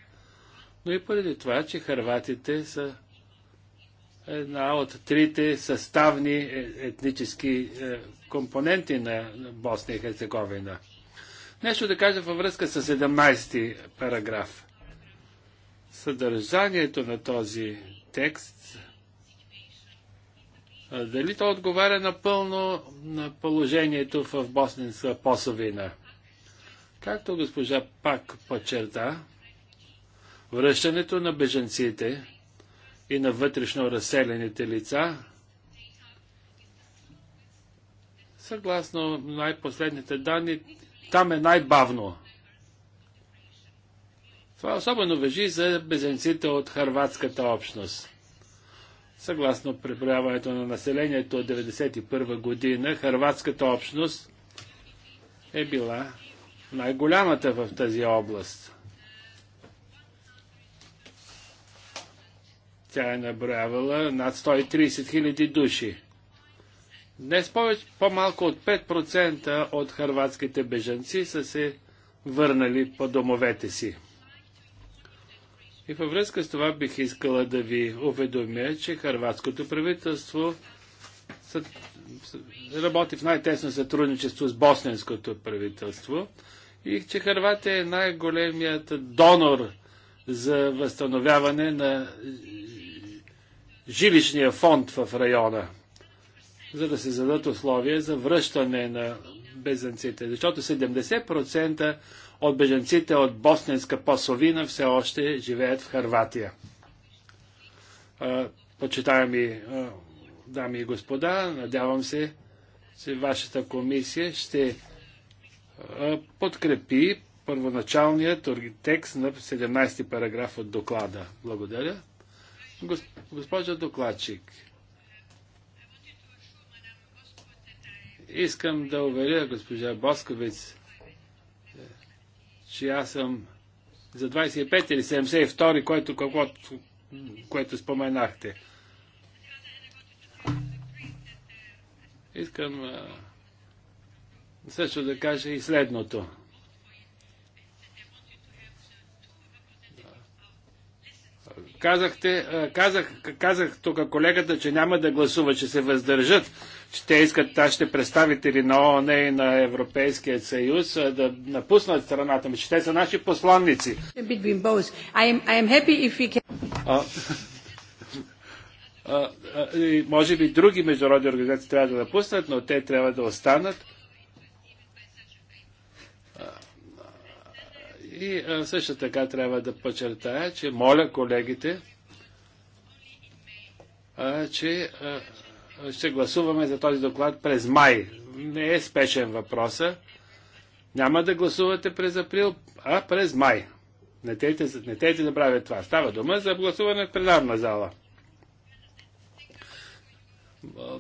но и поради това, че хърватите са една от трите съставни е, етнически е, компоненти на Босния и Херцеговина. Нещо да кажа във връзка с 17 ти параграф съдържанието на този текст, дали то отговаря напълно на положението в Босненска посовина. Както госпожа пак подчерта, връщането на беженците и на вътрешно разселените лица, съгласно най-последните данни, там е най-бавно. Това особено въжи за беженците от хърватската общност. Съгласно преброяването на населението от 1991 година, хърватската общност е била най-голямата в тази област. Тя е наброявала над 130 хиляди души. Днес повече, по-малко от 5% от хърватските бежанци са се върнали по домовете си. И във връзка с това бих искала да ви уведомя, че харватското правителство работи в най-тесно сътрудничество с босненското правителство и че Харватия е най-големият донор за възстановяване на жилищния фонд в района, за да се зададат условия за връщане на бежанците. Защото 70% от беженците от Босненска Посовина все още живеят в Харватия. Почитаеми дами и господа, надявам се, че вашата комисия ще подкрепи първоначалният текст на 17 параграф от доклада. Благодаря. Госпожа докладчик, искам да уверя госпожа Босковец, че аз съм за 25 или 72, което, какво, което споменахте. Искам също да кажа и следното. Казахте, казах, казах тук колегата, че няма да гласува, че се въздържат, че те искат нашите представители на ООН и на Европейския съюз да напуснат страната ми, че те са наши посланници. може би други международни организации трябва да напуснат, но те трябва да останат И а, също така трябва да подчертая, че моля колегите, а, че а, ще гласуваме за този доклад през май. Не е спешен въпроса. Няма да гласувате през април, а през май. Не тейте, не тейте да правят това. Става дума за гласуване в пленарна зала.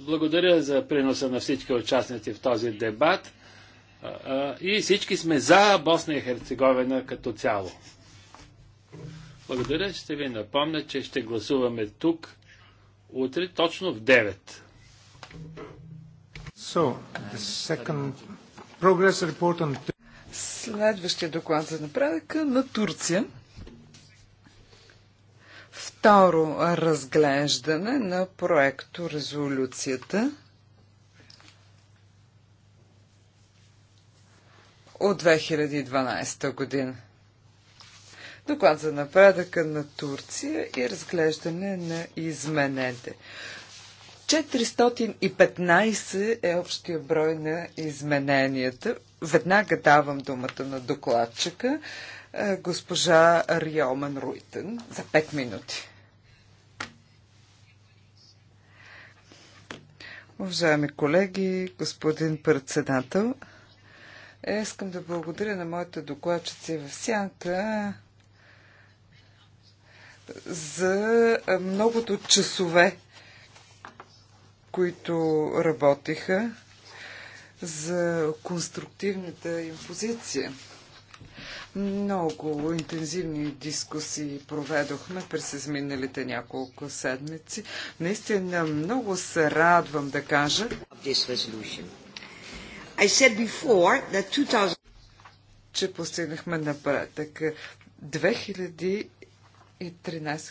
Благодаря за приноса на всички участници в този дебат. И всички сме за Босна и Херцеговина като цяло. Благодаря. Ще ви напомня, че ще гласуваме тук утре точно в 9. So, the second progress report on... Следващия доклад за направека на Турция. Второ разглеждане на проекто резолюцията. от 2012 година. Доклад за напредъка на Турция и разглеждане на изменете. 415 е общия брой на измененията. Веднага давам думата на докладчика, е, госпожа Риомен Руйтен, за 5 минути. Уважаеми колеги, господин председател, Искам да благодаря на моите докладчици в Сянка за многото часове, които работиха за конструктивната им позиция. Много интензивни дискусии проведохме през изминалите няколко седмици. Наистина много се радвам да кажа. This resolution. I said before that 2000... че постигнахме напредък. 2013.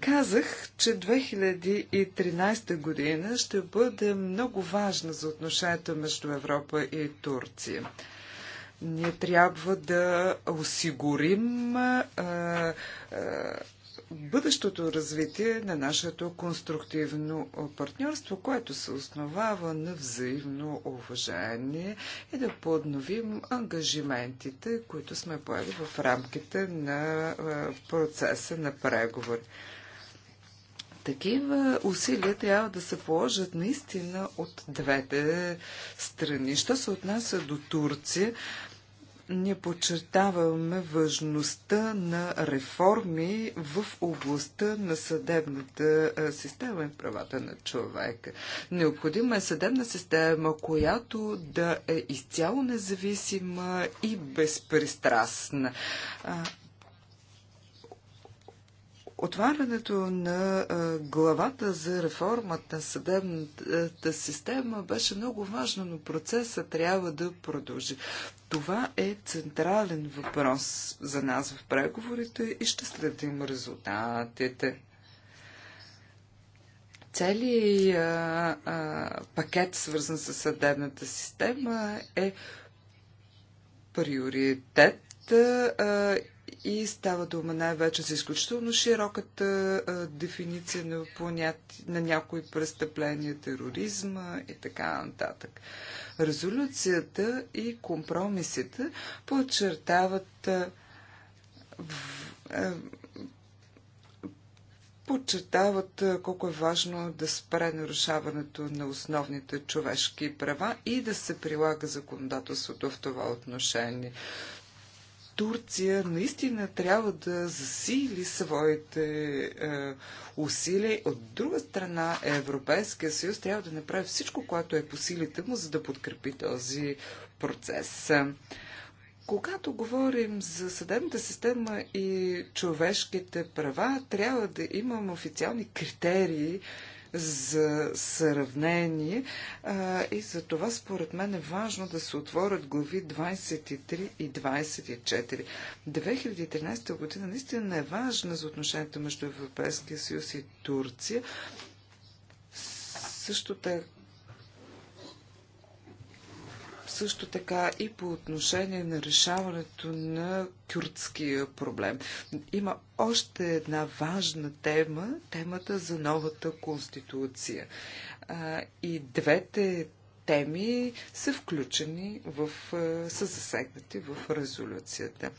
Казах, че 2013 година ще бъде много важна за отношенията между Европа и Турция. Ние трябва да осигурим а, а, бъдещото развитие на нашето конструктивно партньорство, което се основава на взаимно уважение и да подновим ангажиментите, които сме поели в рамките на процеса на преговори. Такива усилия трябва да се положат наистина от двете страни. Що се отнася до Турция, не подчертаваме важността на реформи в областта на съдебната система и правата на човека. Необходима е съдебна система, която да е изцяло независима и безпристрастна. Отварянето на главата за реформата на съдебната система беше много важно, но процеса трябва да продължи. Това е централен въпрос за нас в преговорите и ще следим резултатите. Целият пакет, свързан с съдебната система, е приоритет и става дума най-вече за изключително широката дефиниция на, поняти, на някои престъпления, тероризма и така нататък. Резолюцията и компромисите подчертават подчертават колко е важно да спре нарушаването на основните човешки права и да се прилага законодателството в това отношение. Турция наистина трябва да засили своите е, усилия. От друга страна, Европейския съюз трябва да направи всичко, което е по силите му, за да подкрепи този процес. Когато говорим за съдебната система и човешките права, трябва да имам официални критерии за сравнение а, и за това според мен е важно да се отворят глави 23 и 24. 2013 година наистина е важна за отношенията между Европейския съюз и Турция. Също така също така и по отношение на решаването на кюртския проблем. Има още една важна тема, темата за новата конституция. И двете теми са включени в, са засегнати в резолюцията.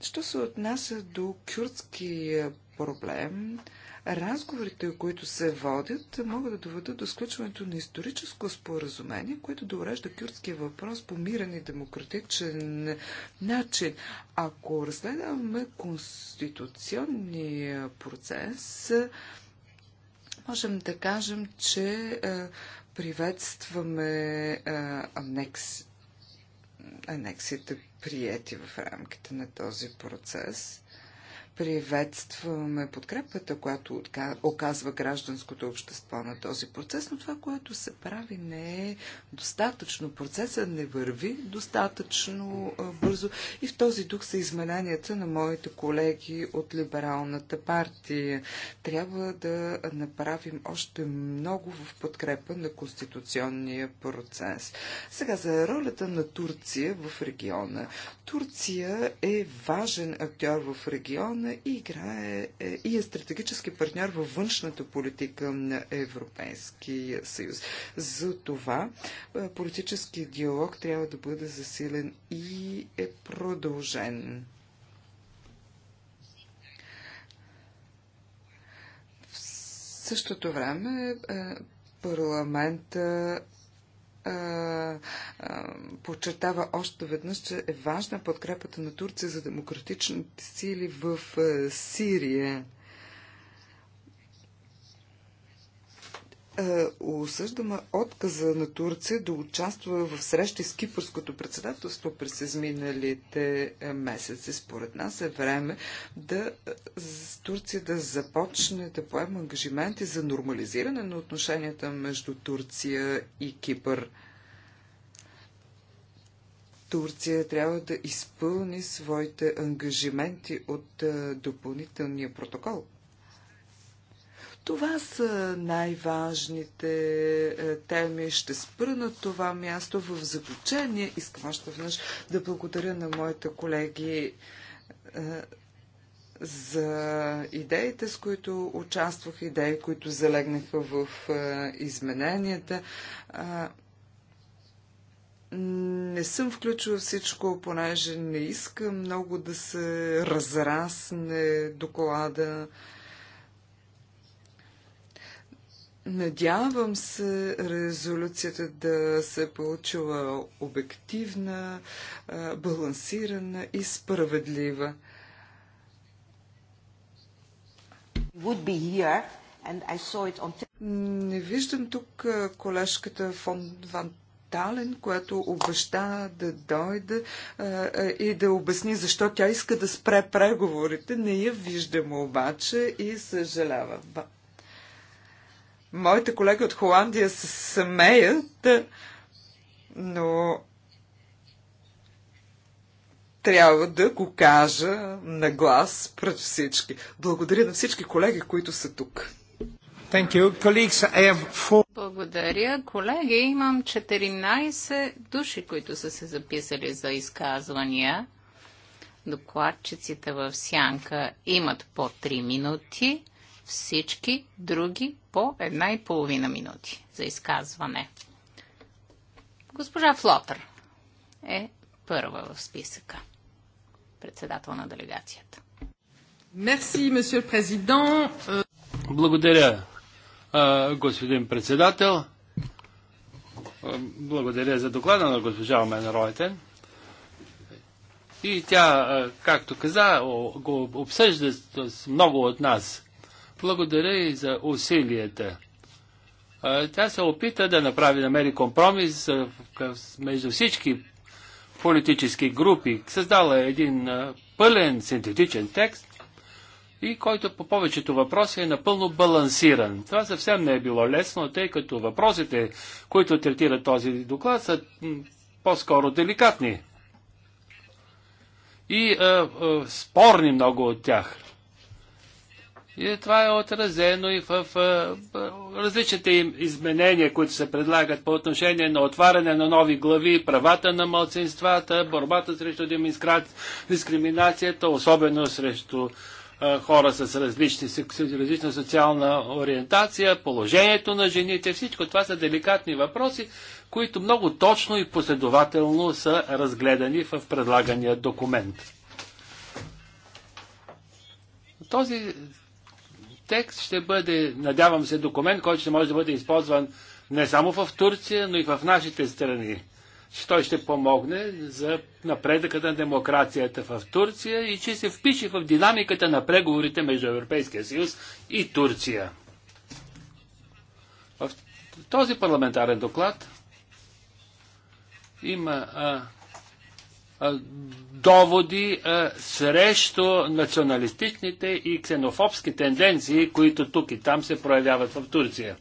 Що се отнася до кюртския проблем, Разговорите, които се водят, могат да доведат до сключването на историческо споразумение, което да урежда кюртския въпрос по мирен и демократичен начин. Ако разгледаме конституционния процес, можем да кажем, че е, приветстваме е, анекс, анексите, прияти в рамките на този процес. Приветстваме подкрепата, която оказва гражданското общество на този процес, но това, което се прави, не е достатъчно. процеса, не върви достатъчно бързо и в този дух са измененията на моите колеги от Либералната партия. Трябва да направим още много в подкрепа на конституционния процес. Сега за ролята на Турция в региона. Турция е важен актьор в региона важна и играе е, и е стратегически партньор във външната политика на Европейския съюз. За това е, политически диалог трябва да бъде засилен и е продължен. В същото време е, парламента подчертава още веднъж, че е важна подкрепата на Турция за демократичните сили в Сирия. Е, осъждаме отказа на Турция да участва в срещи с кипърското председателство през изминалите е, месеци. Според нас е време да е, Турция да започне да поема ангажименти за нормализиране на отношенията между Турция и Кипър. Турция трябва да изпълни своите ангажименти от допълнителния протокол това са най-важните е, теми. Ще спра на това място. В заключение искам още веднъж да благодаря на моите колеги е, за идеите, с които участвах, идеи, които залегнаха в е, измененията. Не съм включила всичко, понеже не искам много да се разрасне доклада. Надявам се резолюцията да се е получила обективна, балансирана и справедлива. On... Не виждам тук колежката фон Ван Тален, която обеща да дойде и да обясни защо тя иска да спре преговорите. Не я виждам обаче и съжалява. Моите колеги от Холандия се смеят, но трябва да го кажа на глас пред всички. Благодаря на всички колеги, които са тук. Благодаря. Колеги, имам 14 души, които са се записали за изказвания. Докладчиците в сянка имат по 3 минути всички други по една и половина минути за изказване. Госпожа Флотър е първа в списъка, председател на делегацията. Мерси, месье президент. Благодаря, господин председател. Благодаря за доклада на госпожа Омен Ройтен. И тя, както каза, го обсъжда с много от нас. Благодаря и за усилията. Тя се опита да направи, намери компромис между всички политически групи. Създала е един пълен синтетичен текст, и който по повечето въпроси е напълно балансиран. Това съвсем не е било лесно, тъй като въпросите, които третира този доклад, са по-скоро деликатни и а, а, спорни много от тях. И това е отразено и в различните им изменения, които се предлагат по отношение на отваряне на нови глави, правата на малцинствата, борбата срещу дискриминацията, особено срещу хора с различни, различна социална ориентация, положението на жените, всичко това са деликатни въпроси, които много точно и последователно са разгледани в предлагания документ. Този текст ще бъде, надявам се, документ, който ще може да бъде използван не само в Турция, но и в нашите страни. Той ще помогне за напредъка на демокрацията в Турция и че се впише в динамиката на преговорите между Европейския съюз и Турция. В този парламентарен доклад има а, доводи срещу националистичните и ксенофобски тенденции, които тук и там се проявяват в Турция.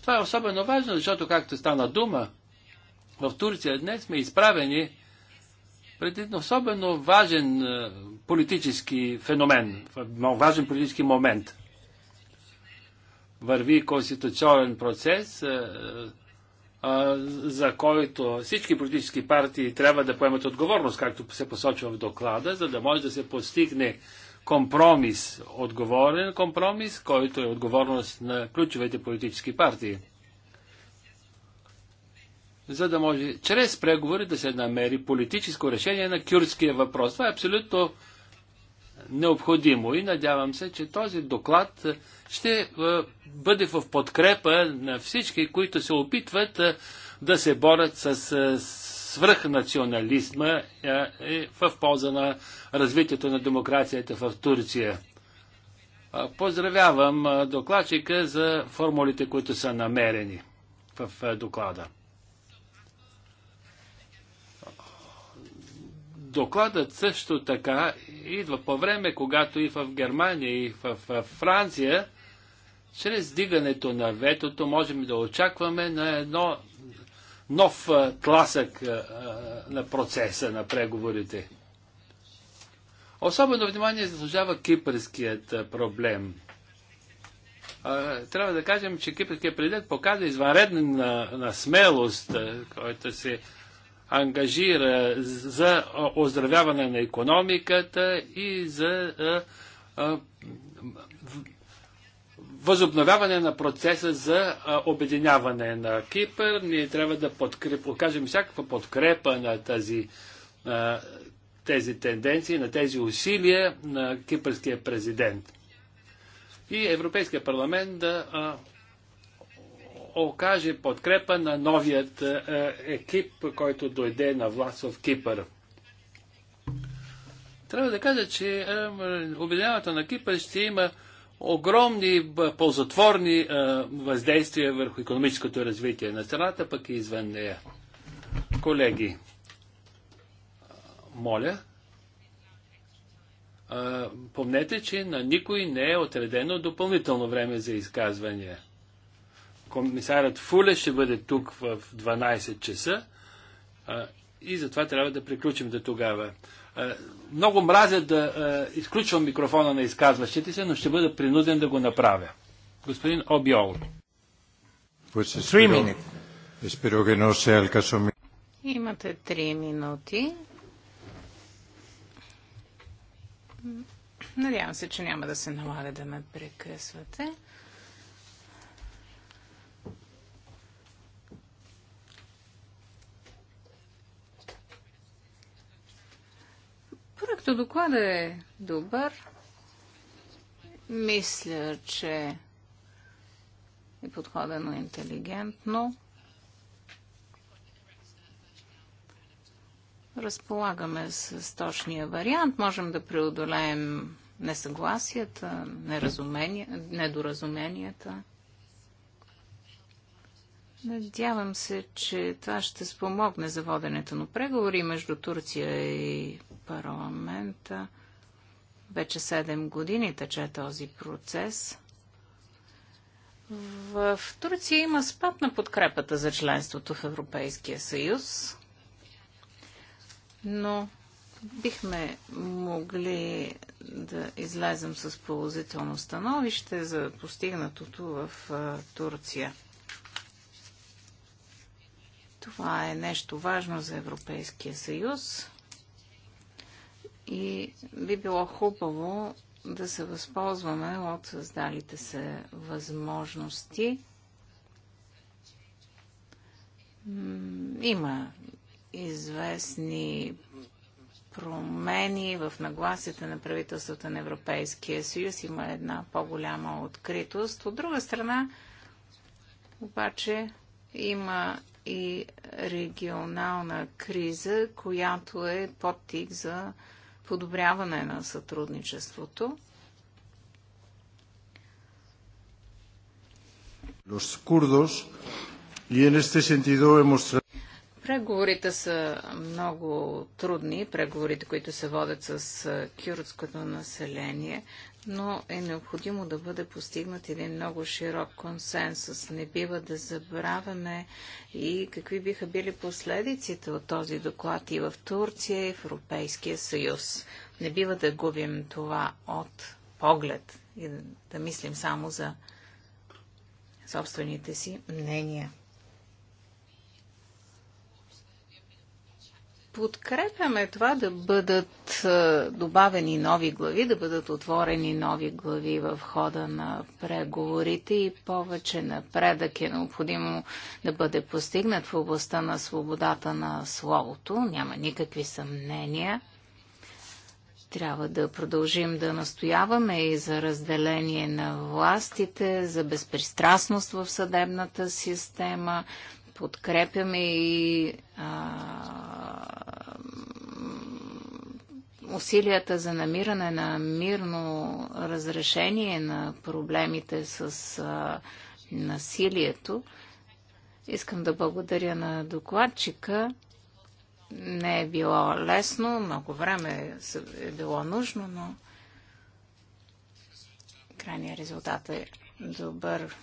Това е особено важно, защото, както стана дума, в Турция днес сме изправени пред един особено важен политически феномен, важен политически момент. Върви конституционен процес, за който всички политически партии трябва да поемат отговорност, както се посочва в доклада, за да може да се постигне компромис, отговорен компромис, който е отговорност на ключовите политически партии. За да може чрез преговори да се намери политическо решение на кюрдския въпрос. Това е абсолютно необходимо и надявам се, че този доклад е, ще е, бъде в подкрепа на всички, които се опитват е, да се борят с свръхнационализма в полза на развитието на демокрацията в Турция. Поздравявам докладчика за формулите, които са намерени в доклада. Докладът също така идва по време, когато и в Германия, и в, Франция, чрез дигането на ветото, можем да очакваме на едно нов тласък на процеса на преговорите. Особено внимание заслужава кипърският проблем. Трябва да кажем, че кипърският президент показва извънредна на смелост, който се ангажира за оздравяване на економиката и за възобновяване на процеса за обединяване на Кипър. Ние трябва да подкреп, покажем всякаква подкрепа на тази, тези тенденции, на тези усилия на кипърския президент. И Европейския парламент да окаже подкрепа на новият е, е, екип, който дойде на власт в Кипър. Трябва да кажа, че е, Обединяването на Кипър ще има огромни ползотворни въздействия върху економическото развитие на страната, пък и извън нея. Колеги, моля, помнете, че на никой не е отредено допълнително време за изказвания комисарът Фуле ще бъде тук в 12 часа а, и затова трябва да приключим до тогава. А, много мразя да а, изключвам микрофона на изказващите се, но ще бъда принуден да го направя. Господин Обиол. Имате три минути. Надявам се, че няма да се налага да ме прекъсвате. Проекто доклада е добър. Мисля, че е подходено интелигентно. Разполагаме с точния вариант. Можем да преодолеем несъгласията, недоразуменията. Надявам се, че това ще спомогне за воденето на преговори между Турция и парламента. Вече 7 години тече този процес. В Турция има спад на подкрепата за членството в Европейския съюз, но бихме могли да излезем с положително становище за постигнатото в Турция. Това е нещо важно за Европейския съюз. И би било хубаво да се възползваме от създалите се възможности. Има известни промени в нагласите на правителствата на Европейския съюз. Има една по-голяма откритост. От друга страна, обаче, има и регионална криза, която е подтик за подобряване на сътрудничеството. Los kurdos, y en este sentido hemos Преговорите са много трудни, преговорите, които се водят с кюрдското население, но е необходимо да бъде постигнат един много широк консенсус. Не бива да забравяме и какви биха били последиците от този доклад и в Турция, и в Европейския съюз. Не бива да губим това от поглед и да мислим само за собствените си мнения. подкрепяме това да бъдат е, добавени нови глави, да бъдат отворени нови глави в хода на преговорите и повече напредък е необходимо да бъде постигнат в областта на свободата на словото. Няма никакви съмнения. Трябва да продължим да настояваме и за разделение на властите, за безпристрастност в съдебната система, подкрепяме и а, усилията за намиране на мирно разрешение на проблемите с а, насилието. Искам да благодаря на докладчика. Не е било лесно, много време е било нужно, но крайният резултат е добър.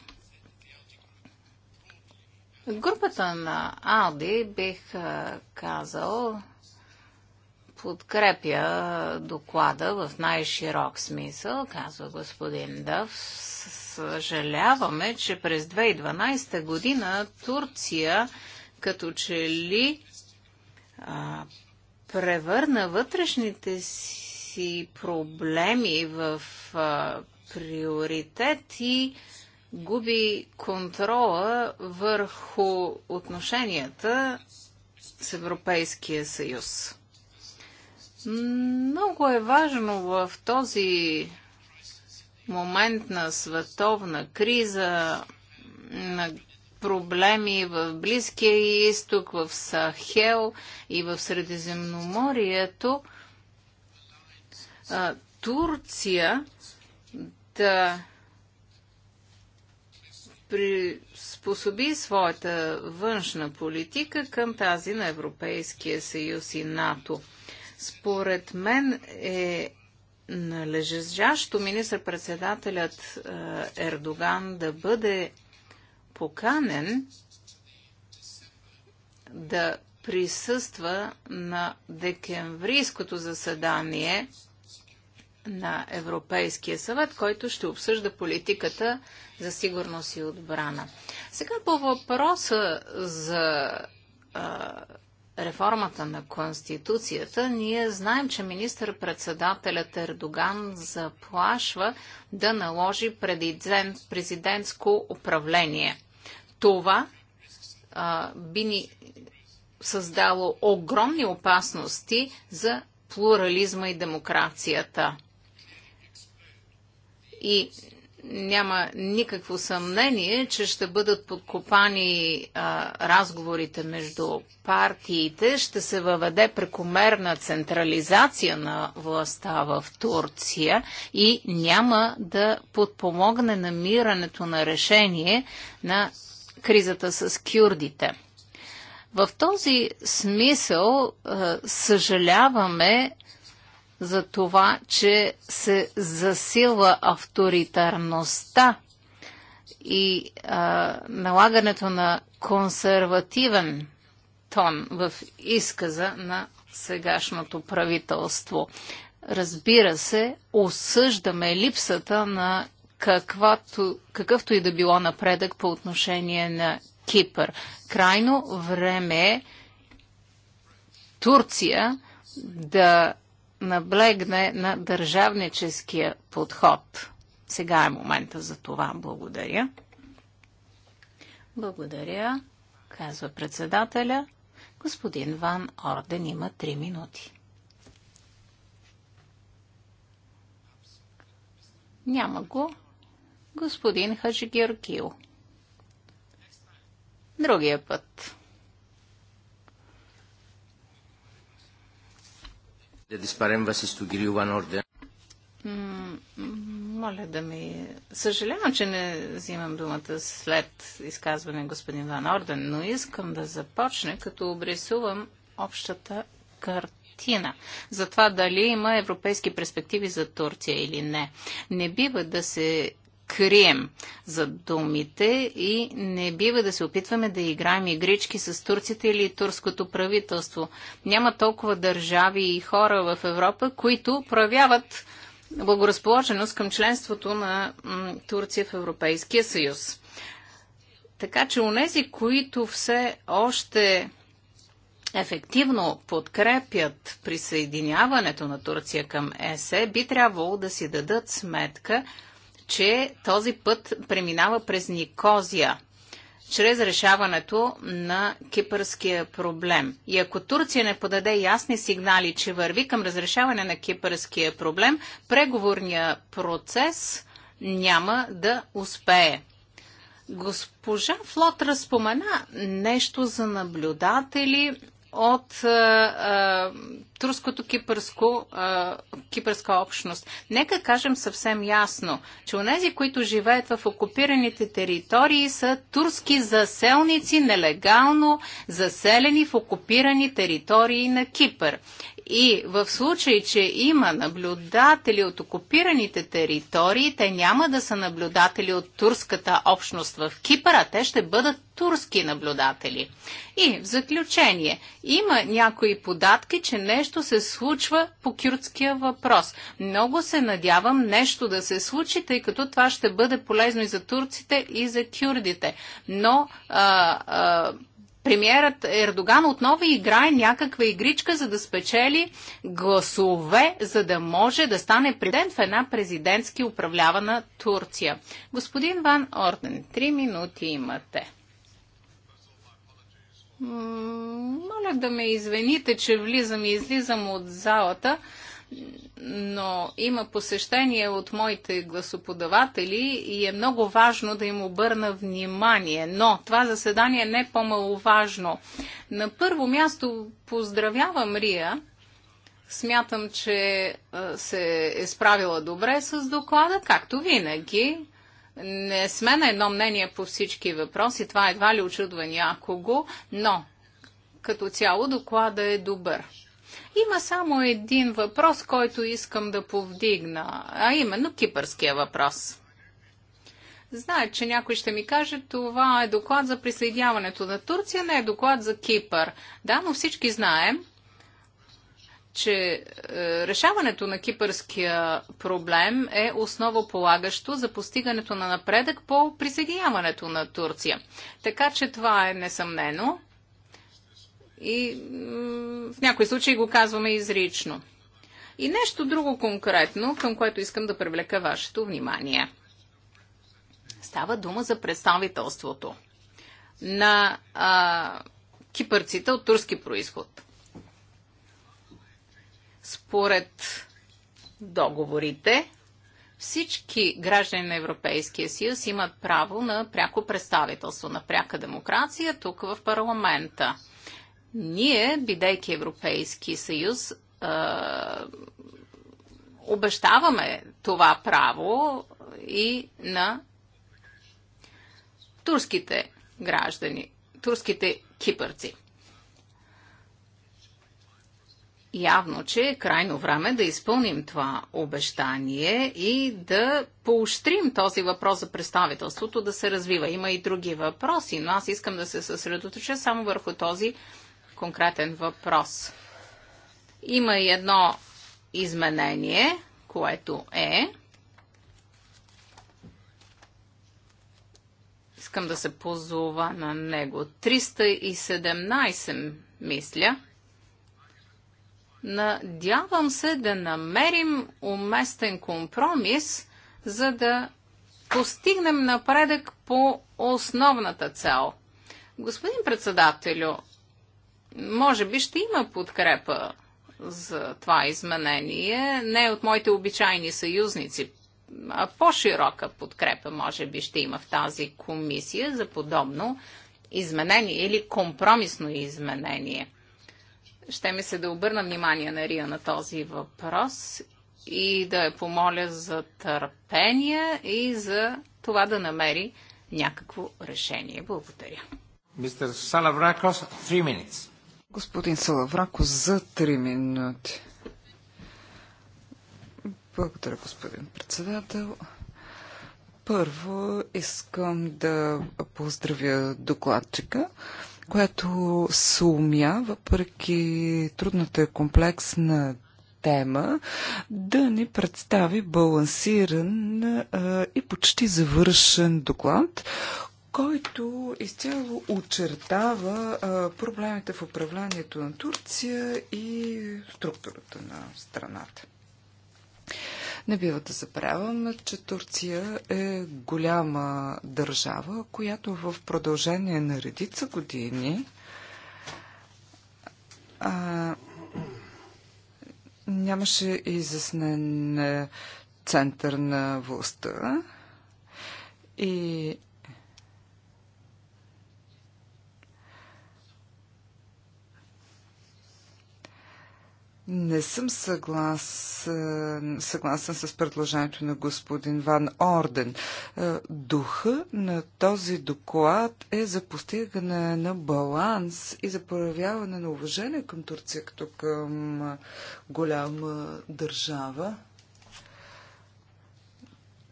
Групата на Алди бих казал подкрепя доклада в най-широк смисъл, казва господин Дъв. Съжаляваме, че през 2012 година Турция като че ли а, превърна вътрешните си проблеми в а, приоритет и губи контрола върху отношенията с Европейския съюз. Много е важно в този момент на световна криза, на проблеми в Близкия изток, в Сахел и в Средиземноморието, Турция да приспособи своята външна политика към тази на Европейския съюз и НАТО – според мен е належащо министър-председателят е, Ердоган да бъде поканен да присъства на декемврийското заседание на Европейския съвет, който ще обсъжда политиката за сигурност и отбрана. Сега по въпроса за а, реформата на Конституцията, ние знаем, че министър-председателят Ердоган заплашва да наложи президентско управление. Това а, би ни създало огромни опасности за плурализма и демокрацията. И няма никакво съмнение, че ще бъдат подкопани а, разговорите между партиите, ще се въведе прекомерна централизация на властта в Турция и няма да подпомогне намирането на решение на кризата с кюрдите. В този смисъл съжаляваме, за това, че се засилва авторитарността и а, налагането на консервативен тон в изказа на сегашното правителство. Разбира се, осъждаме липсата на каквато, какъвто и да било напредък по отношение на Кипър. Крайно време е Турция да наблегне на държавническия подход. Сега е момента за това. Благодаря. Благодаря, казва председателя. Господин Ван Орден има 3 минути. Няма го. Господин Хаджигиоргил. Другия път. Моля да ми... Съжалявам, че не взимам думата след изказване господин Ван Орден, но искам да започне, като обрисувам общата картина за това дали има европейски перспективи за Турция или не. Не бива да се крием за думите и не бива да се опитваме да играем игрички с турците или турското правителство. Няма толкова държави и хора в Европа, които проявяват благоразположеност към членството на Турция в Европейския съюз. Така че унези, които все още ефективно подкрепят присъединяването на Турция към ЕСЕ, е, би трябвало да си дадат сметка, че този път преминава през Никозия чрез решаването на кипърския проблем. И ако Турция не подаде ясни сигнали, че върви към разрешаване на кипърския проблем, преговорния процес няма да успее. Госпожа Флотра спомена нещо за наблюдатели от а, е, е, турското кипърско, а, е, кипърска общност. Нека кажем съвсем ясно, че онези, които живеят в окупираните територии, са турски заселници, нелегално заселени в окупирани територии на Кипър. И в случай, че има наблюдатели от окупираните територии, те няма да са наблюдатели от турската общност в Кипър, а те ще бъдат турски наблюдатели. И в заключение, има някои податки, че нещо се случва по кюртския въпрос. Много се надявам нещо да се случи, тъй като това ще бъде полезно и за турците, и за кюрдите. Но а, а, премиерът Ердоган отново играе някаква игричка, за да спечели гласове, за да може да стане президент в една президентски управлявана Турция. Господин Ван Орден, три минути имате. Моля да ме извините, че влизам и излизам от залата но има посещение от моите гласоподаватели и е много важно да им обърна внимание. Но това заседание е не е по-маловажно. На първо място поздравявам Рия. Смятам, че се е справила добре с доклада, както винаги. Не сме на едно мнение по всички въпроси, това едва ли очудва някого, но като цяло доклада е добър. Има само един въпрос, който искам да повдигна, а именно кипърския въпрос. Знаят, че някой ще ми каже, това е доклад за присъединяването на Турция, не е доклад за Кипър. Да, но всички знаем, че е, решаването на кипърския проблем е основополагащо за постигането на напредък по присъединяването на Турция. Така че това е несъмнено. И в някои случаи го казваме изрично. И нещо друго конкретно, към което искам да привлека вашето внимание. Става дума за представителството на а, кипърците от турски происход. Според договорите, всички граждани на Европейския съюз имат право на пряко представителство, на пряка демокрация тук в парламента. Ние, бидейки Европейски съюз, обещаваме това право и на турските граждани, турските кипърци. Явно, че е крайно време да изпълним това обещание и да поощрим този въпрос за представителството да се развива. Има и други въпроси, но аз искам да се съсредоточа само върху този конкретен въпрос. Има и едно изменение, което е. Искам да се позова на него. 317, мисля. Надявам се да намерим уместен компромис, за да постигнем напредък по основната цел. Господин председателю, може би ще има подкрепа за това изменение, не от моите обичайни съюзници, а по-широка подкрепа може би ще има в тази комисия за подобно изменение или компромисно изменение. Ще ми се да обърна внимание на Рия на този въпрос и да я помоля за търпение и за това да намери някакво решение. Благодаря. Мистер Салавракос, 3 минути. Господин Салаврако за три минути. Благодаря, господин председател. Първо искам да поздравя докладчика, която се умя, въпреки трудната и комплексна тема, да ни представи балансиран а, и почти завършен доклад, който изцяло очертава проблемите в управлението на Турция и структурата на страната. Не бива да забравяме, че Турция е голяма държава, която в продължение на редица години а, нямаше изяснен център на властта и Не съм съгласен, съгласен с предложението на господин Ван Орден. Духа на този доклад е за постигане на баланс и за проявяване на уважение към Турция като към голяма държава.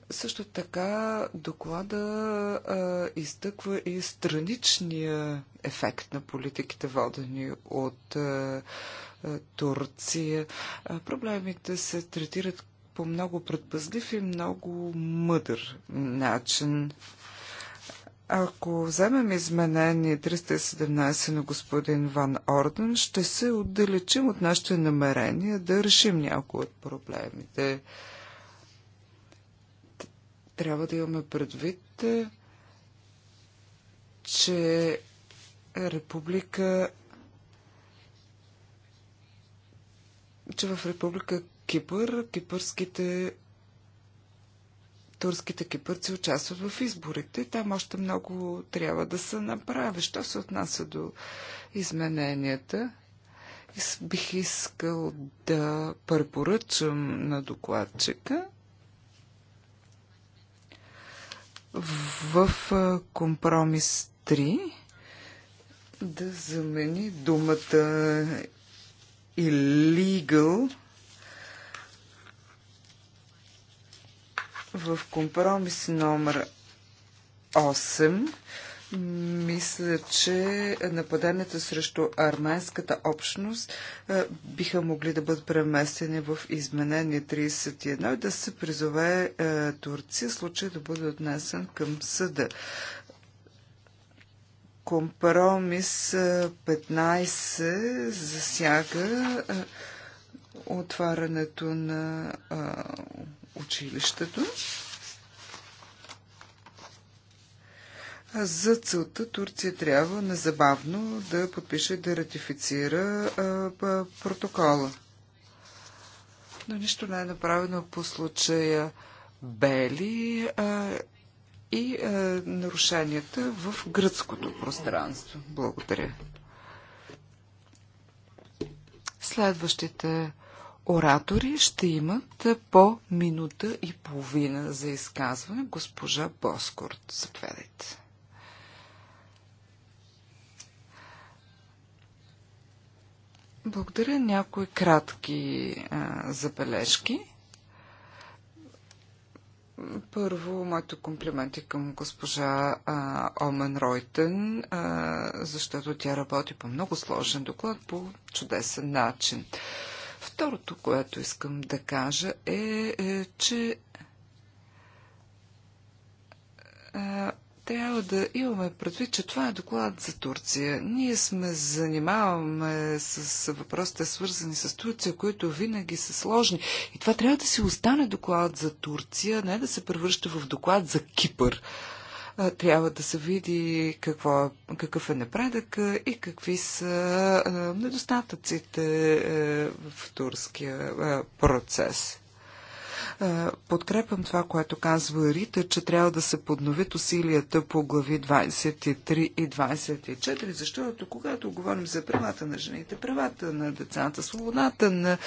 Също така доклада а, изтъква и страничния ефект на политиките, водени от а, Турция. Проблемите се третират по много предпазлив и много мъдър начин. Ако вземем изменение 317 на господин Ван Орден, ще се отдалечим от нашите намерения да решим някои от проблемите. Трябва да имаме предвид, че Република че в Република Кипър кипърските турските кипърци участват в изборите. Там още много трябва да се направи. Що се отнася до измененията? Бих искал да препоръчам на докладчика в компромис 3 да замени думата illegal в компромис номер 8 мисля, че нападенията срещу арменската общност е, биха могли да бъдат преместени в изменение 31 и да се призове е, Турция, случай да бъде отнесен към съда. Компромис 15 засяга отварянето на училището. За целта Турция трябва незабавно да подпише да ратифицира протокола. Но нищо не е направено по случая Бели. А, и е, нарушенията в гръцкото пространство. Благодаря. Следващите оратори ще имат по минута и половина за изказване. Госпожа Боскорт, заповядайте. Благодаря. Някои кратки а, е, забележки. Първо, моите комплименти към госпожа а, Омен Ройтен, а, защото тя работи по много сложен доклад по чудесен начин. Второто, което искам да кажа е, е че а, трябва да имаме предвид, че това е доклад за Турция. Ние сме занимаваме с въпросите, свързани с Турция, които винаги са сложни. И това трябва да си остане доклад за Турция, не да се превръща в доклад за Кипър. Трябва да се види какво, какъв е напредък и какви са недостатъците е, в турския е, процес. Е, подкрепям това, което казва Рита, че трябва да се подновят усилията по глави 23 и 24, защото когато говорим за правата на жените, правата на децата, свободата на е,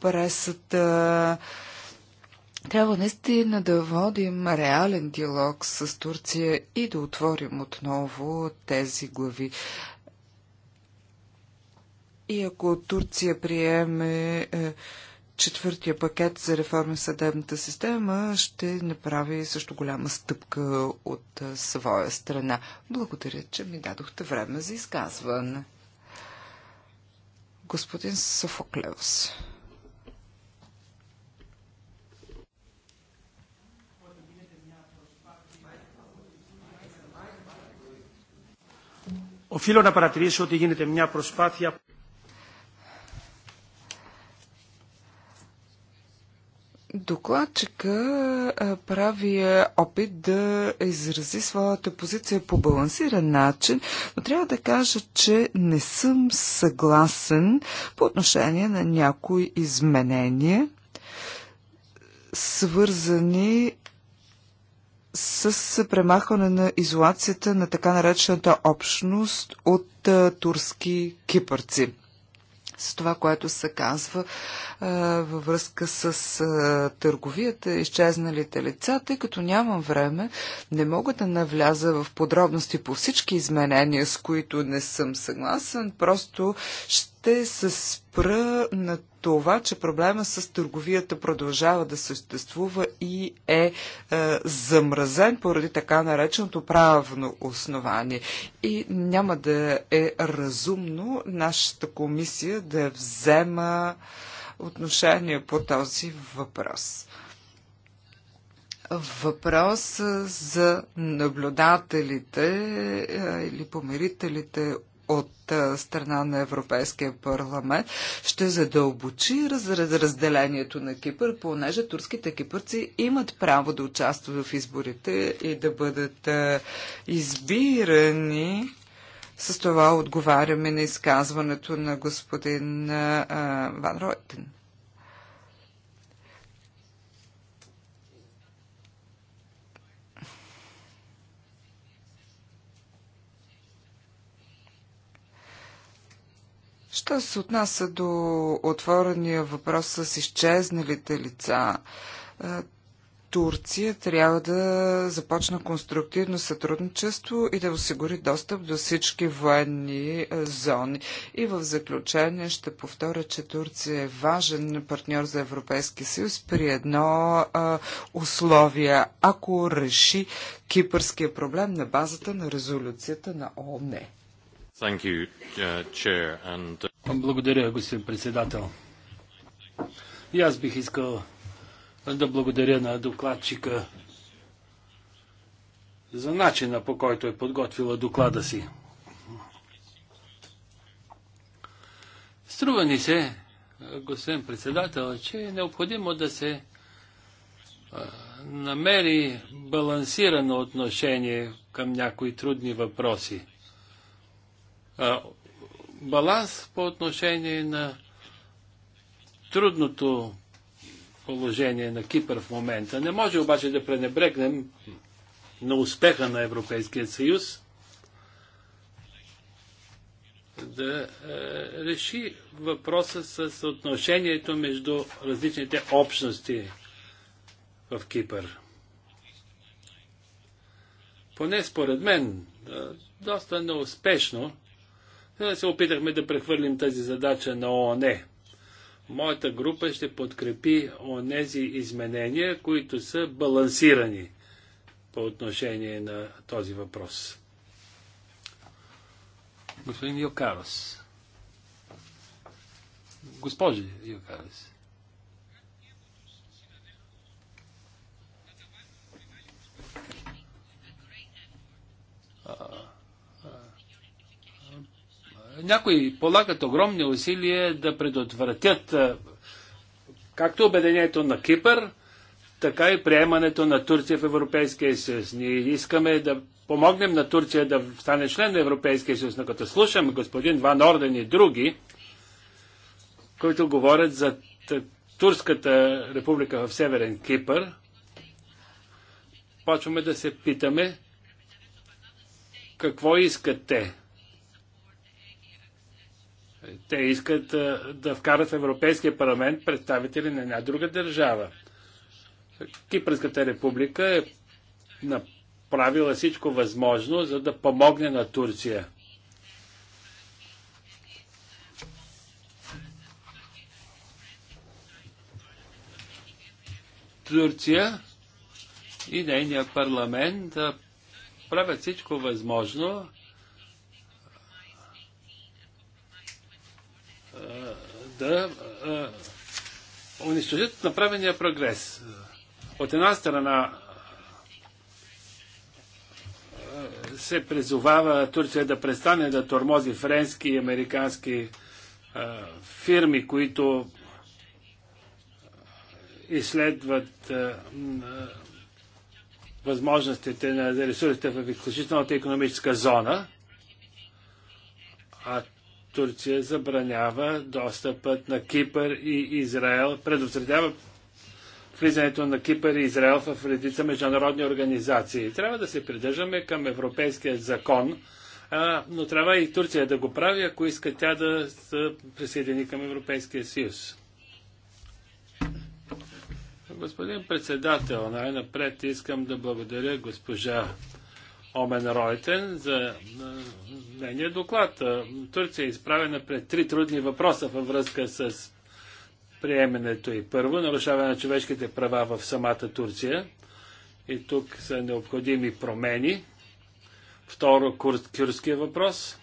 пресата, трябва наистина да водим реален диалог с Турция и да отворим отново тези глави. И ако Турция приеме е, четвъртия пакет за реформи в съдебната система ще направи също голяма стъпка от своя страна. Благодаря, че ми дадохте време за изказване. Господин Софоклевс. Οφείλω να παρατηρήσω ότι γίνεται μια προσπάθεια Докладчика прави опит да изрази своята позиция по балансиран начин, но трябва да кажа, че не съм съгласен по отношение на някои изменения, свързани с премахване на изолацията на така наречената общност от турски кипърци с това, което се казва а, във връзка с а, търговията, изчезналите лица, тъй като нямам време, не мога да навляза в подробности по всички изменения, с които не съм съгласен, просто ще ще се спра на това, че проблема с търговията продължава да съществува и е, е замразен поради така нареченото правно основание. И няма да е разумно нашата комисия да взема отношение по този въпрос. Въпрос е, за наблюдателите е, или помирителите от страна на Европейския парламент ще задълбочи разделението на Кипър, понеже турските кипърци имат право да участват в изборите и да бъдат избирани. С това отговаряме на изказването на господин Ван Ройтен. Що се отнася до отворения въпрос с изчезналите лица, е, Турция трябва да започне конструктивно сътрудничество и да осигури достъп до всички военни е, зони. И в заключение ще повторя, че Турция е важен партньор за Европейския съюз при едно а, е, условие, ако реши кипърския проблем на базата на резолюцията на ООН. Uh, uh, благодаря, господин председател. И аз бих искал да благодаря на докладчика за начина по който е подготвила доклада си. Струва ни се, господин председател, че е необходимо да се намери балансирано отношение към някои трудни въпроси баланс по отношение на трудното положение на Кипър в момента. Не може обаче да пренебрегнем на успеха на Европейския съюз да е, реши въпроса с отношението между различните общности в Кипър. Поне според мен, е, доста неуспешно е, се опитахме да прехвърлим тази задача на ООН. Моята група ще подкрепи онези изменения, които са балансирани по отношение на този въпрос. Господин Йокарос. Госпожи Йокарос. някои полагат огромни усилия да предотвратят както обединението на Кипър, така и приемането на Турция в Европейския съюз. Ние искаме да помогнем на Турция да стане член на Европейския съюз, но като слушам господин Ван Орден и други, които говорят за Турската република в Северен Кипър, почваме да се питаме какво искат те. Те искат да вкарат в Европейския парламент представители на една друга държава. Кипърската република е направила всичко възможно, за да помогне на Турция. Турция и нейния парламент да правят всичко възможно да унищожат направения прогрес. От една страна се призовава Турция да престане да тормози френски и американски фирми, които изследват възможностите на ресурсите в изключителната економическа зона. А Турция забранява достъпът на Кипър и Израел, предотвратява влизането на Кипър и Израел в редица международни организации. Трябва да се придържаме към европейския закон, а, но трябва и Турция да го прави, ако иска тя да се присъедини към Европейския съюз. Господин председател, най-напред искам да благодаря госпожа Омен Ройтен за нейния доклад. Турция е изправена пред три трудни въпроса във връзка с приеменето и първо нарушаване на човешките права в самата Турция. И тук са необходими промени. Второ, кюрския въпрос.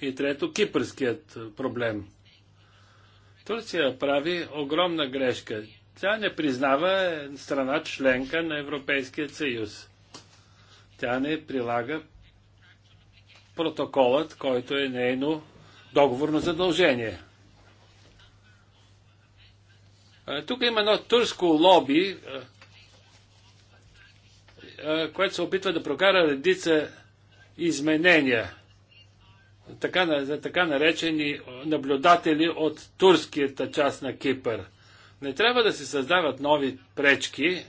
И трето, кипърският проблем. Турция прави огромна грешка. Тя не признава страна членка на Европейския съюз. Тя не прилага протоколът, който е нейно договорно задължение. Тук има едно турско лоби, което се опитва да прокара редица изменения така, за така наречени наблюдатели от турскията част на Кипър. Не трябва да се създават нови пречки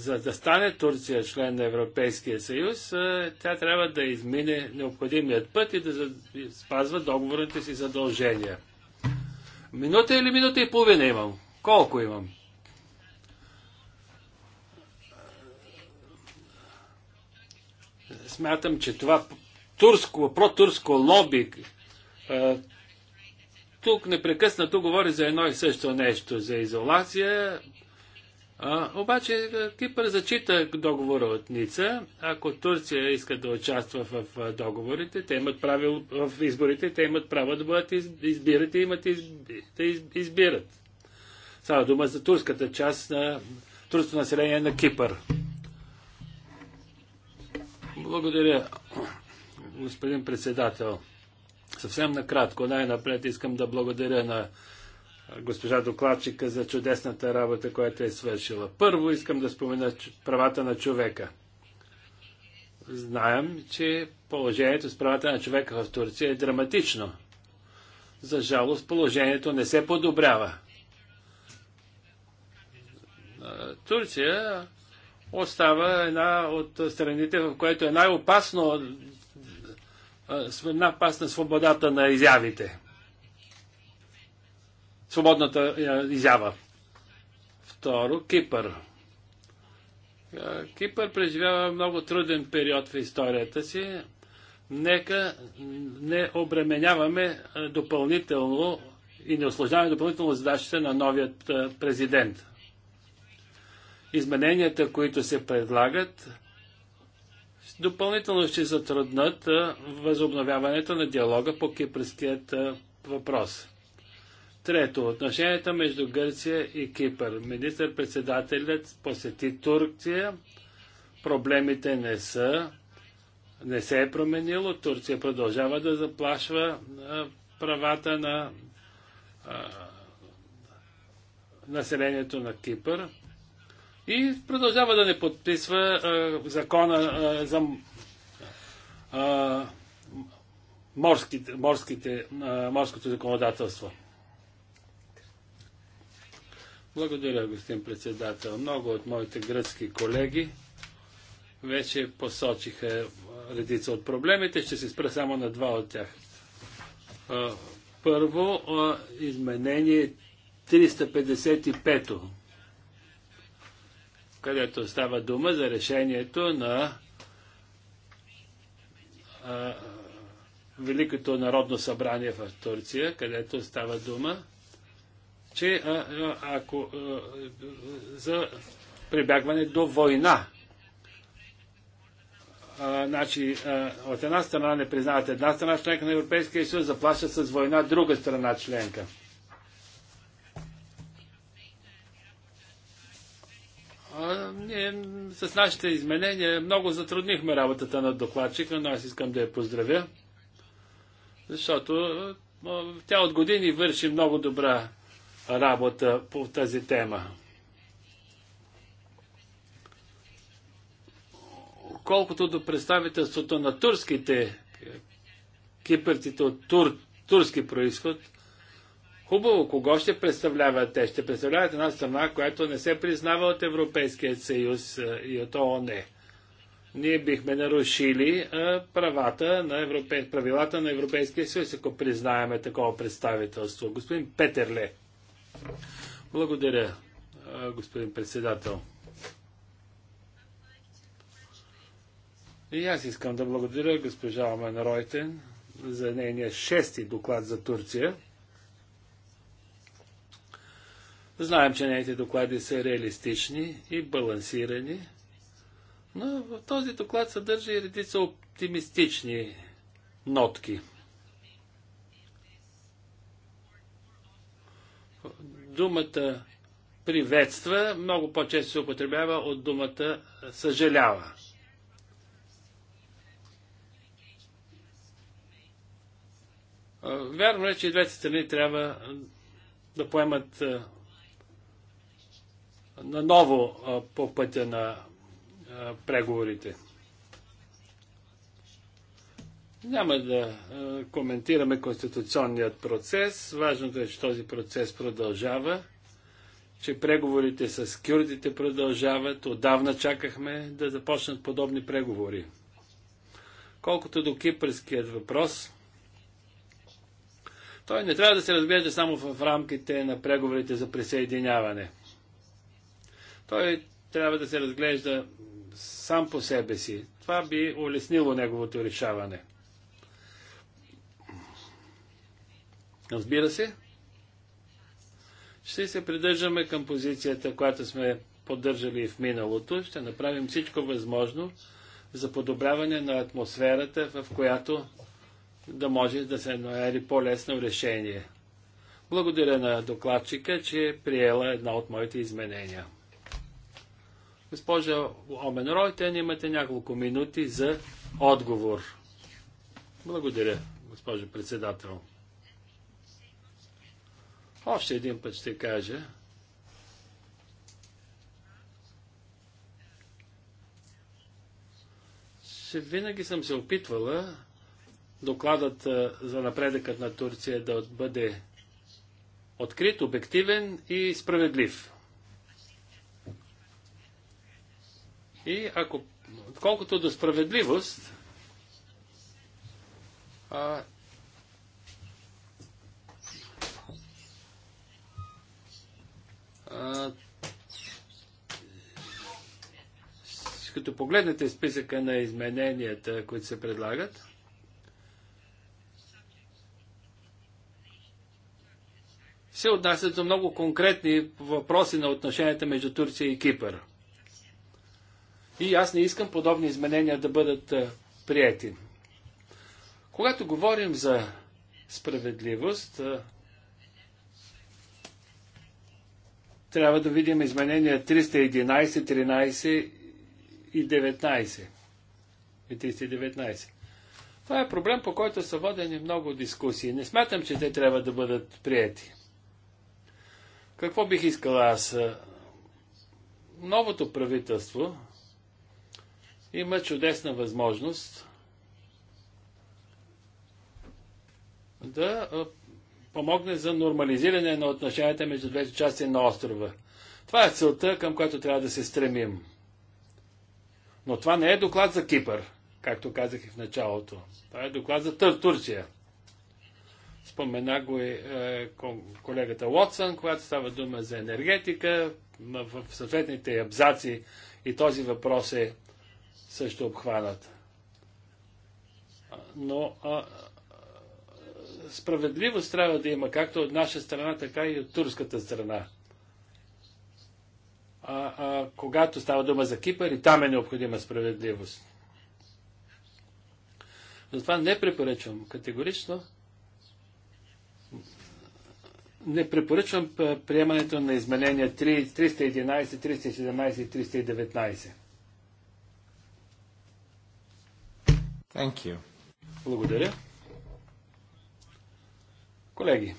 за да стане Турция член на Европейския съюз, тя трябва да измине необходимият път и да спазва договорните си задължения. Минута или минута и половина имам? Колко имам? Смятам, че това турско, протурско лоби тук непрекъснато говори за едно и също нещо, за изолация, а, обаче е, Кипър зачита договора от Ница. Ако Турция иска да участва в, договорите, те имат правил в изборите, те имат право да бъдат из, избират и имат из, да из, избират. Става дума за турската част на турското население на Кипър. Благодаря, господин председател. Съвсем накратко, най-напред искам да благодаря на госпожа докладчика за чудесната работа, която е свършила. Първо искам да спомена правата на човека. Знаем, че положението с правата на човека в Турция е драматично. За жалост положението не се подобрява. Турция остава една от страните, в която е най-опасно, най-опасна свободата на изявите свободната е, изява. Второ, Кипър. Е, Кипър преживява много труден период в историята си. Нека не обременяваме е, допълнително и не осложняваме допълнително задачите на новият президент. Измененията, които се предлагат, допълнително ще затруднат възобновяването на диалога по кипърският въпрос. Трето, отношенията между Гърция и Кипър. Министър-председателят посети Турция. Проблемите не са, не се е променило. Турция продължава да заплашва правата на а, населението на Кипър и продължава да не подписва а, закона а, за а, морските, морските, а, морското законодателство. Благодаря, господин председател. Много от моите гръцки колеги вече посочиха редица от проблемите. Ще се спра само на два от тях. Първо, изменение 355-то, където става дума за решението на Великото народно събрание в Турция, където става дума че а, а, ако а, за прибягване до война, а, значи, а, от една страна не признават една страна членка на Европейския съюз, заплащат с война друга страна членка. А, ние с нашите изменения много затруднихме работата на докладчика, но аз искам да я поздравя, защото тя от години върши много добра работа по тази тема. Колкото до представителството на турските кипърците от тур, турски происход, хубаво, кого ще представляват те? Ще представляват една страна, която не се признава от Европейския съюз и от ООН ние бихме нарушили правата на европе... правилата на Европейския съюз, ако признаеме такова представителство. Господин Петерле. Благодаря, господин председател. И аз искам да благодаря госпожа Амен Ройтен за нейния шести доклад за Турция. Знаем, че нейните доклади са реалистични и балансирани, но в този доклад съдържа и редица оптимистични нотки – думата приветства много по-често се употребява от думата съжалява. Вярно е, че двете страни трябва да поемат наново по пътя на преговорите. Няма да коментираме конституционният процес. Важното е, че този процес продължава, че преговорите с кюрдите продължават. Отдавна чакахме да започнат подобни преговори. Колкото до кипърският въпрос, той не трябва да се разглежда само в рамките на преговорите за присъединяване. Той трябва да се разглежда сам по себе си. Това би улеснило неговото решаване. Разбира се, ще се придържаме към позицията, която сме поддържали в миналото. Ще направим всичко възможно за подобряване на атмосферата, в която да може да се намери по-лесно решение. Благодаря на докладчика, че е приела една от моите изменения. Госпожа Омен Ройтен, имате няколко минути за отговор. Благодаря, госпожо председател. Още един път ще кажа, че винаги съм се опитвала докладът за напредъкът на Турция да бъде открит, обективен и справедлив. И ако, колкото до справедливост, а, като погледнете списъка на измененията, които се предлагат, се отнасят до много конкретни въпроси на отношенията между Турция и Кипър. И аз не искам подобни изменения да бъдат а, приети. Когато говорим за справедливост, трябва да видим изменения 311, 13 и 19. И 319. Това е проблем, по който са водени много дискусии. Не смятам, че те трябва да бъдат прияти. Какво бих искала аз? Новото правителство има чудесна възможност да помогне за нормализиране на отношенията между двете части на острова. Това е целта, към която трябва да се стремим. Но това не е доклад за Кипър, както казах и в началото. Това е доклад за Тър- Турция. Спомена го и е, колегата Уотсън, когато става дума за енергетика, в съответните абзаци и този въпрос е също обхванат. Но а, справедливост трябва да има както от наша страна, така и от турската страна. А, а, когато става дума за Кипър, и там е необходима справедливост. Затова не препоръчвам категорично. Не препоръчвам приемането на изменения 311, 317 и 319. Thank you. Благодаря. Колеги,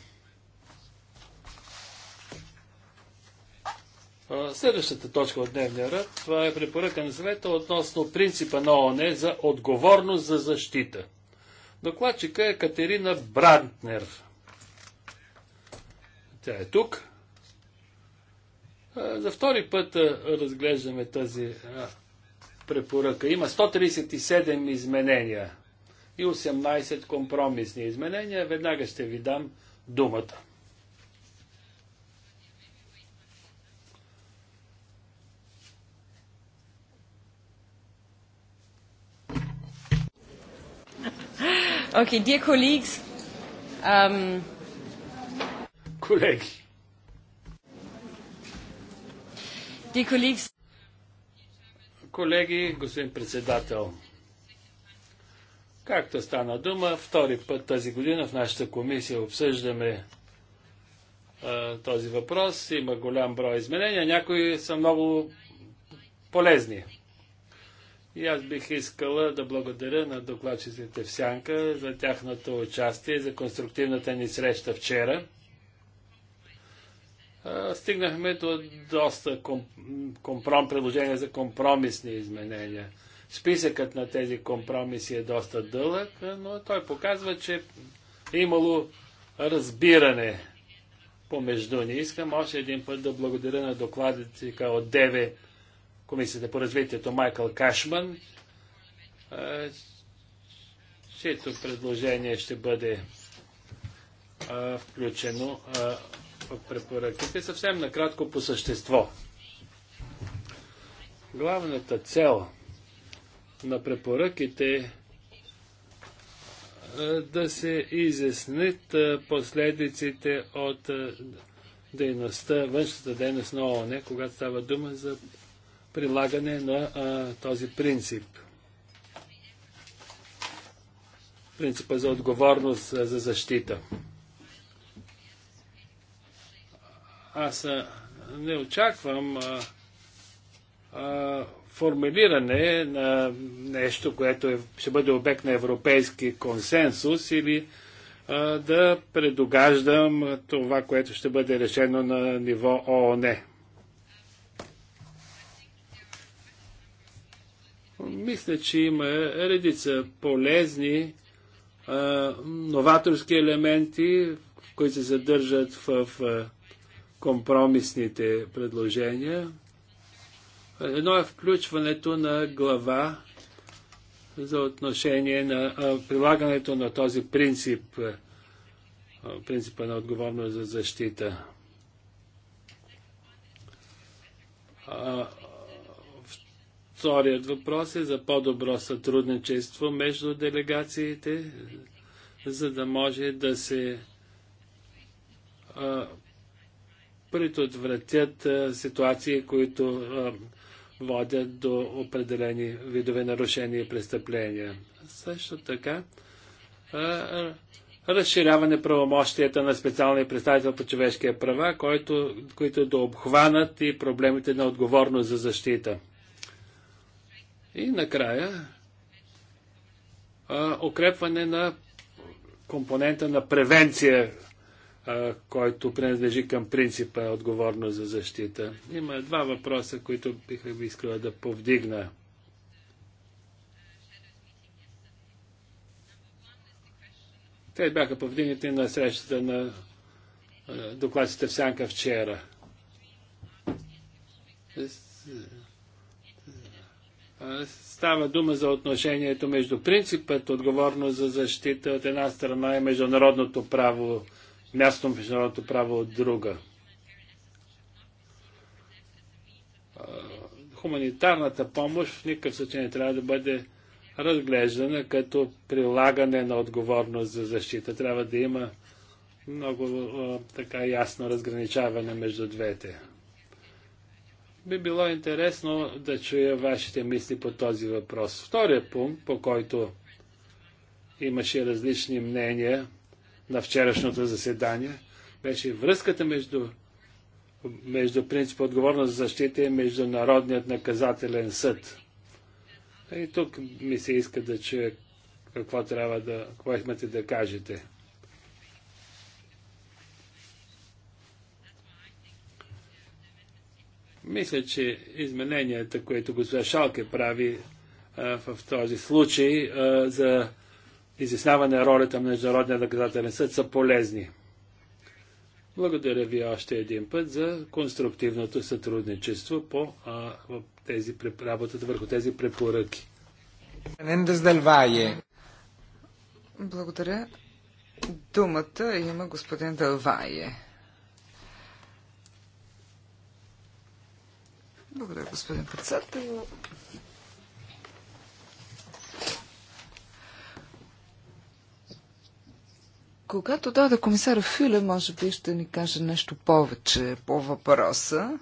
следващата точка от дневния ред, това е препоръка на съвета относно принципа на ООН за отговорност за защита. Докладчика е Катерина Брантнер. Тя е тук. За втори път разглеждаме тази препоръка. Има 137 изменения и 18 компромисни изменения. Веднага ще ви дам думата. Okay, dear colleagues, um... Колеги. Dear colleagues. Колеги, господин председател. Както стана дума, втори път тази година в нашата комисия обсъждаме а, този въпрос. Има голям брой изменения. Някои са много полезни. И аз бих искала да благодаря на докладчиците в Сянка за тяхното участие, за конструктивната ни среща вчера. стигнахме до доста компром, предложения за компромисни изменения – Списъкът на тези компромиси е доста дълъг, но той показва, че е имало разбиране помежду ни. Искам още един път да благодаря на докладите от ДЕВЕ, Комисията по развитието Майкъл Кашман, чието предложение ще бъде включено в препоръките. Съвсем накратко по същество. Главната цел – на препоръките е, да се изяснят е, последиците от е, дейността, външната дейност на ООН, когато става дума за прилагане на а, този принцип. Принципа за отговорност за защита. Аз а, не очаквам а, а, формулиране на нещо, което е, ще бъде обект на европейски консенсус или а, да предогаждам това, което ще бъде решено на ниво ООН. Мисля, че има редица полезни а, новаторски елементи, които се задържат в, в компромисните предложения. Едно е включването на глава за отношение на прилагането на този принцип, принципа на отговорност за защита. Вторият въпрос е за по-добро сътрудничество между делегациите, за да може да се предотвратят ситуации, които водят до определени видове нарушения и престъпления. Също така, разширяване правомощията на специалния представител по човешкия права, който, които да обхванат и проблемите на отговорност за защита. И накрая, укрепване на компонента на превенция който принадлежи към принципа отговорност за защита. Има два въпроса, които бих искала да повдигна. Те бяха повдигнати на срещата на докладците в Сянка вчера. Става дума за отношението между принципът отговорност за защита от една страна и международното право място на международното право от друга. Хуманитарната помощ в никакъв случай не трябва да бъде разглеждана като прилагане на отговорност за защита. Трябва да има много така ясно разграничаване между двете. Би било интересно да чуя вашите мисли по този въпрос. Втория пункт, по който имаше различни мнения, на вчерашното заседание беше връзката между, между принцип отговорност за защита и Международният наказателен съд. И тук ми се иска да чуя какво трябва да, какво имате да кажете. Мисля, че измененията, които госпожа Шалке прави а, в този случай а, за изясняване на ролята на Международния наказателен съд са полезни. Благодаря ви още един път за конструктивното сътрудничество по а, тези, работата върху тези препоръки. Благодаря. Думата има господин Далвайе. Благодаря, господин председател. Когато дойде комисара Филе, може би ще ни каже нещо повече по въпроса.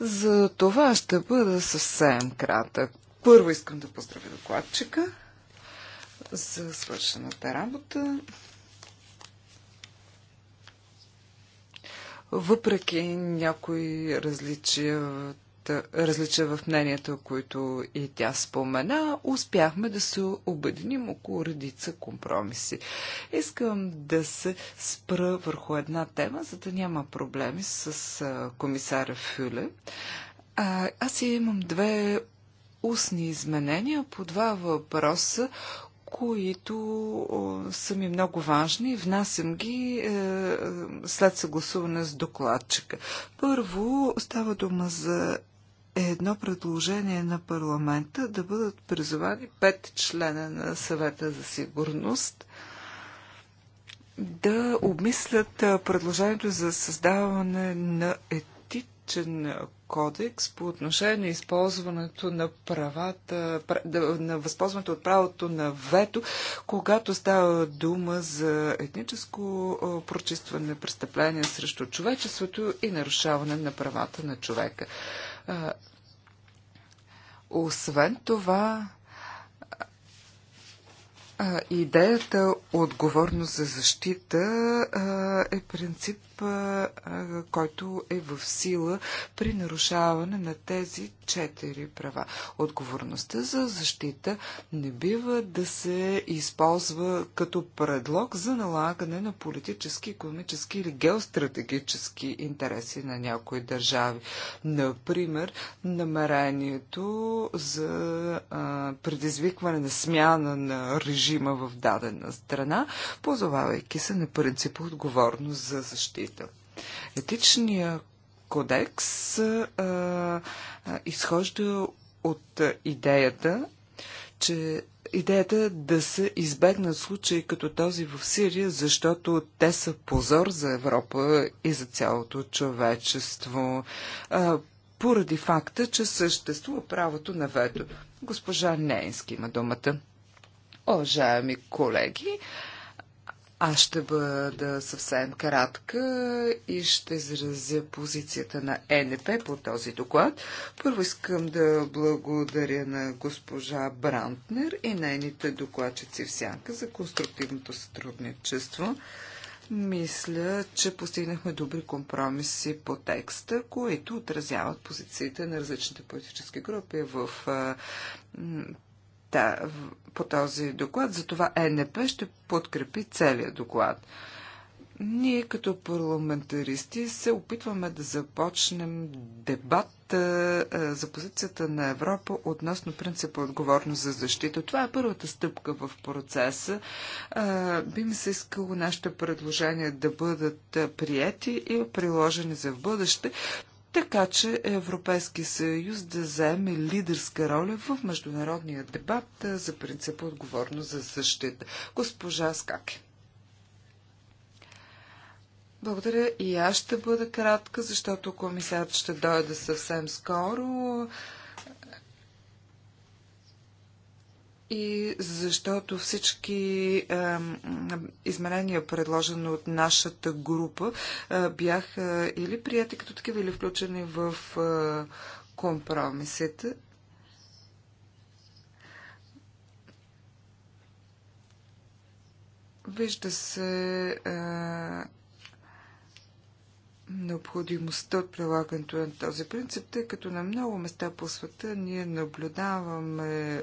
За това ще бъда съвсем кратък. Първо искам да поздравя докладчика за свършената работа. Въпреки някои различия Различа в мненията, които и тя спомена, успяхме да се обединим около редица компромиси. Искам да се спра върху една тема, за да няма проблеми с комисара Фюле. А, аз имам две устни изменения по два въпроса, които са ми много важни. Внасям ги е, след съгласуване с докладчика. Първо става дума за е едно предложение на парламента да бъдат призовани пет члена на съвета за сигурност да обмислят предложението за създаване на етичен кодекс по отношение на използването на правата, на възползването от правото на вето, когато става дума за етническо прочистване, престъпление срещу човечеството и нарушаване на правата на човека. Освен това, идеята отговорност за защита е принцип който е в сила при нарушаване на тези четири права. Отговорността за защита не бива да се използва като предлог за налагане на политически, економически или геостратегически интереси на някои държави. Например, намерението за предизвикване на смяна на режима в дадена страна, позовавайки се на принципа отговорност за защита защита. Етичният кодекс а, а, изхожда от идеята, че идеята е да се избегнат случаи като този в Сирия, защото те са позор за Европа и за цялото човечество. А, поради факта, че съществува правото на вето. Госпожа Нейнски има думата. Уважаеми колеги, аз ще бъда съвсем кратка и ще изразя позицията на ЕНП по този доклад. Първо искам да благодаря на госпожа Брантнер и нейните докладчици в Сянка за конструктивното сътрудничество. Мисля, че постигнахме добри компромиси по текста, които отразяват позициите на различните политически групи в та, по този доклад, затова ЕНП ще подкрепи целия доклад. Ние като парламентаристи се опитваме да започнем дебат за позицията на Европа относно принципа отговорност за защита. Това е първата стъпка в процеса. Би ми се искало нашите предложения да бъдат прияти и приложени за в бъдеще, така че Европейския съюз да заеме лидерска роля в международния дебат за принципа отговорност за защита. Госпожа Скаке. Благодаря и аз ще бъда кратка, защото комисарът ще дойде съвсем скоро. и защото всички е, изменения, предложени от нашата група, е, бяха или прияти като такива, или включени в е, компромисите. Вижда се. Е, необходимостта от прилагането на този принцип, тъй като на много места по света ние наблюдаваме е,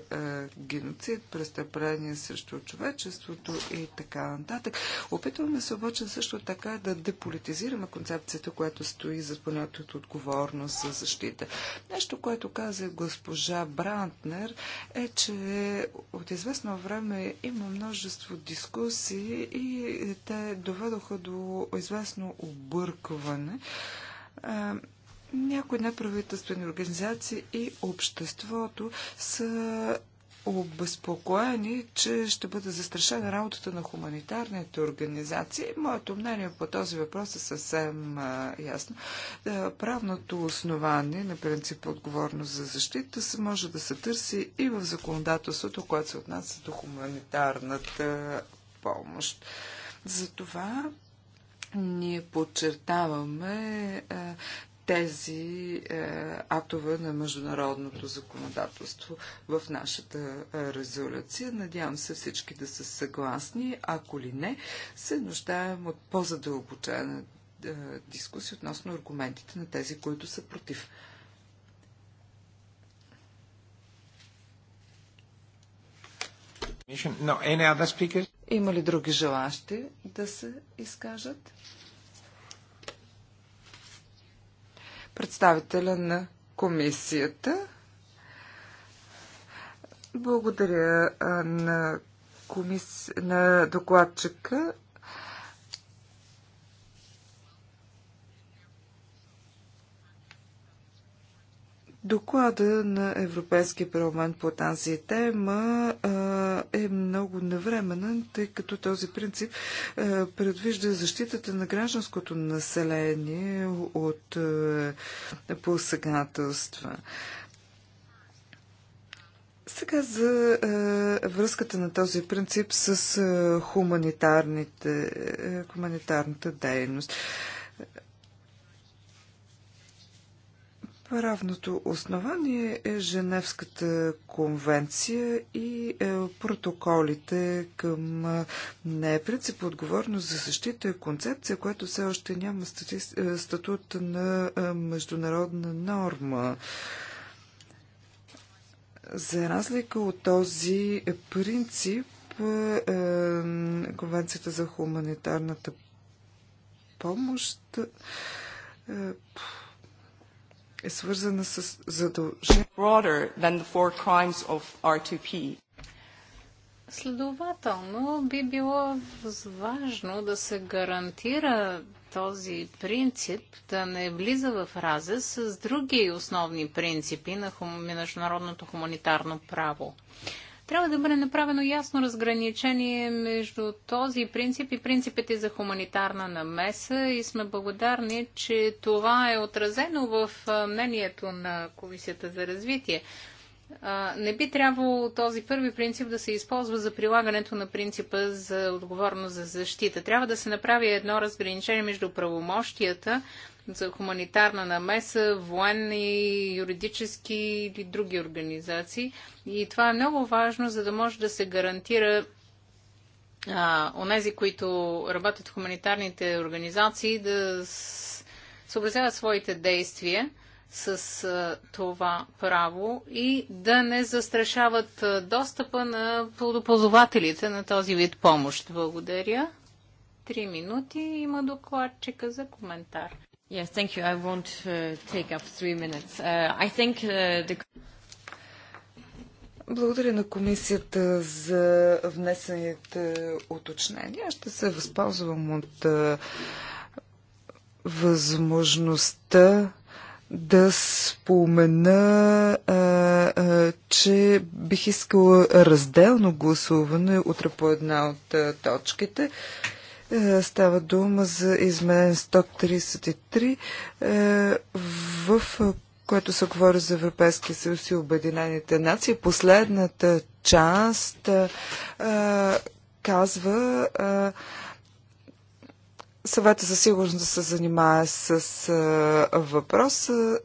геноцид, престъпление срещу човечеството и така нататък. Опитваме се обаче също така да деполитизираме концепцията, която стои за понятието отговорност за защита. Нещо, което каза госпожа Брантнер е, че от известно време има множество дискусии и те доведоха до известно объркване а, някои неправителствени организации и обществото са обезпокоени, че ще бъде застрашена работата на хуманитарните организации. Моето мнение по този въпрос е съвсем а, ясно. А, правното основание на принцип отговорност за защита се може да се търси и в законодателството, което се отнася до хуманитарната помощ. Затова ние подчертаваме е, тези е, актове на международното законодателство в нашата е, резолюция. Надявам се всички да са съгласни. Ако ли не, се нуждаем от по-задълбочена дискусия относно аргументите на тези, които са против. No, any other speakers? Има ли други желащи да се изкажат? Представителя на комисията. Благодаря на, комис... на докладчика Доклада на Европейския парламент по тази тема а, е много навременен, тъй като този принцип е, предвижда защитата на гражданското население от е, посегателства. Сега за е, връзката на този принцип с е, хуманитарните, е, хуманитарната дейност. Е, Правното основание е Женевската конвенция и е, протоколите към е, нея. Принцип отговорност за защита е концепция, която все още няма е, статут на международна норма. За разлика от този принцип, Конвенцията за хуманитарната помощ е свързана с задължение. Следователно би било важно да се гарантира този принцип да не влиза в разрез с други основни принципи на хум... международното хуманитарно право. Трябва да бъде направено ясно разграничение между този принцип и принципите за хуманитарна намеса и сме благодарни, че това е отразено в мнението на Комисията за развитие. Не би трябвало този първи принцип да се използва за прилагането на принципа за отговорност за защита. Трябва да се направи едно разграничение между правомощията за хуманитарна намеса, военни, юридически или други организации. И това е много важно, за да може да се гарантира а, онези, които работят в хуманитарните организации, да съобразяват своите действия с а, това право и да не застрашават а, достъпа на ползвателите на този вид помощ. Благодаря. Три минути има докладчика за коментар. Yes, thank you. I won't uh, take up three minutes. Uh, I think uh, the... Благодаря на комисията за внесените е, уточнения. Ще се възползвам от е, възможността да спомена, е, че бих искала разделно гласуване утре по една от точките. Е, става дума за изменен 133, е, в е, което се говори за Европейския съюз и Обединените нации. Последната част казва съвета за сигурност да се занимае с въпроса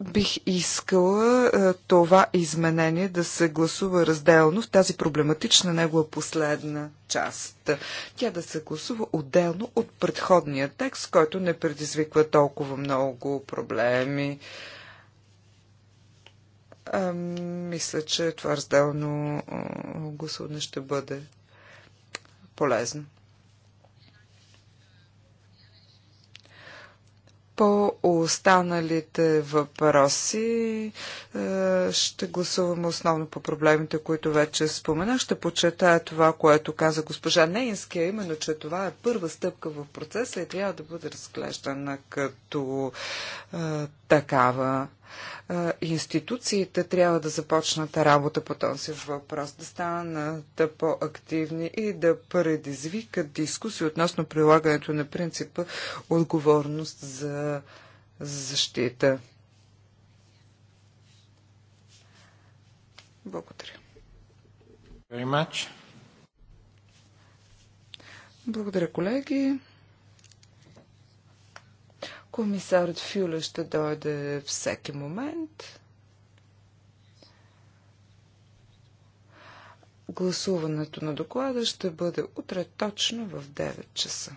бих искала е, това изменение да се гласува разделно в тази проблематична негова последна част. Тя да се гласува отделно от предходния текст, който не предизвиква толкова много проблеми. А, мисля, че това разделно е, гласуване ще бъде полезно. По останалите въпроси е, ще гласуваме основно по проблемите, които вече споменах. Ще почетая това, което каза госпожа Нейнския, именно, че това е първа стъпка в процеса и трябва да бъде разглеждана като е, такава институциите трябва да започнат работа по този въпрос, да станат по-активни и да предизвикат дискусии относно прилагането на принципа отговорност за защита. Благодаря. Благодаря, колеги. Комисарът Фюле ще дойде всеки момент. Гласуването на доклада ще бъде утре точно в 9 часа.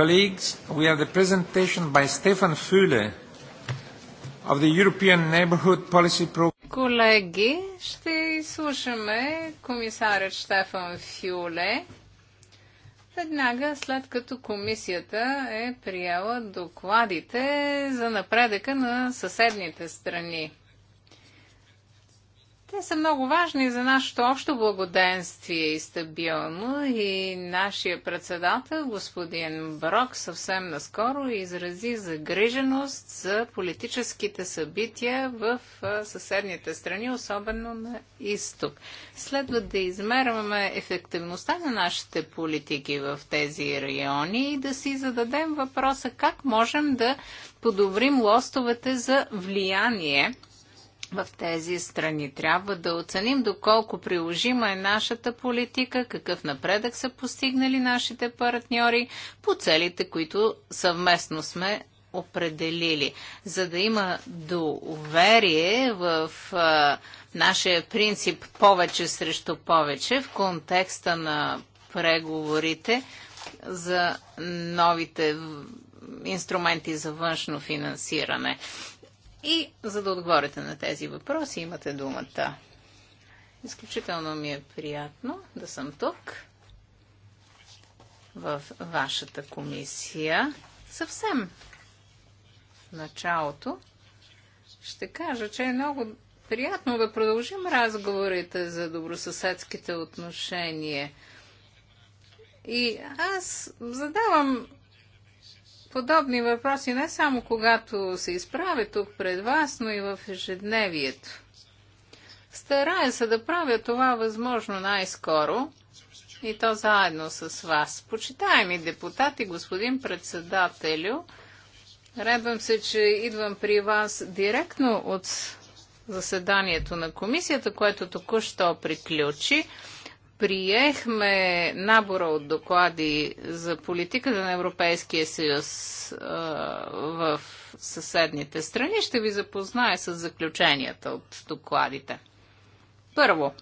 colleagues, we have the presentation by Stefan Füle of the European Policy Колеги, ще изслушаме комисарят Штефан Фюле веднага след като комисията е приела докладите за напредъка на съседните страни са много важни за нашето общо благоденствие и стабилно и нашия председател, господин Брок, съвсем наскоро изрази загриженост за политическите събития в съседните страни, особено на изток. Следва да измерваме ефективността на нашите политики в тези райони и да си зададем въпроса как можем да подобрим лостовете за влияние – в тези страни. Трябва да оценим доколко приложима е нашата политика, какъв напредък са постигнали нашите партньори по целите, които съвместно сме определили. За да има доверие в а, нашия принцип повече срещу повече в контекста на преговорите за новите инструменти за външно финансиране. И за да отговорите на тези въпроси, имате думата. Изключително ми е приятно да съм тук в вашата комисия. Съвсем в началото ще кажа, че е много приятно да продължим разговорите за добросъседските отношения. И аз задавам подобни въпроси не само когато се изправя тук пред вас, но и в ежедневието. Старая се да правя това възможно най-скоро и то заедно с вас. Почитаеми депутати, господин председателю, радвам се, че идвам при вас директно от заседанието на комисията, което току-що приключи приехме набора от доклади за политиката на Европейския съюз в съседните страни, ще ви запозная с заключенията от докладите. Първо,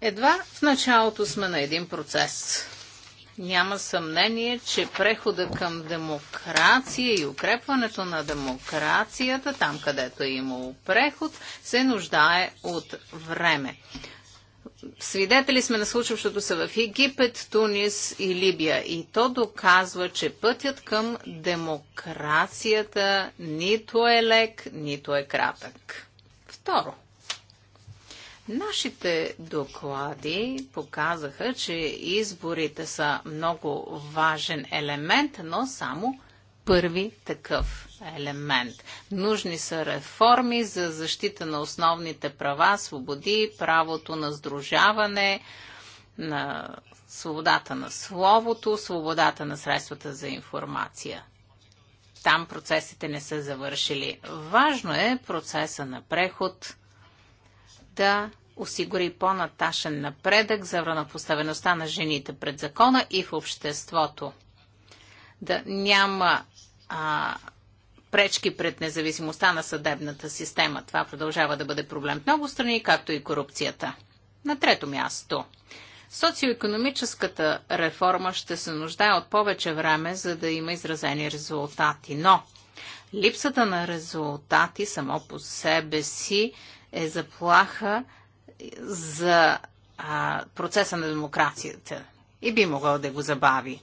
едва в началото сме на един процес. Няма съмнение, че прехода към демокрация и укрепването на демокрацията, там където е имало преход, се нуждае от време. Свидетели сме на случващото се в Египет, Тунис и Либия. И то доказва, че пътят към демокрацията нито е лек, нито е кратък. Второ. Нашите доклади показаха, че изборите са много важен елемент, но само първи такъв елемент. Нужни са реформи за защита на основните права, свободи, правото на сдружаване, на свободата на словото, свободата на средствата за информация. Там процесите не са завършили. Важно е процеса на преход да осигури по-наташен напредък за равнопоставеността на жените пред закона и в обществото. Да няма а, пречки пред независимостта на съдебната система. Това продължава да бъде проблем в много страни, както и корупцията. На трето място. Социоекономическата реформа ще се нуждае от повече време, за да има изразени резултати. Но липсата на резултати само по себе си е заплаха за а, процеса на демокрацията и би могъл да го забави.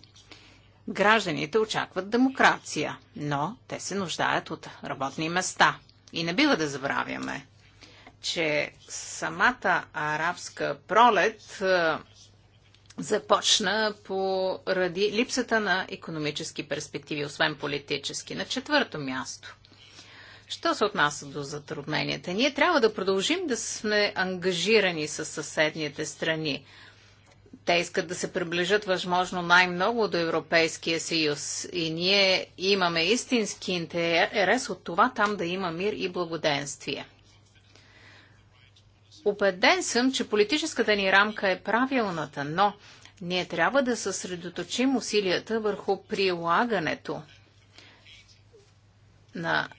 Гражданите очакват демокрация, но те се нуждаят от работни места. И не бива да забравяме, че самата арабска пролет е, започна поради липсата на економически перспективи, освен политически. На четвърто място. Що се отнася до затрудненията? Ние трябва да продължим да сме ангажирани с съседните страни те искат да се приближат възможно най-много до Европейския съюз. И ние имаме истински интерес от това там да има мир и благоденствие. Обеден съм, че политическата ни рамка е правилната, но ние трябва да съсредоточим усилията върху прилагането на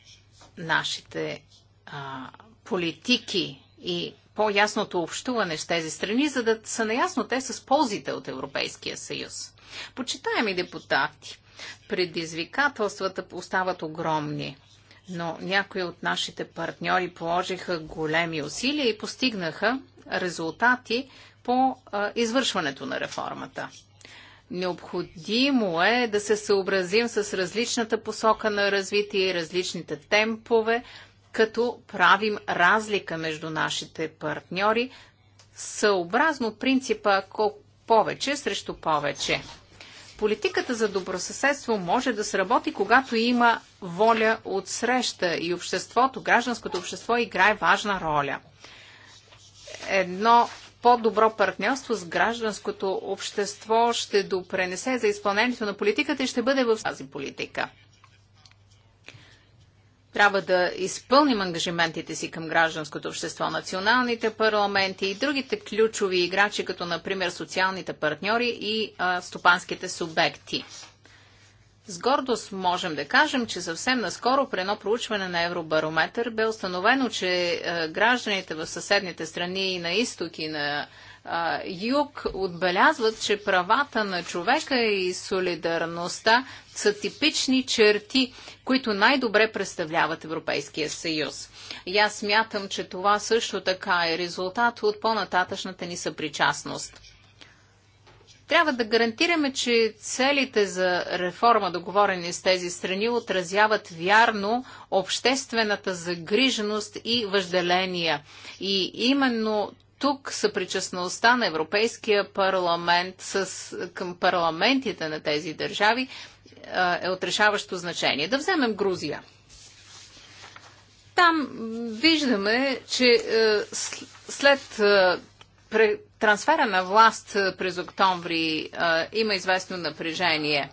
нашите а, политики и по-ясното общуване с тези страни, за да са наясно те с ползите от Европейския съюз. Почитаеми депутати, предизвикателствата остават огромни, но някои от нашите партньори положиха големи усилия и постигнаха резултати по а, извършването на реформата. Необходимо е да се съобразим с различната посока на развитие и различните темпове, като правим разлика между нашите партньори съобразно принципа колко повече срещу повече. Политиката за добросъседство може да сработи, когато има воля от среща и обществото, гражданското общество играе важна роля. Едно по-добро партньорство с гражданското общество ще допренесе за изпълнението на политиката и ще бъде в тази политика трябва да изпълним ангажиментите си към гражданското общество, националните парламенти и другите ключови играчи, като например социалните партньори и а, стопанските субекти. С гордост можем да кажем, че съвсем наскоро при едно проучване на Евробарометър бе установено, че гражданите в съседните страни и на изток и на юг отбелязват, че правата на човека и солидарността са типични черти, които най-добре представляват Европейския съюз. И аз смятам, че това също така е резултат от по-нататъчната ни съпричастност. Трябва да гарантираме, че целите за реформа, договорени с тези страни, отразяват вярно обществената загриженост и въжделения. И именно тук съпричастността на Европейския парламент с, към парламентите на тези държави е отрешаващо значение. Да вземем Грузия. Там виждаме, че след трансфера на власт през октомври има известно напрежение.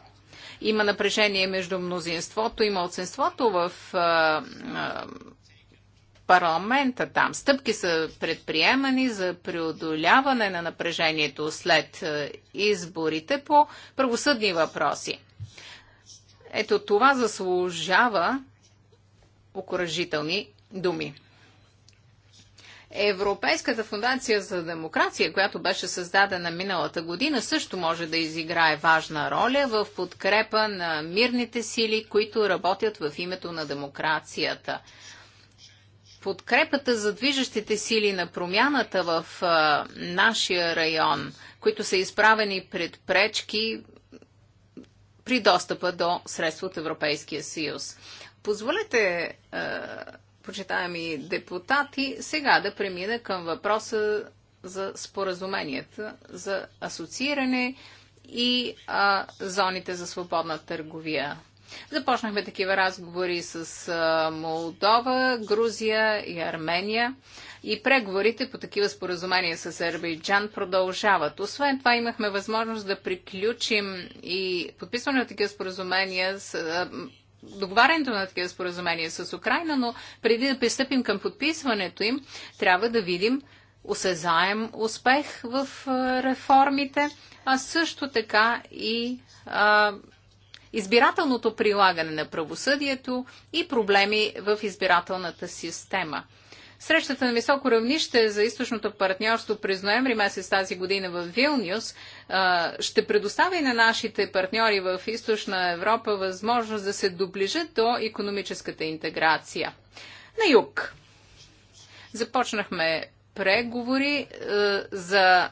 Има напрежение между мнозинството и мълцинството в парламента. Там стъпки са предприемани за преодоляване на напрежението след е, изборите по правосъдни въпроси. Ето това заслужава окоръжителни думи. Европейската фундация за демокрация, която беше създадена миналата година, също може да изиграе важна роля в подкрепа на мирните сили, които работят в името на демокрацията подкрепата за движещите сили на промяната в а, нашия район, които са изправени пред пречки при достъпа до средства от Европейския съюз. Позволете, а, почитаеми депутати, сега да премина към въпроса за споразуменията за асоцииране и а, зоните за свободна търговия. Започнахме такива разговори с Молдова, Грузия и Армения и преговорите по такива споразумения с Азербайджан продължават. Освен това имахме възможност да приключим и подписване на такива споразумения с договарянето на такива споразумения с Украина, но преди да пристъпим към подписването им, трябва да видим осезаем успех в реформите, а също така и а, избирателното прилагане на правосъдието и проблеми в избирателната система. Срещата на високо равнище за източното партньорство през ноември месец тази година в Вилнюс ще предостави на нашите партньори в източна Европа възможност да се доближат до економическата интеграция. На юг започнахме преговори за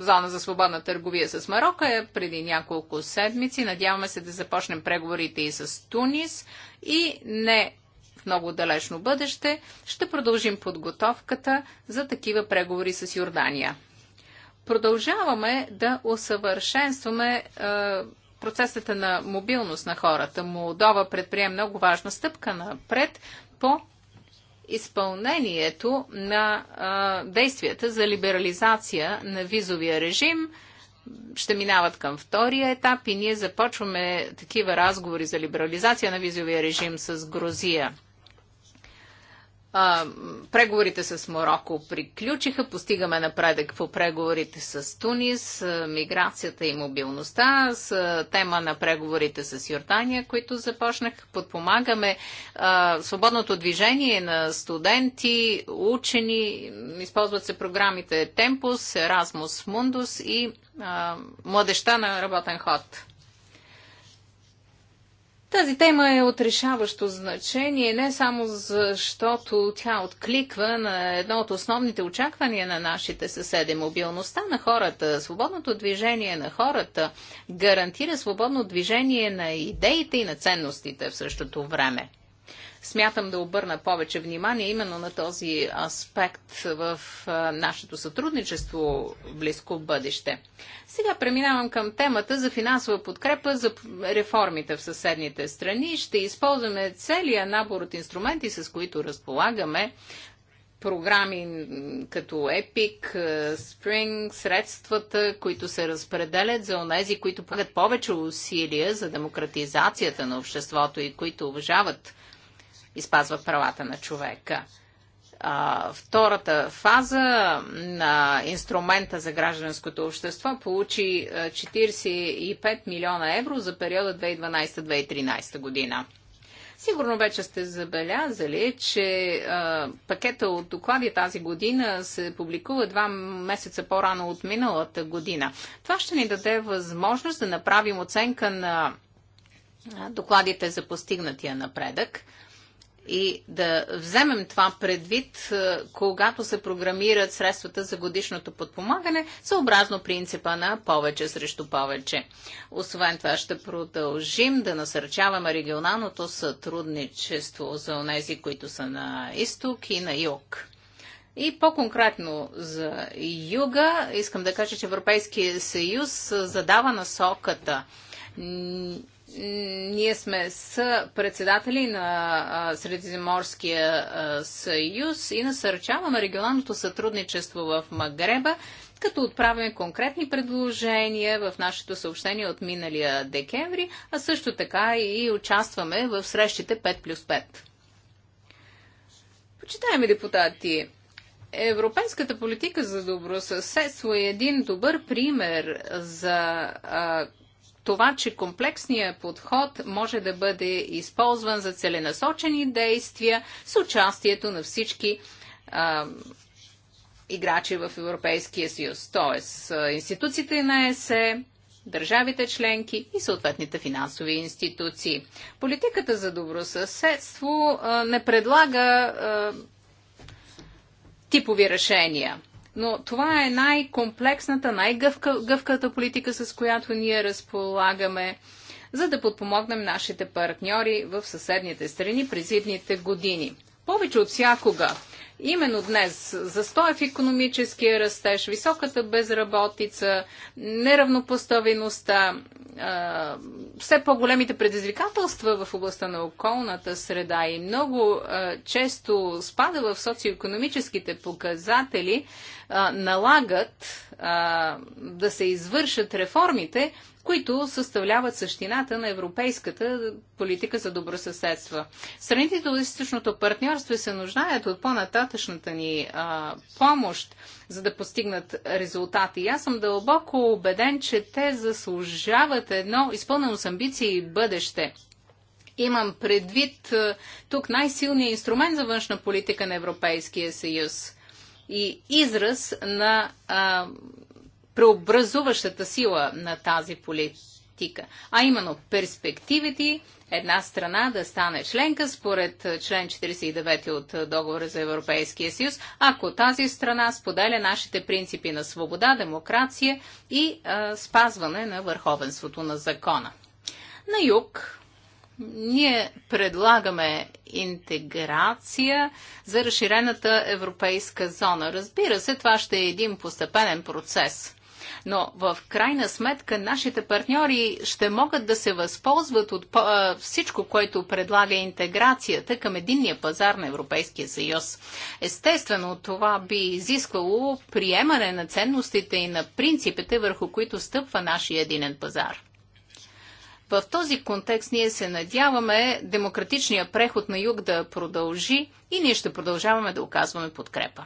зона за свободна търговия с Марокко е преди няколко седмици. Надяваме се да започнем преговорите и с Тунис и не в много далечно бъдеще ще продължим подготовката за такива преговори с Йордания. Продължаваме да усъвършенстваме е, процесата на мобилност на хората. Молдова предприема много важна стъпка напред по изпълнението на а, действията за либерализация на визовия режим ще минават към втория етап и ние започваме такива разговори за либерализация на визовия режим с Грузия а, преговорите с Мороко приключиха, постигаме напредък по преговорите с Тунис, миграцията и мобилността, с тема на преговорите с Йордания, които започнах. Подпомагаме а, свободното движение на студенти, учени, използват се програмите Tempus, Erasmus Mundus и а, младеща на работен ход. Тази тема е от решаващо значение, не само защото тя откликва на едно от основните очаквания на нашите съседи. Мобилността на хората, свободното движение на хората гарантира свободно движение на идеите и на ценностите в същото време смятам да обърна повече внимание именно на този аспект в нашето сътрудничество в близко бъдеще. Сега преминавам към темата за финансова подкрепа за реформите в съседните страни. Ще използваме целия набор от инструменти, с които разполагаме, програми като EPIC Spring, средствата, които се разпределят за онези, които правят повече усилия за демократизацията на обществото и които уважават изпазва правата на човека. А, втората фаза на инструмента за гражданското общество получи 45 милиона евро за периода 2012-2013 година. Сигурно вече сте забелязали, че а, пакета от доклади тази година се публикува два месеца по-рано от миналата година. Това ще ни даде възможност да направим оценка на докладите за постигнатия напредък и да вземем това предвид, е, когато се програмират средствата за годишното подпомагане, съобразно принципа на повече срещу повече. Освен това ще продължим да насърчаваме регионалното сътрудничество за тези, които са на изток и на юг. И по-конкретно за юга, искам да кажа, че Европейския съюз задава насоката ние сме с председатели на Средиземорския съюз и насърчаваме регионалното сътрудничество в Магреба, като отправяме конкретни предложения в нашето съобщение от миналия декември, а също така и участваме в срещите 5 плюс 5. Почитаеми депутати, Европейската политика за добро съседство е един добър пример за а, това, че комплексният подход може да бъде използван за целенасочени действия с участието на всички а, играчи в Европейския съюз, т.е. институциите на ЕСЕ, държавите членки и съответните финансови институции. Политиката за добросъседство а, не предлага а, типови решения – но това е най-комплексната, най-гъвката политика, с която ние разполагаме, за да подпомогнем нашите партньори в съседните страни през идните години. Повече от всякога именно днес застоя в економическия растеж, високата безработица, неравнопоставеността, все по-големите предизвикателства в областта на околната среда и много често спада в социоекономическите показатели, налагат да се извършат реформите, които съставляват същината на европейската политика за добросъседство. Страните от източното партньорство се нуждаят от по-нататъчната ни а, помощ, за да постигнат резултати. И аз съм дълбоко убеден, че те заслужават едно изпълнено с амбиции и бъдеще. Имам предвид тук най-силният инструмент за външна политика на Европейския съюз и израз на а, преобразуващата сила на тази политика, а именно перспективите една страна да стане членка според член 49 от договора за Европейския съюз, ако тази страна споделя нашите принципи на свобода, демокрация и а, спазване на върховенството на закона. На юг ние предлагаме интеграция за разширената европейска зона. Разбира се, това ще е един постепенен процес. Но в крайна сметка нашите партньори ще могат да се възползват от всичко, което предлага интеграцията към единния пазар на Европейския съюз. Естествено, това би изисквало приемане на ценностите и на принципите, върху които стъпва нашия единен пазар. В този контекст ние се надяваме демократичния преход на юг да продължи и ние ще продължаваме да оказваме подкрепа.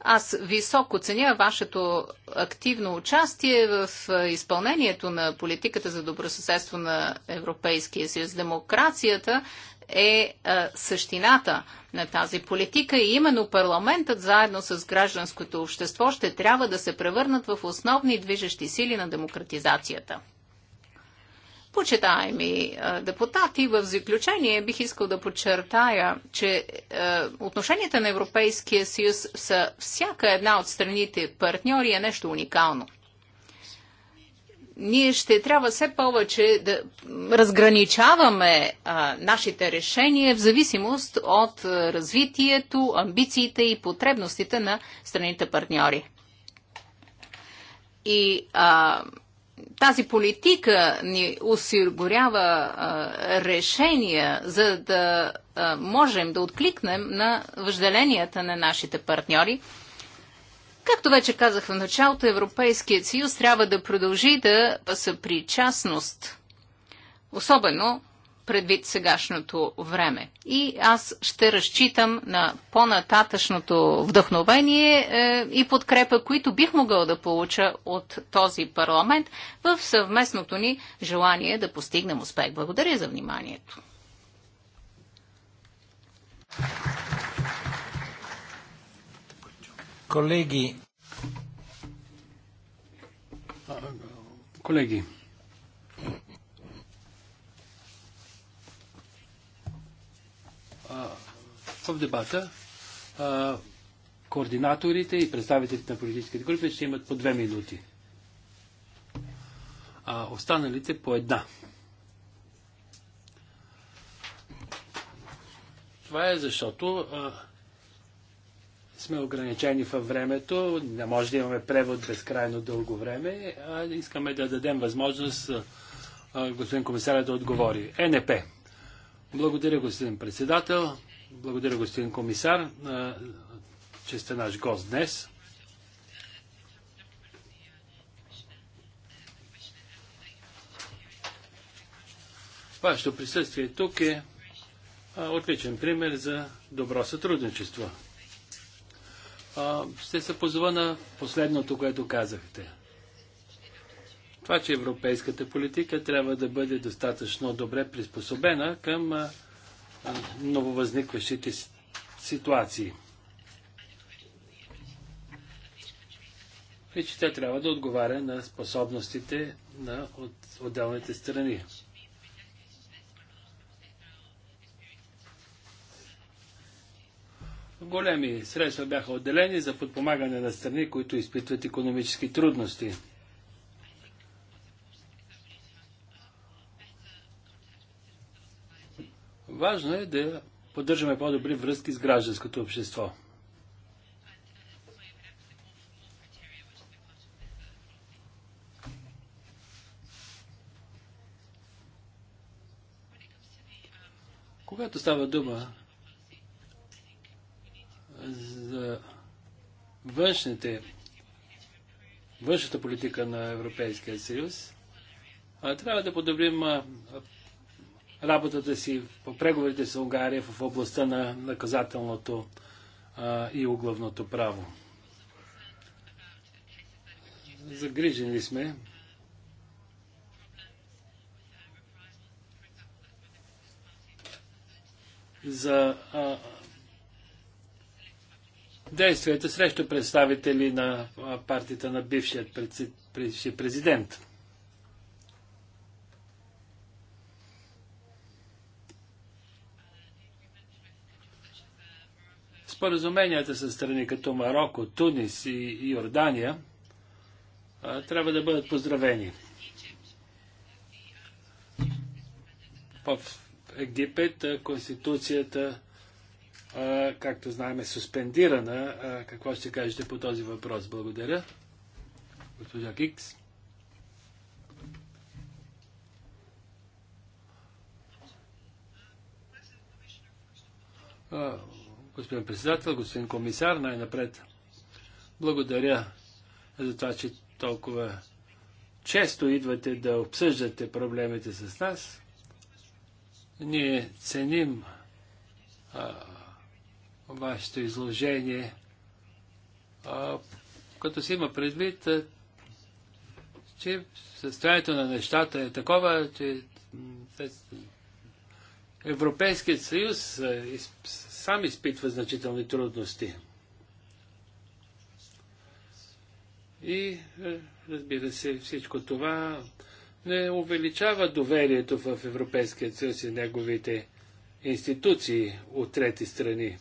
Аз високо ценя вашето активно участие в изпълнението на политиката за добросъседство на Европейския съюз. Демокрацията е същината на тази политика и именно парламентът заедно с гражданското общество ще трябва да се превърнат в основни движещи сили на демократизацията. Почитаеми депутати, в заключение бих искал да подчертая, че отношенията на Европейския съюз с всяка една от страните партньори е нещо уникално. Ние ще трябва все повече да разграничаваме нашите решения в зависимост от развитието, амбициите и потребностите на страните партньори. И а, тази политика ни осигурява решения, за да можем да откликнем на въжделенията на нашите партньори. Както вече казах в началото, Европейският съюз трябва да продължи да са причастност, особено предвид сегашното време. И аз ще разчитам на по-нататъчното вдъхновение е, и подкрепа, които бих могъл да получа от този парламент в съвместното ни желание да постигнем успех. Благодаря за вниманието. Колеги. Колеги, в дебата координаторите и представителите на политическите групи ще имат по две минути, а останалите по една. Това е защото а, сме ограничени във времето, не може да имаме превод безкрайно дълго време, а искаме да дадем възможност а, господин комисаря да отговори. ЕНП. Благодаря, господин председател. Благодаря, господин комисар, че сте наш гост днес. Вашето присъствие тук е отличен пример за добро сътрудничество. Ще се позова на последното, което казахте. Това, че европейската политика трябва да бъде достатъчно добре приспособена към нововъзникващите ситуации. И че тя трябва да отговаря на способностите на отделните страни. Големи средства бяха отделени за подпомагане на страни, които изпитват економически трудности. важно е да поддържаме по-добри връзки с гражданското общество. Когато става дума за външните, външната политика на Европейския съюз, трябва да подобрим работата си по преговорите с Унгария в областта на наказателното а, и углавното право. Загрижени сме за а, действията срещу представители на партията на бившият президент. Споразуменията с страни като Марокко, Тунис и Йордания трябва да бъдат поздравени. В Египет конституцията, както знаем, е суспендирана. какво ще кажете по този въпрос? Благодаря. Госпожа Кикс господин председател, господин комисар, най-напред. Благодаря за това, че толкова често идвате да обсъждате проблемите с нас. Ние ценим а, вашето изложение, а, като си има предвид, а, че състоянието на нещата е такова, че Европейският съюз а, из, сам изпитва значителни трудности. И е, разбира се, всичко това не увеличава доверието в Европейския съюз и неговите институции от трети страни.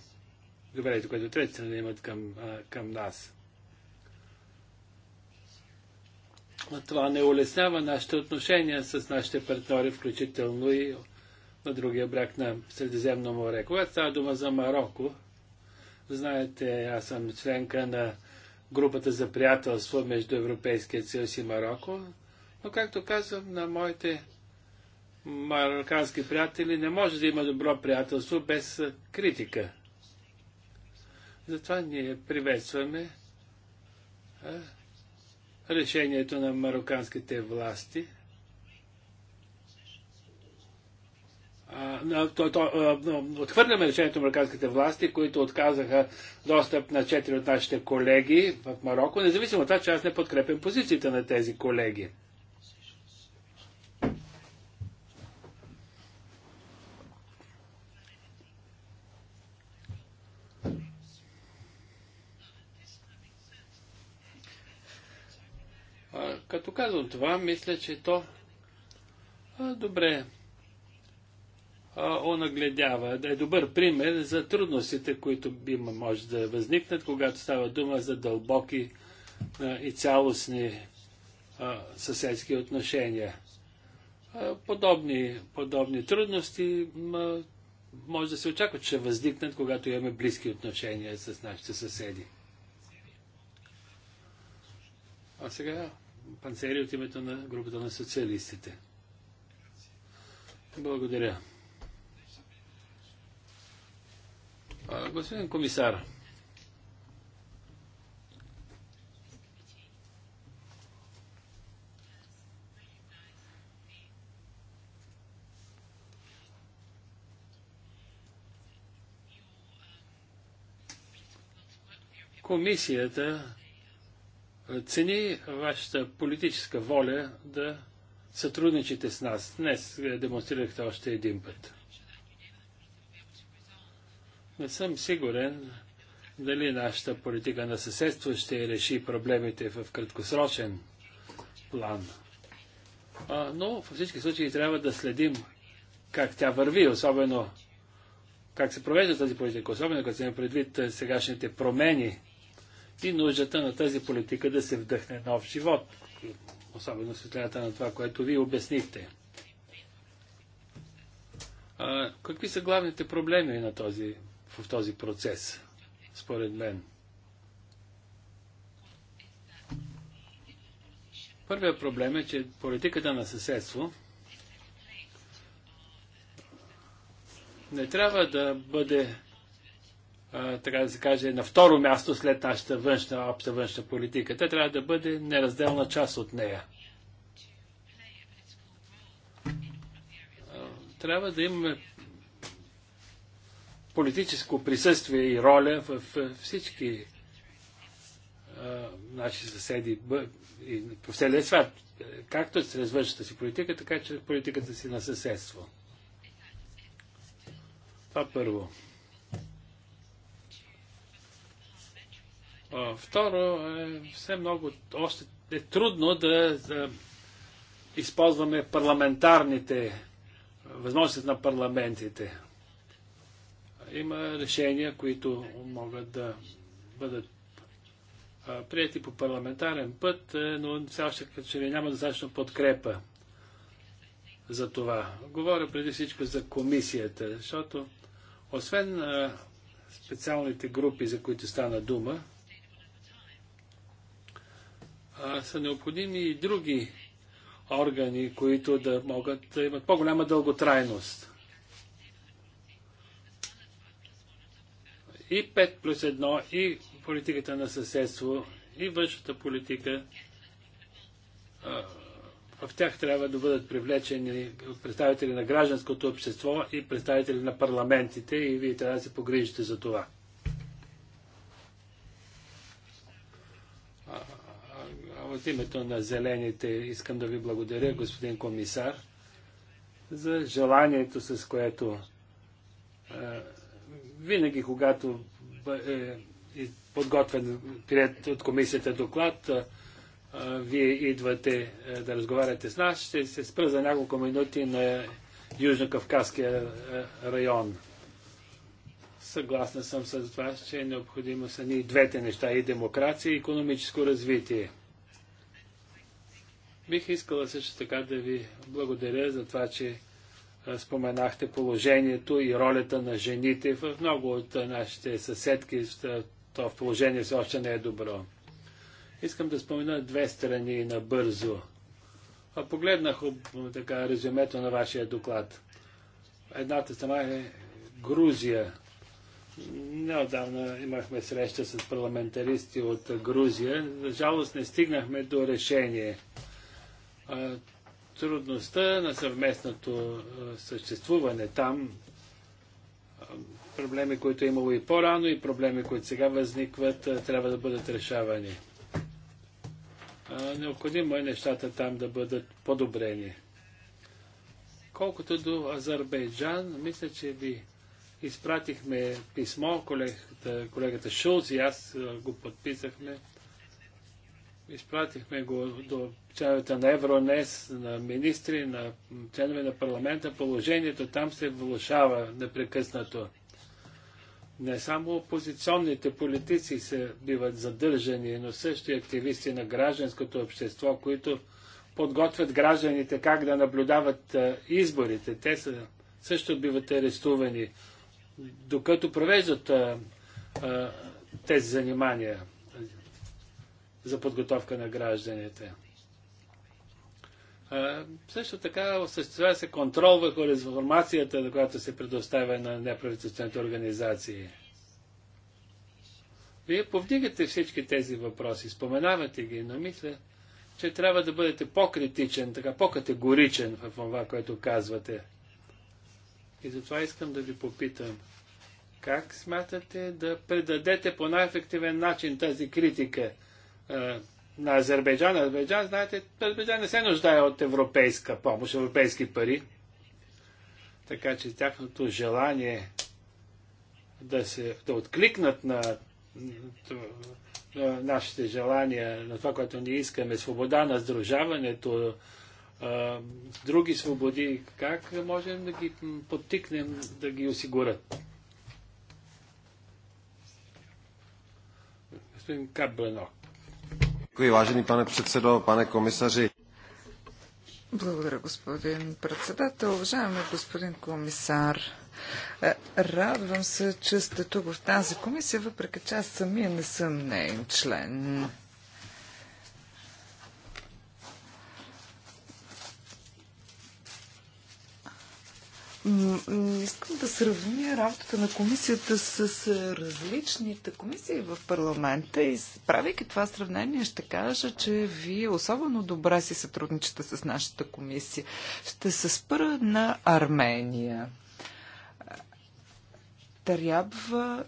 Доверието, което трети страни имат към, към нас. това не улеснява нашите отношения с нашите партньори, включително и на другия бряг на Средиземно море. Когато става дума за Марокко, знаете, аз съм членка на групата за приятелство между Европейския съюз и Марокко, но както казвам на моите марокански приятели, не може да има добро приятелство без критика. Затова ние приветстваме решението на мароканските власти отхвърляме решението на американските власти, които отказаха достъп на четири от нашите колеги в Марокко, независимо от това, че аз не подкрепям позициите на тези колеги. Като казвам това, мисля, че то добре он огледява. е добър пример за трудностите, които има може да възникнат, когато става дума за дълбоки и цялостни съседски отношения. подобни, подобни трудности може да се очаква, че възникнат, когато имаме близки отношения с нашите съседи. А сега панцери от името на групата на социалистите. Благодаря. Господин комисар, комисията цени вашата политическа воля да сътрудничите с нас. Днес е, демонстрирахте още един път. Не съм сигурен дали нашата политика на съседство ще реши проблемите в краткосрочен план. А, но във всички случаи трябва да следим как тя върви, особено как се провежда тази политика, особено като се предвид сегашните промени и нуждата на тази политика да се вдъхне нов живот, особено светлината на това, което ви обяснихте. А, какви са главните проблеми на този в този процес, според мен. Първият проблем е, че политиката на съседство не трябва да бъде, а, така да се каже, на второ място след нашата външна, обща външна политика. Тя трябва да бъде неразделна част от нея. трябва да имаме политическо присъствие и роля в всички а, наши съседи и по целия свят, както чрез външната си политика, така че чрез политиката си на съседство. Това първо. А, второ, е все много, още е трудно да, да използваме парламентарните възможности на парламентите има решения, които могат да бъдат прияти по парламентарен път, е, но все още като че ли няма достатъчно подкрепа за това. Говоря преди всичко за комисията, защото освен специалните групи, за които стана дума, са необходими и други органи, които да могат да имат по-голяма дълготрайност. и 5 плюс 1, и политиката на съседство, и външната политика, в тях трябва да бъдат привлечени представители на гражданското общество и представители на парламентите и вие трябва да се погрижите за това. От името на зелените искам да ви благодаря, господин комисар, за желанието, с което винаги, когато е, е подготвен, прият от комисията доклад, вие идвате е, да разговаряте с нас. Ще се спра за няколко минути на Южно-Кавказския е, район. Съгласна съм с вас, че е необходимо са ни двете неща и демокрация, и економическо развитие. Бих искала също така да ви благодаря за това, че споменахте положението и ролята на жените в много от нашите съседки. То в положение все още не е добро. Искам да спомена две страни набързо. Погледнах така, резюмето на вашия доклад. Едната страна е Грузия. Неодавна имахме среща с парламентаристи от Грузия. За жалост не стигнахме до решение трудността на съвместното съществуване там, проблеми, които е имало и по-рано, и проблеми, които сега възникват, трябва да бъдат решавани. Необходимо е нещата там да бъдат подобрени. Колкото до Азербайджан, мисля, че ви изпратихме писмо, колегата, колегата Шулц и аз го подписахме Изпратихме го до членовете на Евронес, на министри, на членове на парламента. Положението там се влушава непрекъснато. Не само опозиционните политици се биват задържани, но също и активисти на гражданското общество, които подготвят гражданите как да наблюдават изборите. Те са, също биват арестувани, докато провеждат а, а, тези занимания за подготовка на гражданите. А, също така осъществява се контрол върху информацията, която се предоставя на неправителствените организации. Вие повдигате всички тези въпроси, споменавате ги, но мисля, че трябва да бъдете по-критичен, така по-категоричен в това, което казвате. И затова искам да ви попитам, как смятате да предадете по най-ефективен начин тази критика? Е, на Азербайджан. Азербайджан, знаете, Азербайджан не се нуждае от европейска помощ, европейски пари. Така че тяхното желание да, се, да откликнат на, на нашите желания, на това, което ние искаме, свобода на сдружаването, а, е, други свободи, как можем да ги подтикнем да ги осигурят? Господин Кабленок. Děkuji, vážený pane předsedo, pane komisaři. Благодаря, господин председател. Уважаеми господин комисар, е, радвам се, че сте тук в тази комисия, въпреки че аз самия не съм нейн член. Искам да сравня работата на комисията с различните комисии в парламента и правейки това сравнение ще кажа, че вие особено добре си сътрудничате с нашата комисия. Ще се спра на Армения. Трябва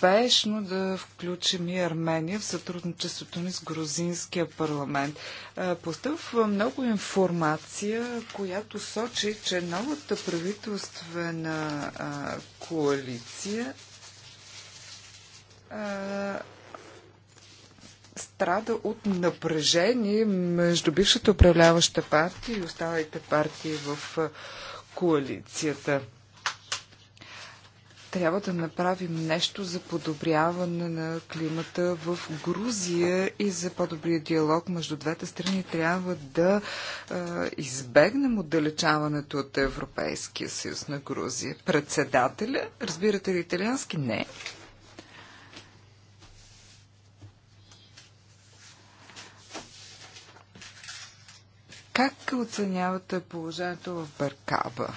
успешно да включим и Армения в сътрудничеството ни с грузинския парламент. Е, постъпва много информация, която сочи, че новата правителствена коалиция страда от напрежение между бившата управляваща партия и останалите партии в коалицията трябва да направим нещо за подобряване на климата в Грузия и за по-добрия диалог между двете страни. Трябва да а, избегнем отдалечаването от Европейския съюз на Грузия. Председателя, разбирате ли италиански? Не. Как оценявате положението в Баркаба?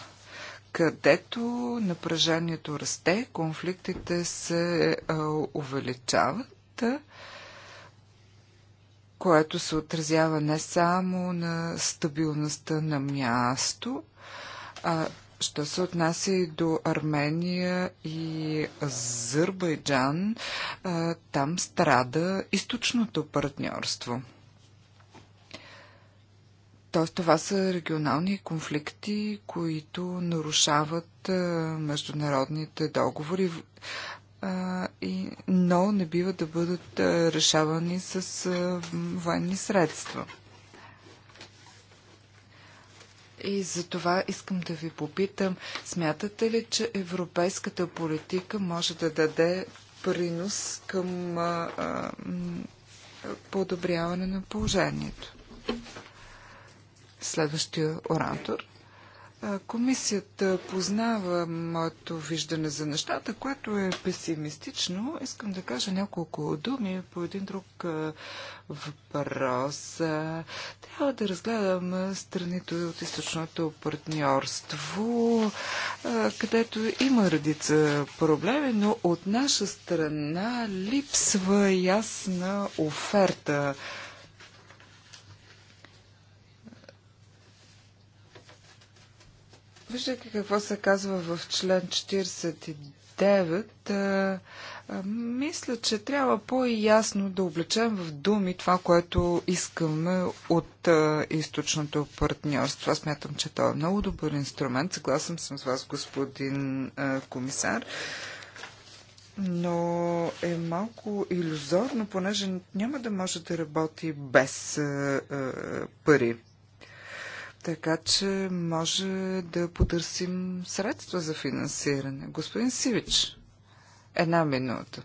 където напрежението расте, конфликтите се увеличават, което се отразява не само на стабилността на място, а Що се отнася и до Армения и Азербайджан, там страда източното партньорство. Тоест, това са регионални конфликти, които нарушават международните договори, но не бива да бъдат решавани с военни средства. И за това искам да ви попитам, смятате ли, че европейската политика може да даде принос към а, а, подобряване на положението? Следващия оратор. Комисията познава моето виждане за нещата, което е песимистично. Искам да кажа няколко думи по един друг въпрос. Трябва да разгледам страните от източното партньорство, където има редица проблеми, но от наша страна липсва ясна оферта Виждайки какво се казва в член 49, мисля, че трябва по-ясно да облечем в думи това, което искаме от източното партньорство. Аз смятам, че то е много добър инструмент. Съгласен съм с вас, господин комисар но е малко иллюзорно, понеже няма да може да работи без пари. Така че може да потърсим средства за финансиране. Господин Сивич, една минута.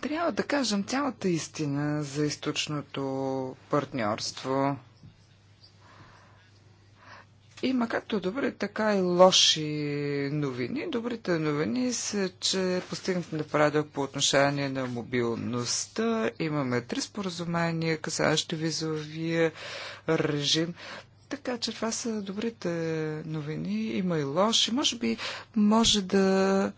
Трябва да кажем цялата истина за източното партньорство. Има както добри, така и лоши новини. Добрите новини са, че постигнат напредък по отношение на мобилността. Имаме три споразумения, касащи визовия режим. Така че това са добрите новини. Има и лоши. Може би може да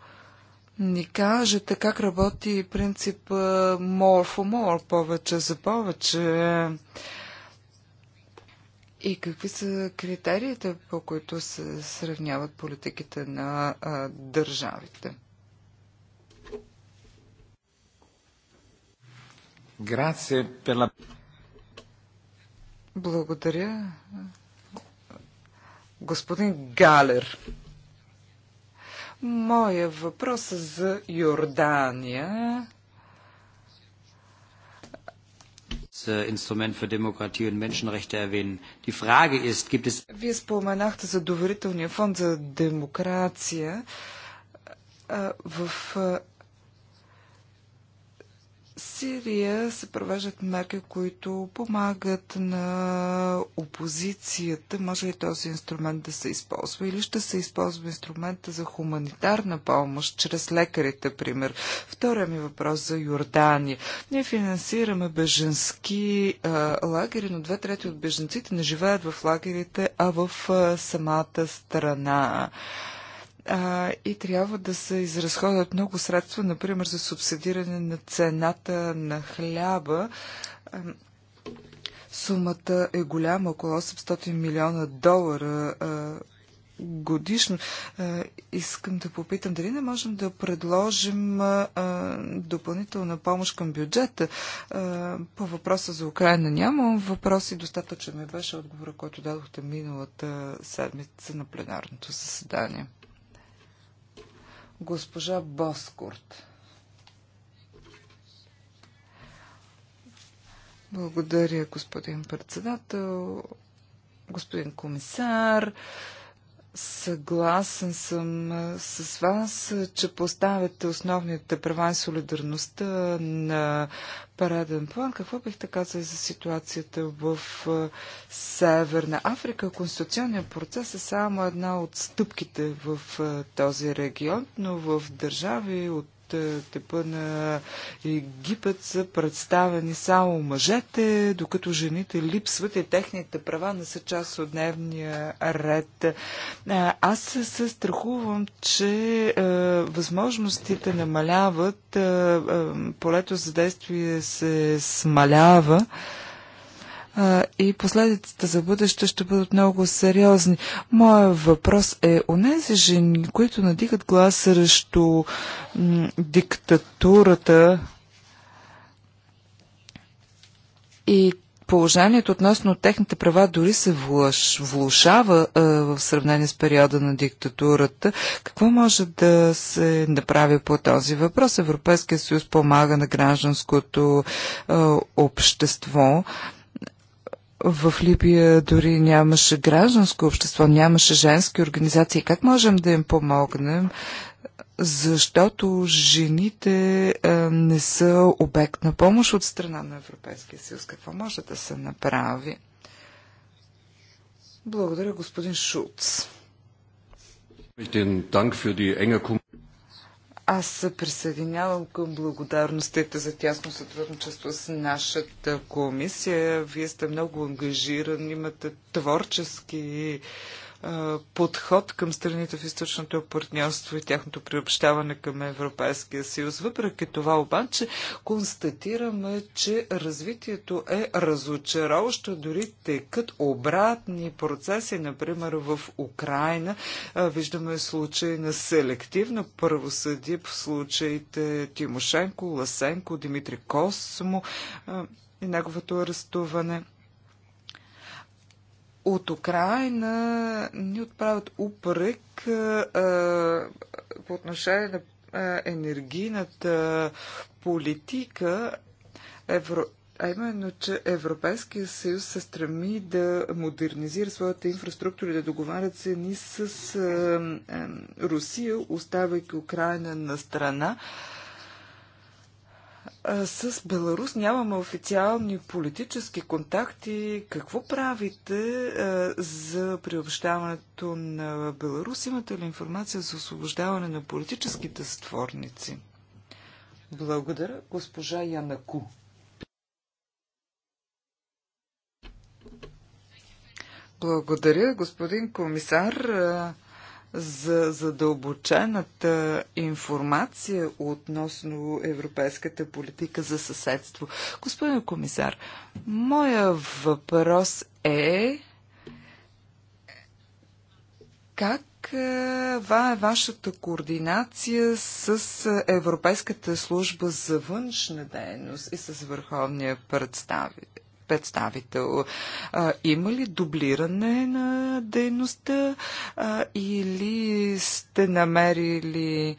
ни кажете как работи принцип more for more, повече за повече. И какви са критериите, по които се сравняват политиките на а, държавите? Благодаря. Господин Галер. Моя въпрос е за Йордания. Инструмент für Demokratie und Menschenrechte erwähnen. Die Frage ist, gibt es... Вие споменахте за доверителния фонд за демокрация. В Сирия се провеждат мерки, които помагат на опозицията. Може ли този инструмент да се използва или ще се използва инструмента за хуманитарна помощ, чрез лекарите, пример? Втория ми въпрос за Йордания. Ние финансираме беженски а, лагери, но две трети от беженците не живеят в лагерите, а в а, самата страна а, и трябва да се изразходят много средства, например за субсидиране на цената на хляба. Сумата е голяма, около 800 милиона долара а, годишно. А, искам да попитам дали не можем да предложим а, допълнителна помощ към бюджета. А, по въпроса за Украина нямам въпроси. Достатъчен ми беше отговора, който дадохте миналата седмица на пленарното заседание госпожа Боскорт. Благодаря, господин председател, господин комисар. Съгласен съм с вас, че поставяте основните права и солидарността на параден план. Какво бихте казали за ситуацията в Северна Африка? Конституционният процес е само една от стъпките в този регион, но в държави от от е, типа на Египет са представени само мъжете, докато жените липсват и техните права не са част от дневния ред. Е, аз се страхувам, че е, възможностите намаляват, полето за действие се смалява а, и последиците за бъдеще ще бъдат много сериозни. Моя въпрос е, онези жени, които надигат глас срещу диктатурата и положението относно техните права дори се влушава а, в сравнение с периода на диктатурата. Какво може да се направи по този въпрос? Европейския съюз помага на гражданското а, общество. А, в Либия дори нямаше гражданско общество, нямаше женски организации. Как можем да им помогнем? Защото жените а, не са обект на помощ от страна на Европейския съюз. Какво може да се направи? Благодаря, господин Шуц. Аз се присъединявам към благодарностите за тясно сътрудничество с нашата комисия. Вие сте много ангажиран, имате творчески подход към страните в източното партньорство и тяхното приобщаване към Европейския съюз. Въпреки това обаче констатираме, че развитието е разочароващо, дори текат обратни процеси, например в Украина, виждаме случаи на селективно правосъдие в случаите Тимошенко, Ласенко, Димитри Космо и неговото арестуване – от Украина ни отправят упрек а, по отношение на енергийната политика, евро, а именно, че Европейския съюз се стреми да модернизира своята инфраструктура, да договаря цени с а, а, Русия, оставайки Украина на страна. А, с Беларус нямаме официални политически контакти. Какво правите за приобщаването на Беларус? Имате ли информация за освобождаване на политическите створници? Благодаря, госпожа Янаку. Благодаря, господин комисар за задълбочената информация относно европейската политика за съседство. Господин комисар, моя въпрос е как каква е вашата координация с Европейската служба за външна дейност и с върховния представител? представител. Има ли дублиране на дейността или сте намерили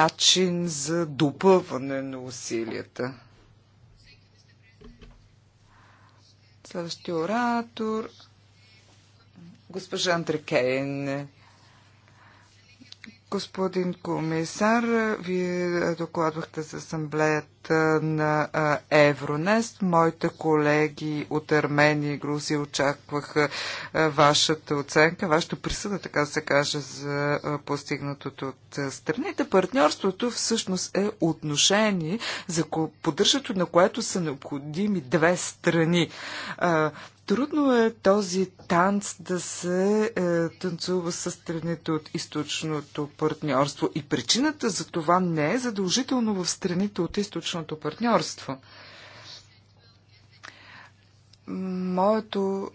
начин за допълване на усилията? Следващия оратор, госпожа Андрекейн. Господин комисар, вие докладвахте с асамблеята на Евронест. Моите колеги от Армения и Грузия очакваха вашата оценка, вашата присъда, така се каже, за постигнатото от страните. Партньорството всъщност е отношение за поддържането на което са необходими две страни. Трудно е този танц да се е, танцува с страните от източното партньорство и причината за това не е задължително в страните от източното партньорство. Моето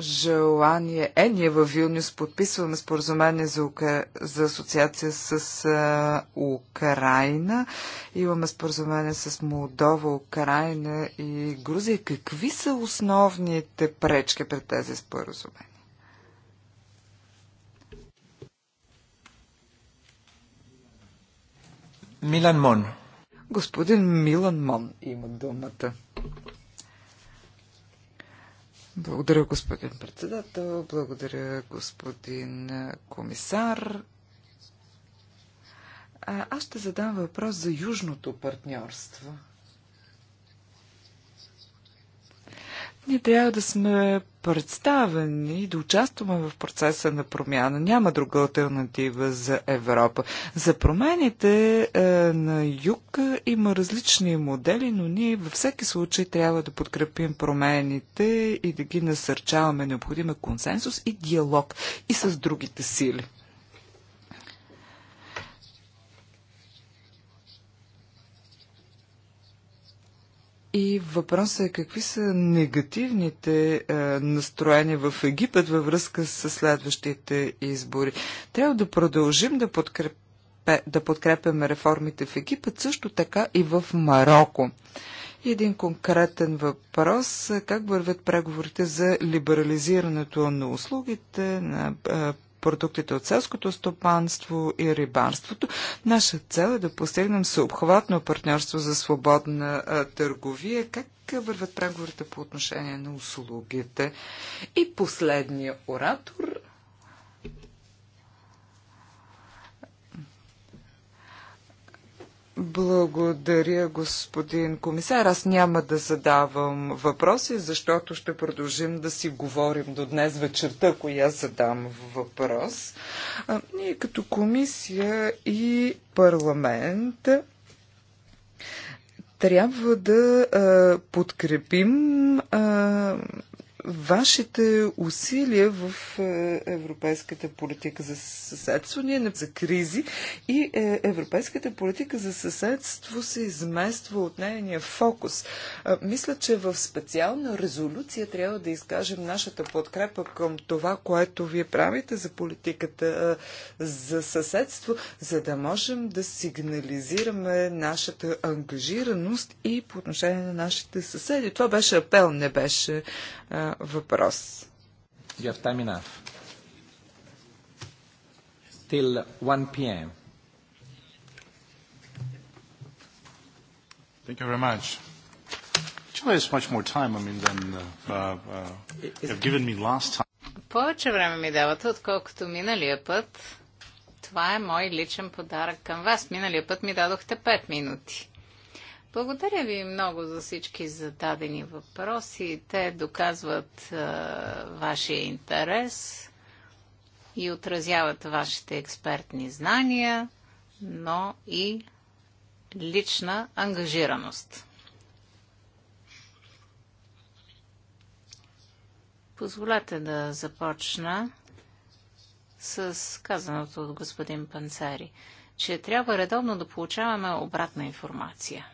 желание. Е, ние във Вилнюс подписваме споразумение за, Ука... за асоциация с а, Украина. Имаме споразумение с Молдова, Украина и Грузия. Какви са основните пречки пред тези споразумения? Милан Мон. Господин Милан Мон има думата. Благодаря, господин председател. Благодаря, господин комисар. Аз ще задам въпрос за южното партньорство. Ние трябва да сме представени и да участваме в процеса на промяна. Няма друга альтернатива за Европа. За промените е, на юг има различни модели, но ние във всеки случай трябва да подкрепим промените и да ги насърчаваме. Необходим е консенсус и диалог и с другите сили. И въпросът е какви са негативните е, настроения в Египет във връзка с следващите избори. Трябва да продължим да, подкреп, да подкрепяме реформите в Египет, също така и в Марокко. един конкретен въпрос. Е, как вървят преговорите за либерализирането на услугите, на е, продуктите от селското стопанство и рибарството. Наша цел е да постигнем съобхватно партньорство за свободна търговия. Как върват преговорите по отношение на услугите? И последния оратор Благодаря, господин комисар. Аз няма да задавам въпроси, защото ще продължим да си говорим до днес вечерта, ако я задам въпрос. ние като комисия и парламент трябва да подкрепим вашите усилия в е, европейската политика за съседство. Ние не за кризи и е, европейската политика за съседство се измества от нейния фокус. Е, мисля, че в специална резолюция трябва да изкажем нашата подкрепа към това, което вие правите за политиката за съседство, за да можем да сигнализираме нашата ангажираност и по отношение на нашите съседи. Това беше апел, не беше въпрос. You have time enough. Till 1 p.m. Thank you very much. Actually, it's much more time, I mean, than uh, uh, have given me last time. Повече време ми давате, отколкото миналия път. Това е мой личен подарък към вас. Миналия път ми дадохте 5 минути. Благодаря ви много за всички зададени въпроси. Те доказват вашия интерес и отразяват вашите експертни знания, но и лична ангажираност. Позволете да започна с казаното от господин Панцари, че трябва редовно да получаваме обратна информация.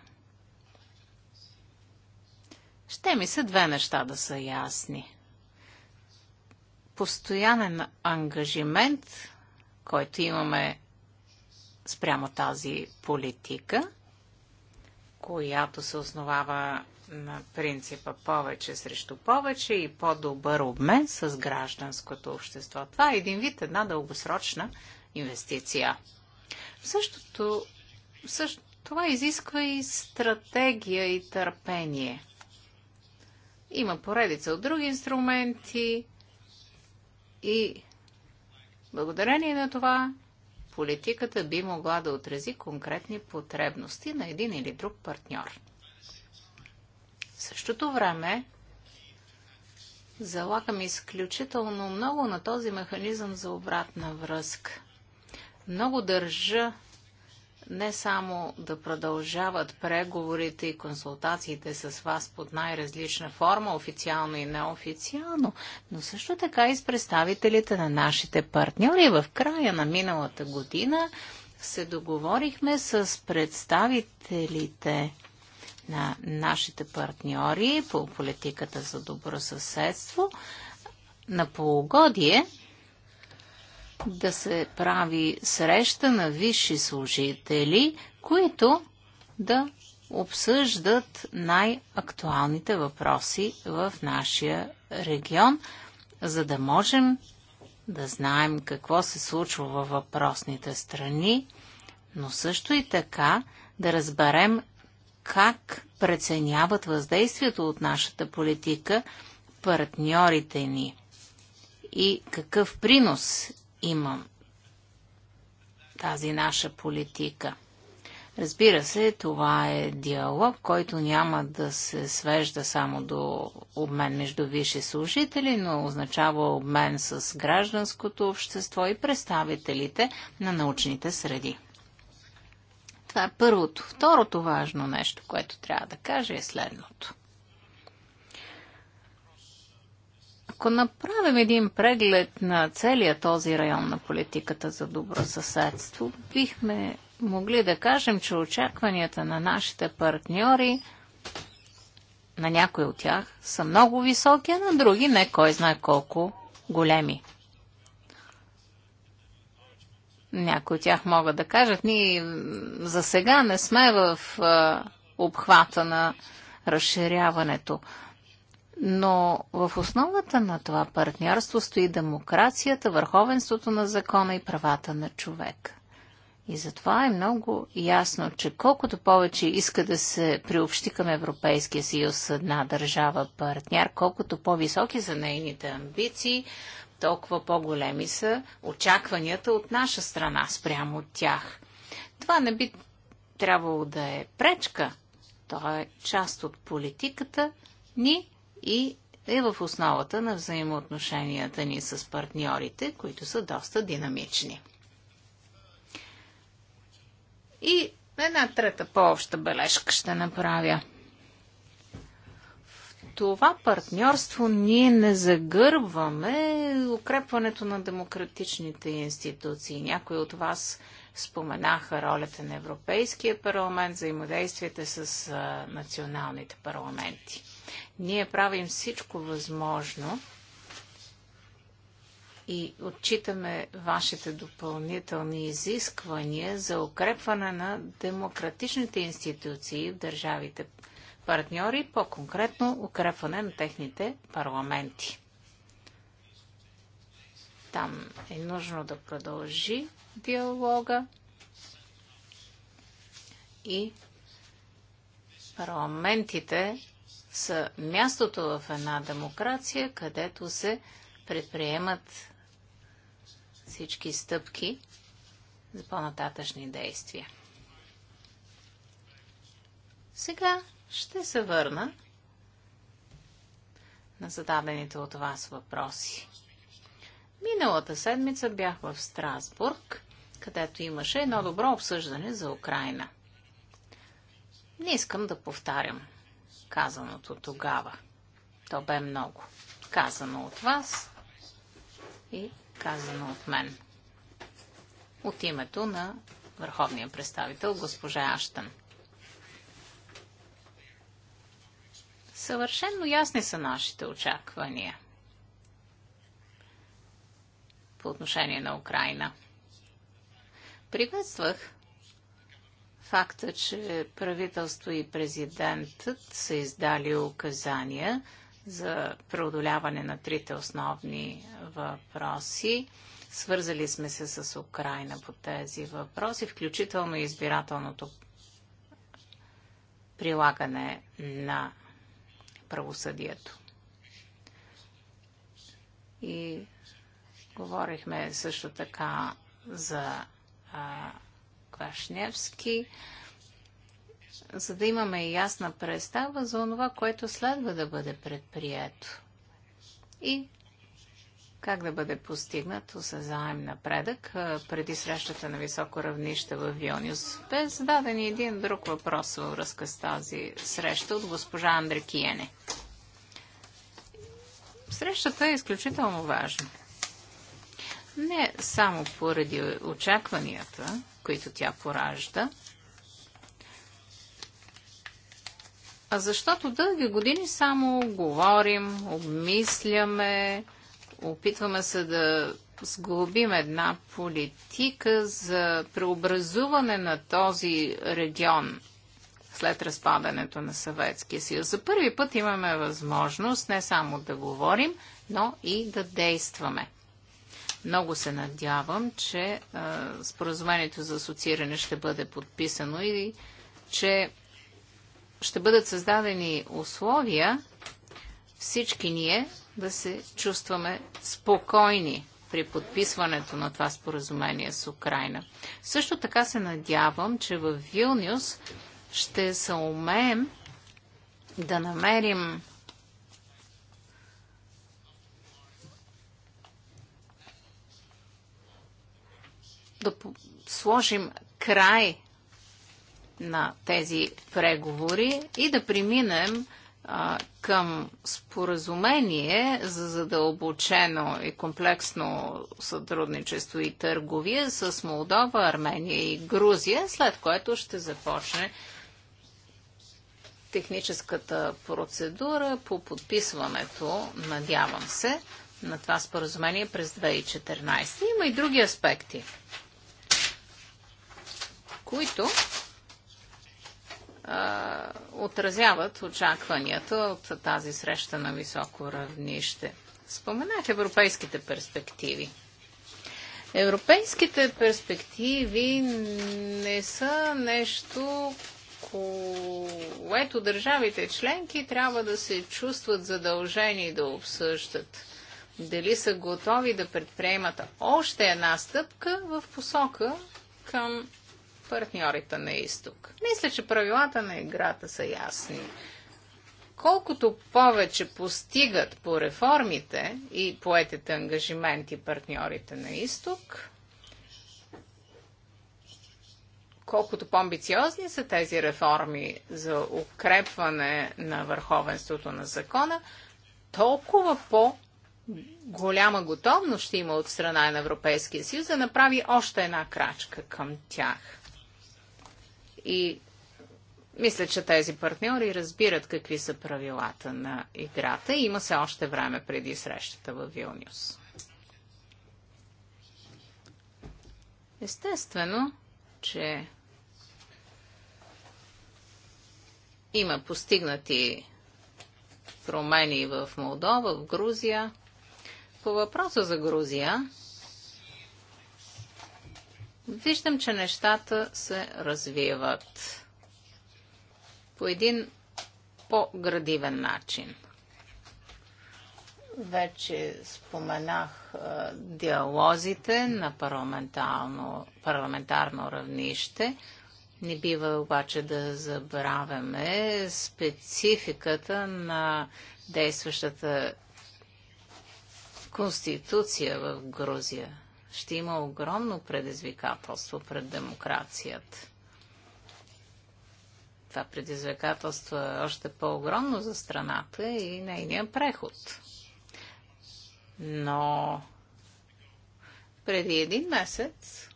Ще ми се две неща да са ясни. Постоянен ангажимент, който имаме спрямо тази политика, която се основава на принципа повече срещу повече и по-добър обмен с гражданското общество. Това е един вид една дългосрочна инвестиция. същото, това изисква и стратегия и търпение. Има поредица от други инструменти и благодарение на това политиката би могла да отрази конкретни потребности на един или друг партньор. В същото време залагам изключително много на този механизъм за обратна връзка. Много държа не само да продължават преговорите и консултациите с вас под най-различна форма, официално и неофициално, но също така и с представителите на нашите партньори. В края на миналата година се договорихме с представителите на нашите партньори по политиката за добро съседство на полугодие – да се прави среща на висши служители, които да обсъждат най-актуалните въпроси в нашия регион, за да можем да знаем какво се случва във въпросните страни, но също и така да разберем как преценяват въздействието от нашата политика партньорите ни и какъв принос имам тази наша политика. Разбира се, това е диалог, който няма да се свежда само до обмен между висши служители, но означава обмен с гражданското общество и представителите на научните среди. Това е първото. Второто важно нещо, което трябва да кажа е следното. Ако направим един преглед на целия този район на политиката за добро съседство, бихме могли да кажем, че очакванията на нашите партньори, на някои от тях, са много високи, а на други не кой знае колко големи. Някои от тях могат да кажат, ние за сега не сме в обхвата на разширяването. Но в основата на това партньорство стои демокрацията, върховенството на закона и правата на човек. И затова е много ясно, че колкото повече иска да се приобщи към Европейския съюз една държава партньор, колкото по-високи са нейните амбиции, толкова по-големи са очакванията от наша страна спрямо от тях. Това не би трябвало да е пречка. То е част от политиката ни и е в основата на взаимоотношенията ни с партньорите, които са доста динамични. И една трета по-обща бележка ще направя. В това партньорство ние не загърбваме укрепването на демократичните институции. Някои от вас споменаха ролята на Европейския парламент, взаимодействията с националните парламенти. Ние правим всичко възможно и отчитаме вашите допълнителни изисквания за укрепване на демократичните институции в държавите партньори, по-конкретно укрепване на техните парламенти. Там е нужно да продължи диалога и парламентите са мястото в една демокрация, където се предприемат всички стъпки за по-нататъчни действия. Сега ще се върна на зададените от вас въпроси. Миналата седмица бях в Страсбург, където имаше едно добро обсъждане за Украина. Не искам да повтарям казаното тогава. То бе много. Казано от вас и казано от мен. От името на върховния представител госпожа Аштън. Съвършенно ясни са нашите очаквания по отношение на Украина. Приветствах факта, че правителство и президентът са издали указания за преодоляване на трите основни въпроси. Свързали сме се с Украина по тези въпроси, включително избирателното прилагане на правосъдието. И говорихме също така за а, Квашневски, за да имаме ясна представа за това, което следва да бъде предприето и как да бъде с заем напредък преди срещата на високо равнище в Вилнюс. Бе зададен и един друг въпрос във връзка с тази среща от госпожа Андрекиене. Срещата е изключително важна не само поради очакванията, които тя поражда, а защото дълги години само говорим, обмисляме, опитваме се да сглобим една политика за преобразуване на този регион след разпадането на Съветския съюз. За първи път имаме възможност не само да говорим, но и да действаме. Много се надявам, че а, споразумението за асоцииране ще бъде подписано и че ще бъдат създадени условия всички ние да се чувстваме спокойни при подписването на това споразумение с Украина. Също така се надявам, че в Вилнюс ще се умеем да намерим да сложим край на тези преговори и да преминем към споразумение за задълбочено и комплексно сътрудничество и търговия с Молдова, Армения и Грузия, след което ще започне техническата процедура по подписването, надявам се, на това споразумение през 2014. Има и други аспекти които а, отразяват очакванията от тази среща на високо равнище. Споменах европейските перспективи. Европейските перспективи не са нещо, което държавите членки трябва да се чувстват задължени да обсъждат. Дали са готови да предприемат още една стъпка в посока към партньорите на изток. Мисля, че правилата на играта са ясни. Колкото повече постигат по реформите и поетите ангажименти партньорите на изток, колкото по-амбициозни са тези реформи за укрепване на върховенството на закона, толкова по- голяма готовност ще има от страна на Европейския съюз да направи още една крачка към тях. И мисля, че тези партньори разбират какви са правилата на играта и има се още време преди срещата в Вилнюс. Естествено, че има постигнати промени в Молдова, в Грузия. По въпроса за Грузия, Виждам, че нещата се развиват по един по-градивен начин. Вече споменах диалозите на парламентарно, парламентарно равнище. Не бива обаче да забравяме спецификата на действащата конституция в Грузия ще има огромно предизвикателство пред демокрацията. Това предизвикателство е още по-огромно за страната и нейния преход. Но преди един месец,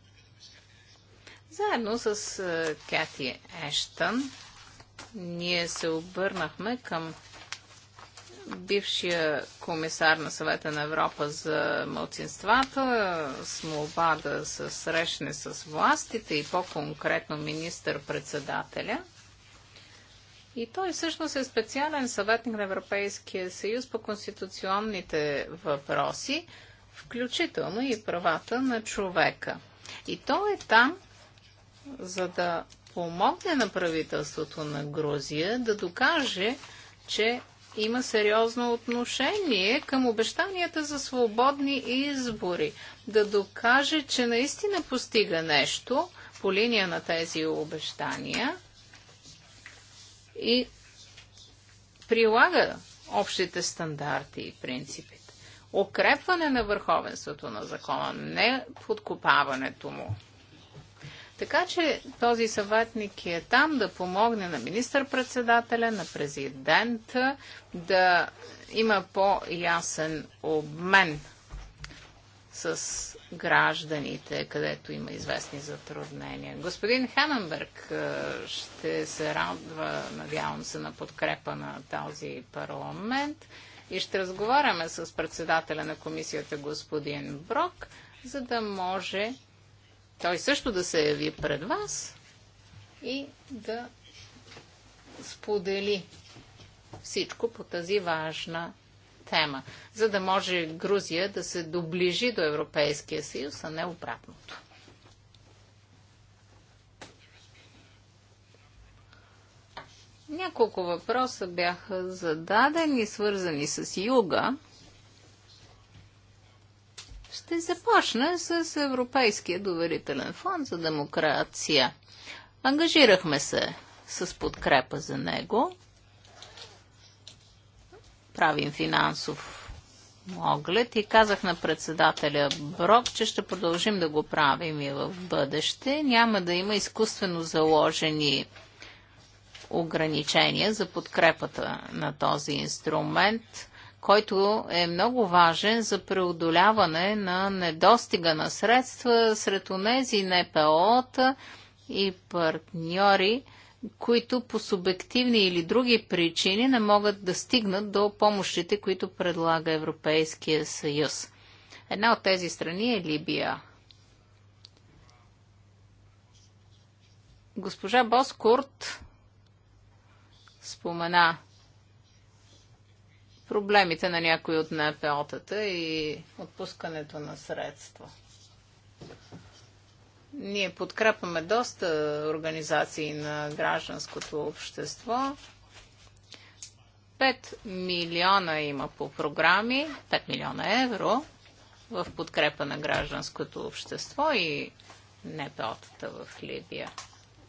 заедно с е, Кати Ештън, ние се обърнахме към бившия комисар на съвета на Европа за мълцинствата с молба да се срещне с властите и по-конкретно министър-председателя. И той всъщност е специален съветник на Европейския съюз по конституционните въпроси, включително и правата на човека. И той е там, за да помогне на правителството на Грузия да докаже, че има сериозно отношение към обещанията за свободни избори. Да докаже, че наистина постига нещо по линия на тези обещания и прилага общите стандарти и принципите. Укрепване на върховенството на закона, не подкопаването му. Така че този съветник е там да помогне на министър-председателя, на президента да има по-ясен обмен с гражданите, където има известни затруднения. Господин Хеменберг е, ще се радва, надявам се, на подкрепа на този парламент и ще разговаряме с председателя на комисията господин Брок, за да може той също да се яви пред вас и да сподели всичко по тази важна тема, за да може Грузия да се доближи до Европейския съюз, а не обратното. Няколко въпроса бяха зададени, свързани с юга. Ще започна с Европейския доверителен фонд за демокрация. Ангажирахме се с подкрепа за него. Правим финансов оглед и казах на председателя Брок, че ще продължим да го правим и в бъдеще. Няма да има изкуствено заложени ограничения за подкрепата на този инструмент който е много важен за преодоляване на недостига на средства сред онези НПО-та и партньори, които по субективни или други причини не могат да стигнат до помощите, които предлага Европейския съюз. Една от тези страни е Либия. Госпожа Боскурт спомена проблемите на някои от НПО-тата и отпускането на средства. Ние подкрепаме доста организации на гражданското общество. 5 милиона има по програми, 5 милиона евро в подкрепа на гражданското общество и НПО-тата в Либия.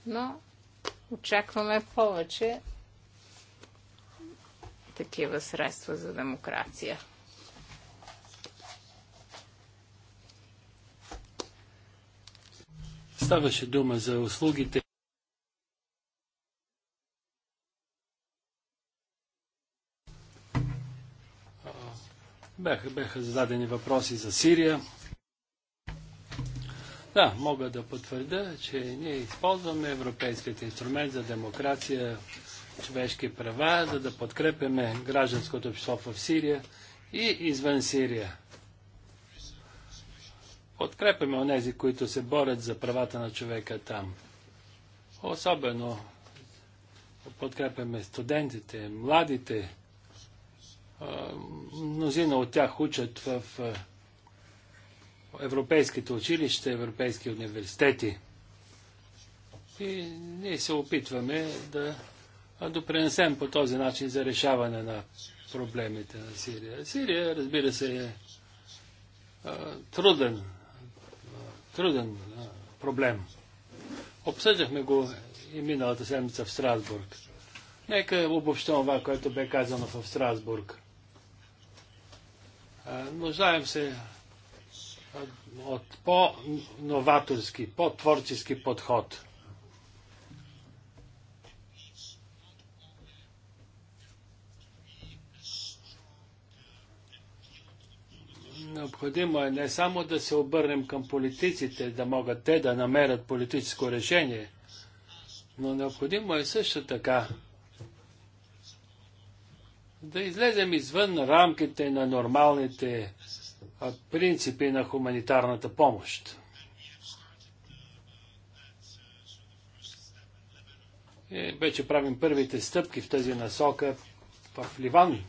Но очакваме повече такива средства за демокрация. Ставаше дума за услугите. Беха, беха зададени въпроси за Сирия. Да, мога да потвърда, че ние използваме Европейският инструмент за демокрация човешки права, за да подкрепяме гражданското общество в Сирия и извън Сирия. Подкрепяме онези, които се борят за правата на човека там. Особено подкрепяме студентите, младите. Мнозина от тях учат в европейските училища, европейски университети. И ние се опитваме да допринесем по този начин за решаване на проблемите на Сирия. Сирия, разбира се, е труден, труден проблем. Обсъждахме го и миналата седмица в Страсбург. Нека обобщим това, което бе казано в Страсбург. Нуждаем се от по-новаторски, по-творчески подход – Необходимо е не само да се обърнем към политиците, да могат те да намерят политическо решение, но необходимо е също така да излезем извън рамките на нормалните принципи на хуманитарната помощ. И вече правим първите стъпки в тази насока в Ливан,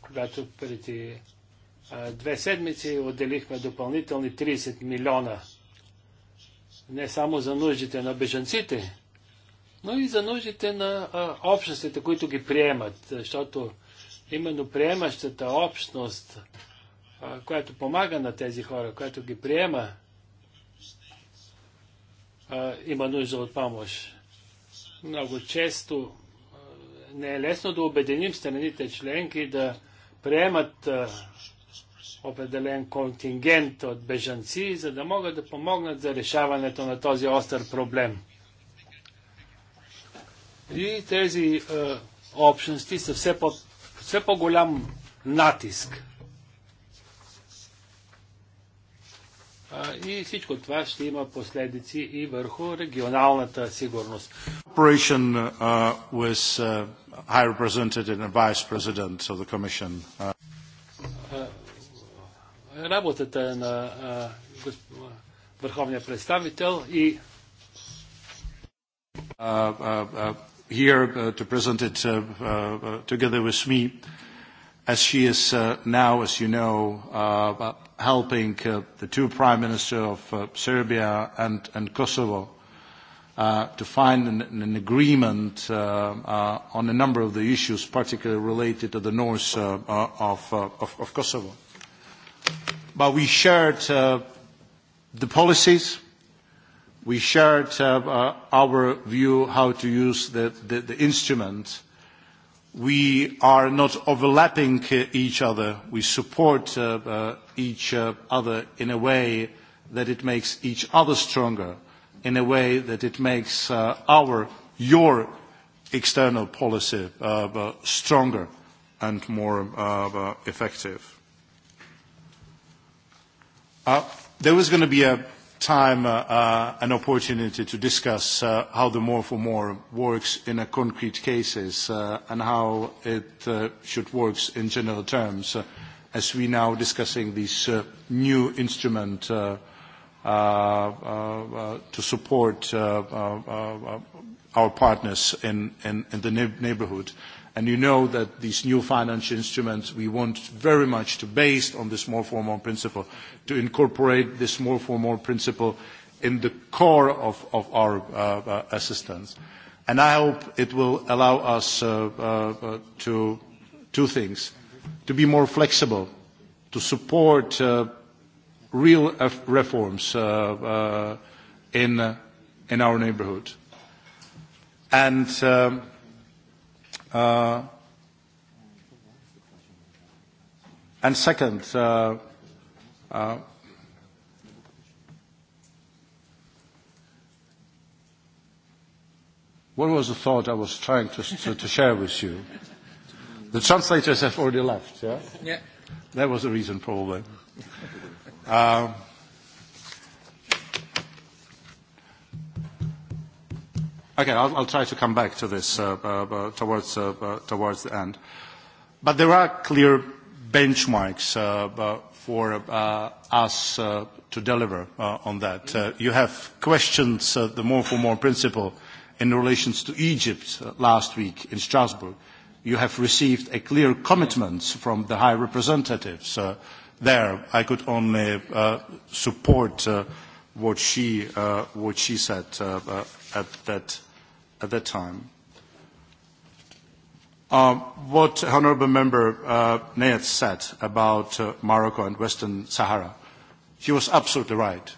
когато преди две седмици отделихме допълнителни 30 милиона. Не само за нуждите на бежанците, но и за нуждите на общностите, които ги приемат. Защото именно приемащата общност, която помага на тези хора, която ги приема, има нужда от помощ. Много често не е лесно да обединим страните членки да приемат определен контингент от бежанци, за да могат да помогнат за решаването на този остър проблем. И тези е, общности са все, по, все по-голям натиск. И всичко това ще има последици и върху регионалната сигурност работата на върховния представител и here uh, to present it uh, uh, together with me as she is uh, now, as you know, uh, helping uh, the two prime ministers of uh, Serbia and, and Kosovo uh to find an, an agreement uh, uh, on a number of the issues, particularly related to the north uh, of, uh, of, of Kosovo. But we shared uh, the policies. We shared uh, uh, our view how to use the, the, the instrument. We are not overlapping each other. We support uh, uh, each uh, other in a way that it makes each other stronger, in a way that it makes uh, our, your external policy uh, stronger and more uh, effective there was going to be a time, uh, an opportunity to discuss uh, how the more for more works in a concrete cases uh, and how it uh, should work in general terms uh, as we now discussing this uh, new instrument uh, uh, uh, to support uh, uh, uh, our partners in, in, in the neighborhood. Uh, And you know that these new financial instruments, we want very much to, based on this more for more principle, to incorporate this more for more principle in the core of, of our uh, assistance. And I hope it will allow us uh, uh, to two things, to be more flexible, to support uh, real reforms uh, uh, in, in our neighborhood. And... Um, Uh, and second, uh, uh, what was the thought I was trying to, to, to share with you? The translators have already left, yeah? Yeah. That was the reason, probably. Uh, Okay, I'll, I'll try to come back to this uh, uh, towards, uh, uh, towards the end. But there are clear benchmarks uh, uh, for uh, us uh, to deliver uh, on that. Uh, you have questioned uh, the more for more principle in relation to Egypt uh, last week in Strasbourg. You have received a clear commitment from the high representatives uh, there. I could only uh, support uh, what, she, uh, what she said uh, uh, at that at that time. Um, what Honourable Member uh, Nayat said about uh, Morocco and Western Sahara, she was absolutely right.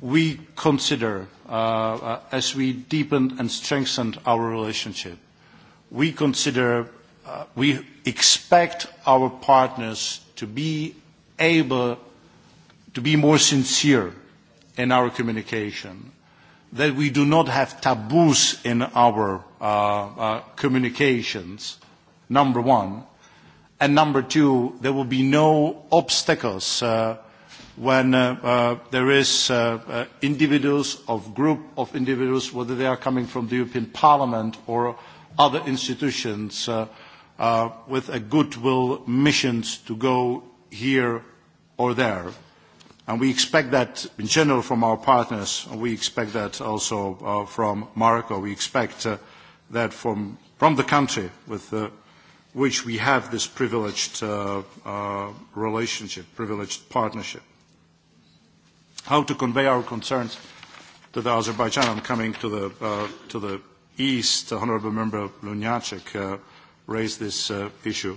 We consider, uh, uh, as we deepened and strengthened our relationship, we consider, uh, we expect our partners to be able to be more sincere in our communication that we do not have taboos in our uh, uh, communications, number one. And number two, there will be no obstacles uh, when uh, uh, there is uh, uh, individuals of group of individuals, whether they are coming from the European Parliament or other institutions, uh, uh, with a goodwill missions to go here or there we expect that in general from our partners, and we expect that also from Morocco. We expect that from the country with which we have this privileged relationship, privileged partnership. How to convey our concerns to the Azerbaijan? I'm coming to the east. Honorable Member Lunacek raised this issue.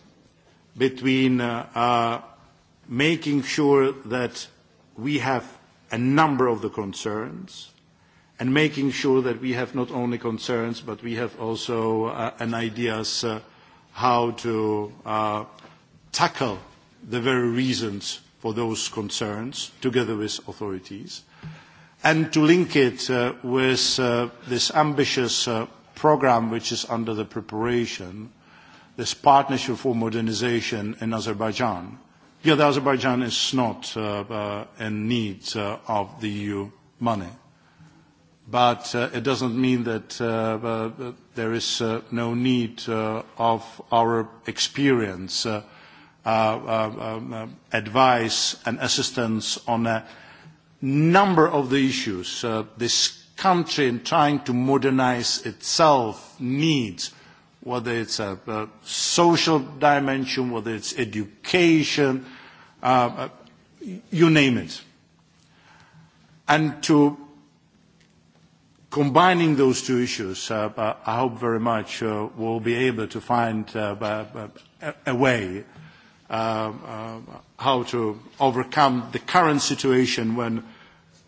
between uh, uh, making sure that we have a number of the concerns and making sure that we have not only concerns, but we have also uh, an ideas uh, how to uh, tackle the very reasons for those concerns together with authorities and to link it uh, with uh, this ambitious uh, program which is under the preparation this partnership for modernization in Azerbaijan. Yet Azerbaijan is not uh, uh, in need uh, of the EU money. But uh, it doesn't mean that uh, uh, there is uh, no need uh, of our experience, uh, uh, uh, advice and assistance on a number of the issues. Uh, this country in trying to modernize itself needs whether it's a, a social dimension, whether it's education, uh, you name it. And to combining those two issues, uh, I hope very much uh, we'll be able to find uh, a, a way uh, uh, how to overcome the current situation when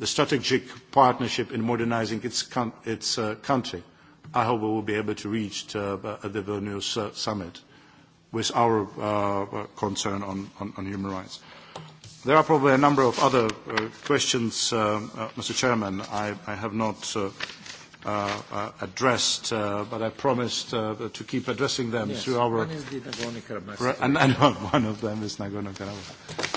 the strategic partnership in modernising its, its country. I hope we will be able to reach at the Vilnius summit with our concern on, human rights. There are probably a number of other questions, Mr. Chairman, I, I have not addressed, but I promised to keep addressing them through our... one is the Nagorno-Karabakh. And, one of them is Nagorno-Karabakh.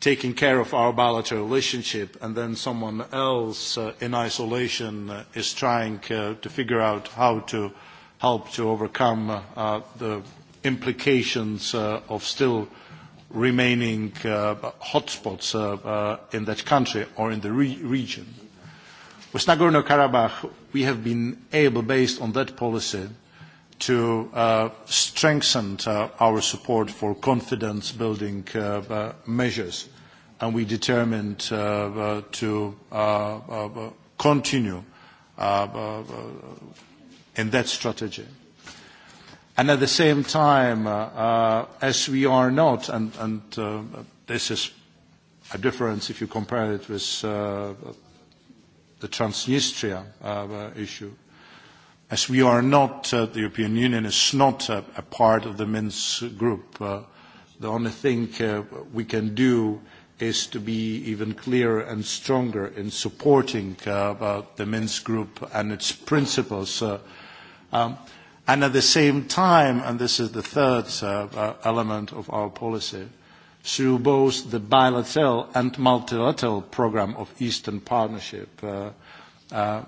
taking care of our bilateral relationship and then someone else uh, in isolation uh, is trying uh, to figure out how to help to overcome uh, the implications uh, of still remaining uh, hotspots uh, uh, in that country or in the re region. With Nagorno-Karabakh, we have been able, based on that policy, to strengthen our support for confidence-building measures, and we determined to continue in that strategy. And At the same time, as we are not, and this is a difference if you compare it with the Transnistria issue, as we are not, uh, the European Union is not a, a part of the Minsk group, uh, the only thing uh, we can do is to be even clearer and stronger in supporting uh, about the Minsk group and its principles. Uh, um, and at the same time, and this is the third uh, uh, element of our policy, through both the bilateral and multilateral program of Eastern Partnership, uh, uh,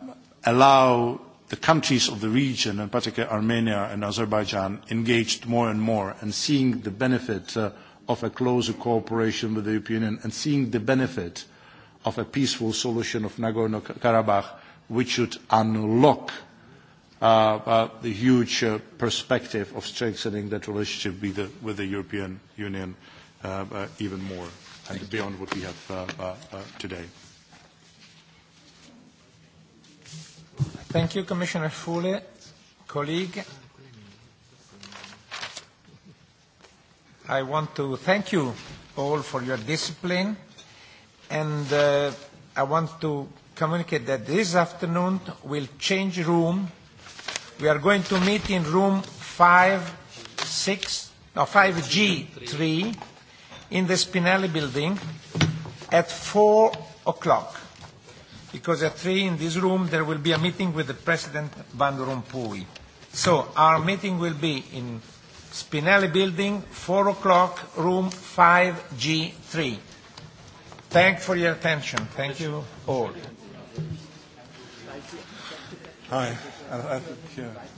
allow the countries of the region, in particular Armenia and Azerbaijan, engaged more and more and seeing the benefit of a closer cooperation with the European Union and seeing the benefit of a peaceful solution of Nagorno-Karabakh, which should unlock the huge perspective of strengthening that relationship with the European Union even more and beyond what we have today. Thank you, Commissioner Fule. Colleague, I want to thank you all for your discipline, and uh, I want to communicate that this afternoon we'll change room. We are going to meet in room 5, 6, no, 5G3 in the Spinelli building at 4 o'clock because at 3 in this room there will be a meeting with the President Van Rompuy. So our meeting will be in Spinelli Building, 4 o'clock, room 5G3. Thanks for your attention. Thank you all. Hi. I, I, yeah.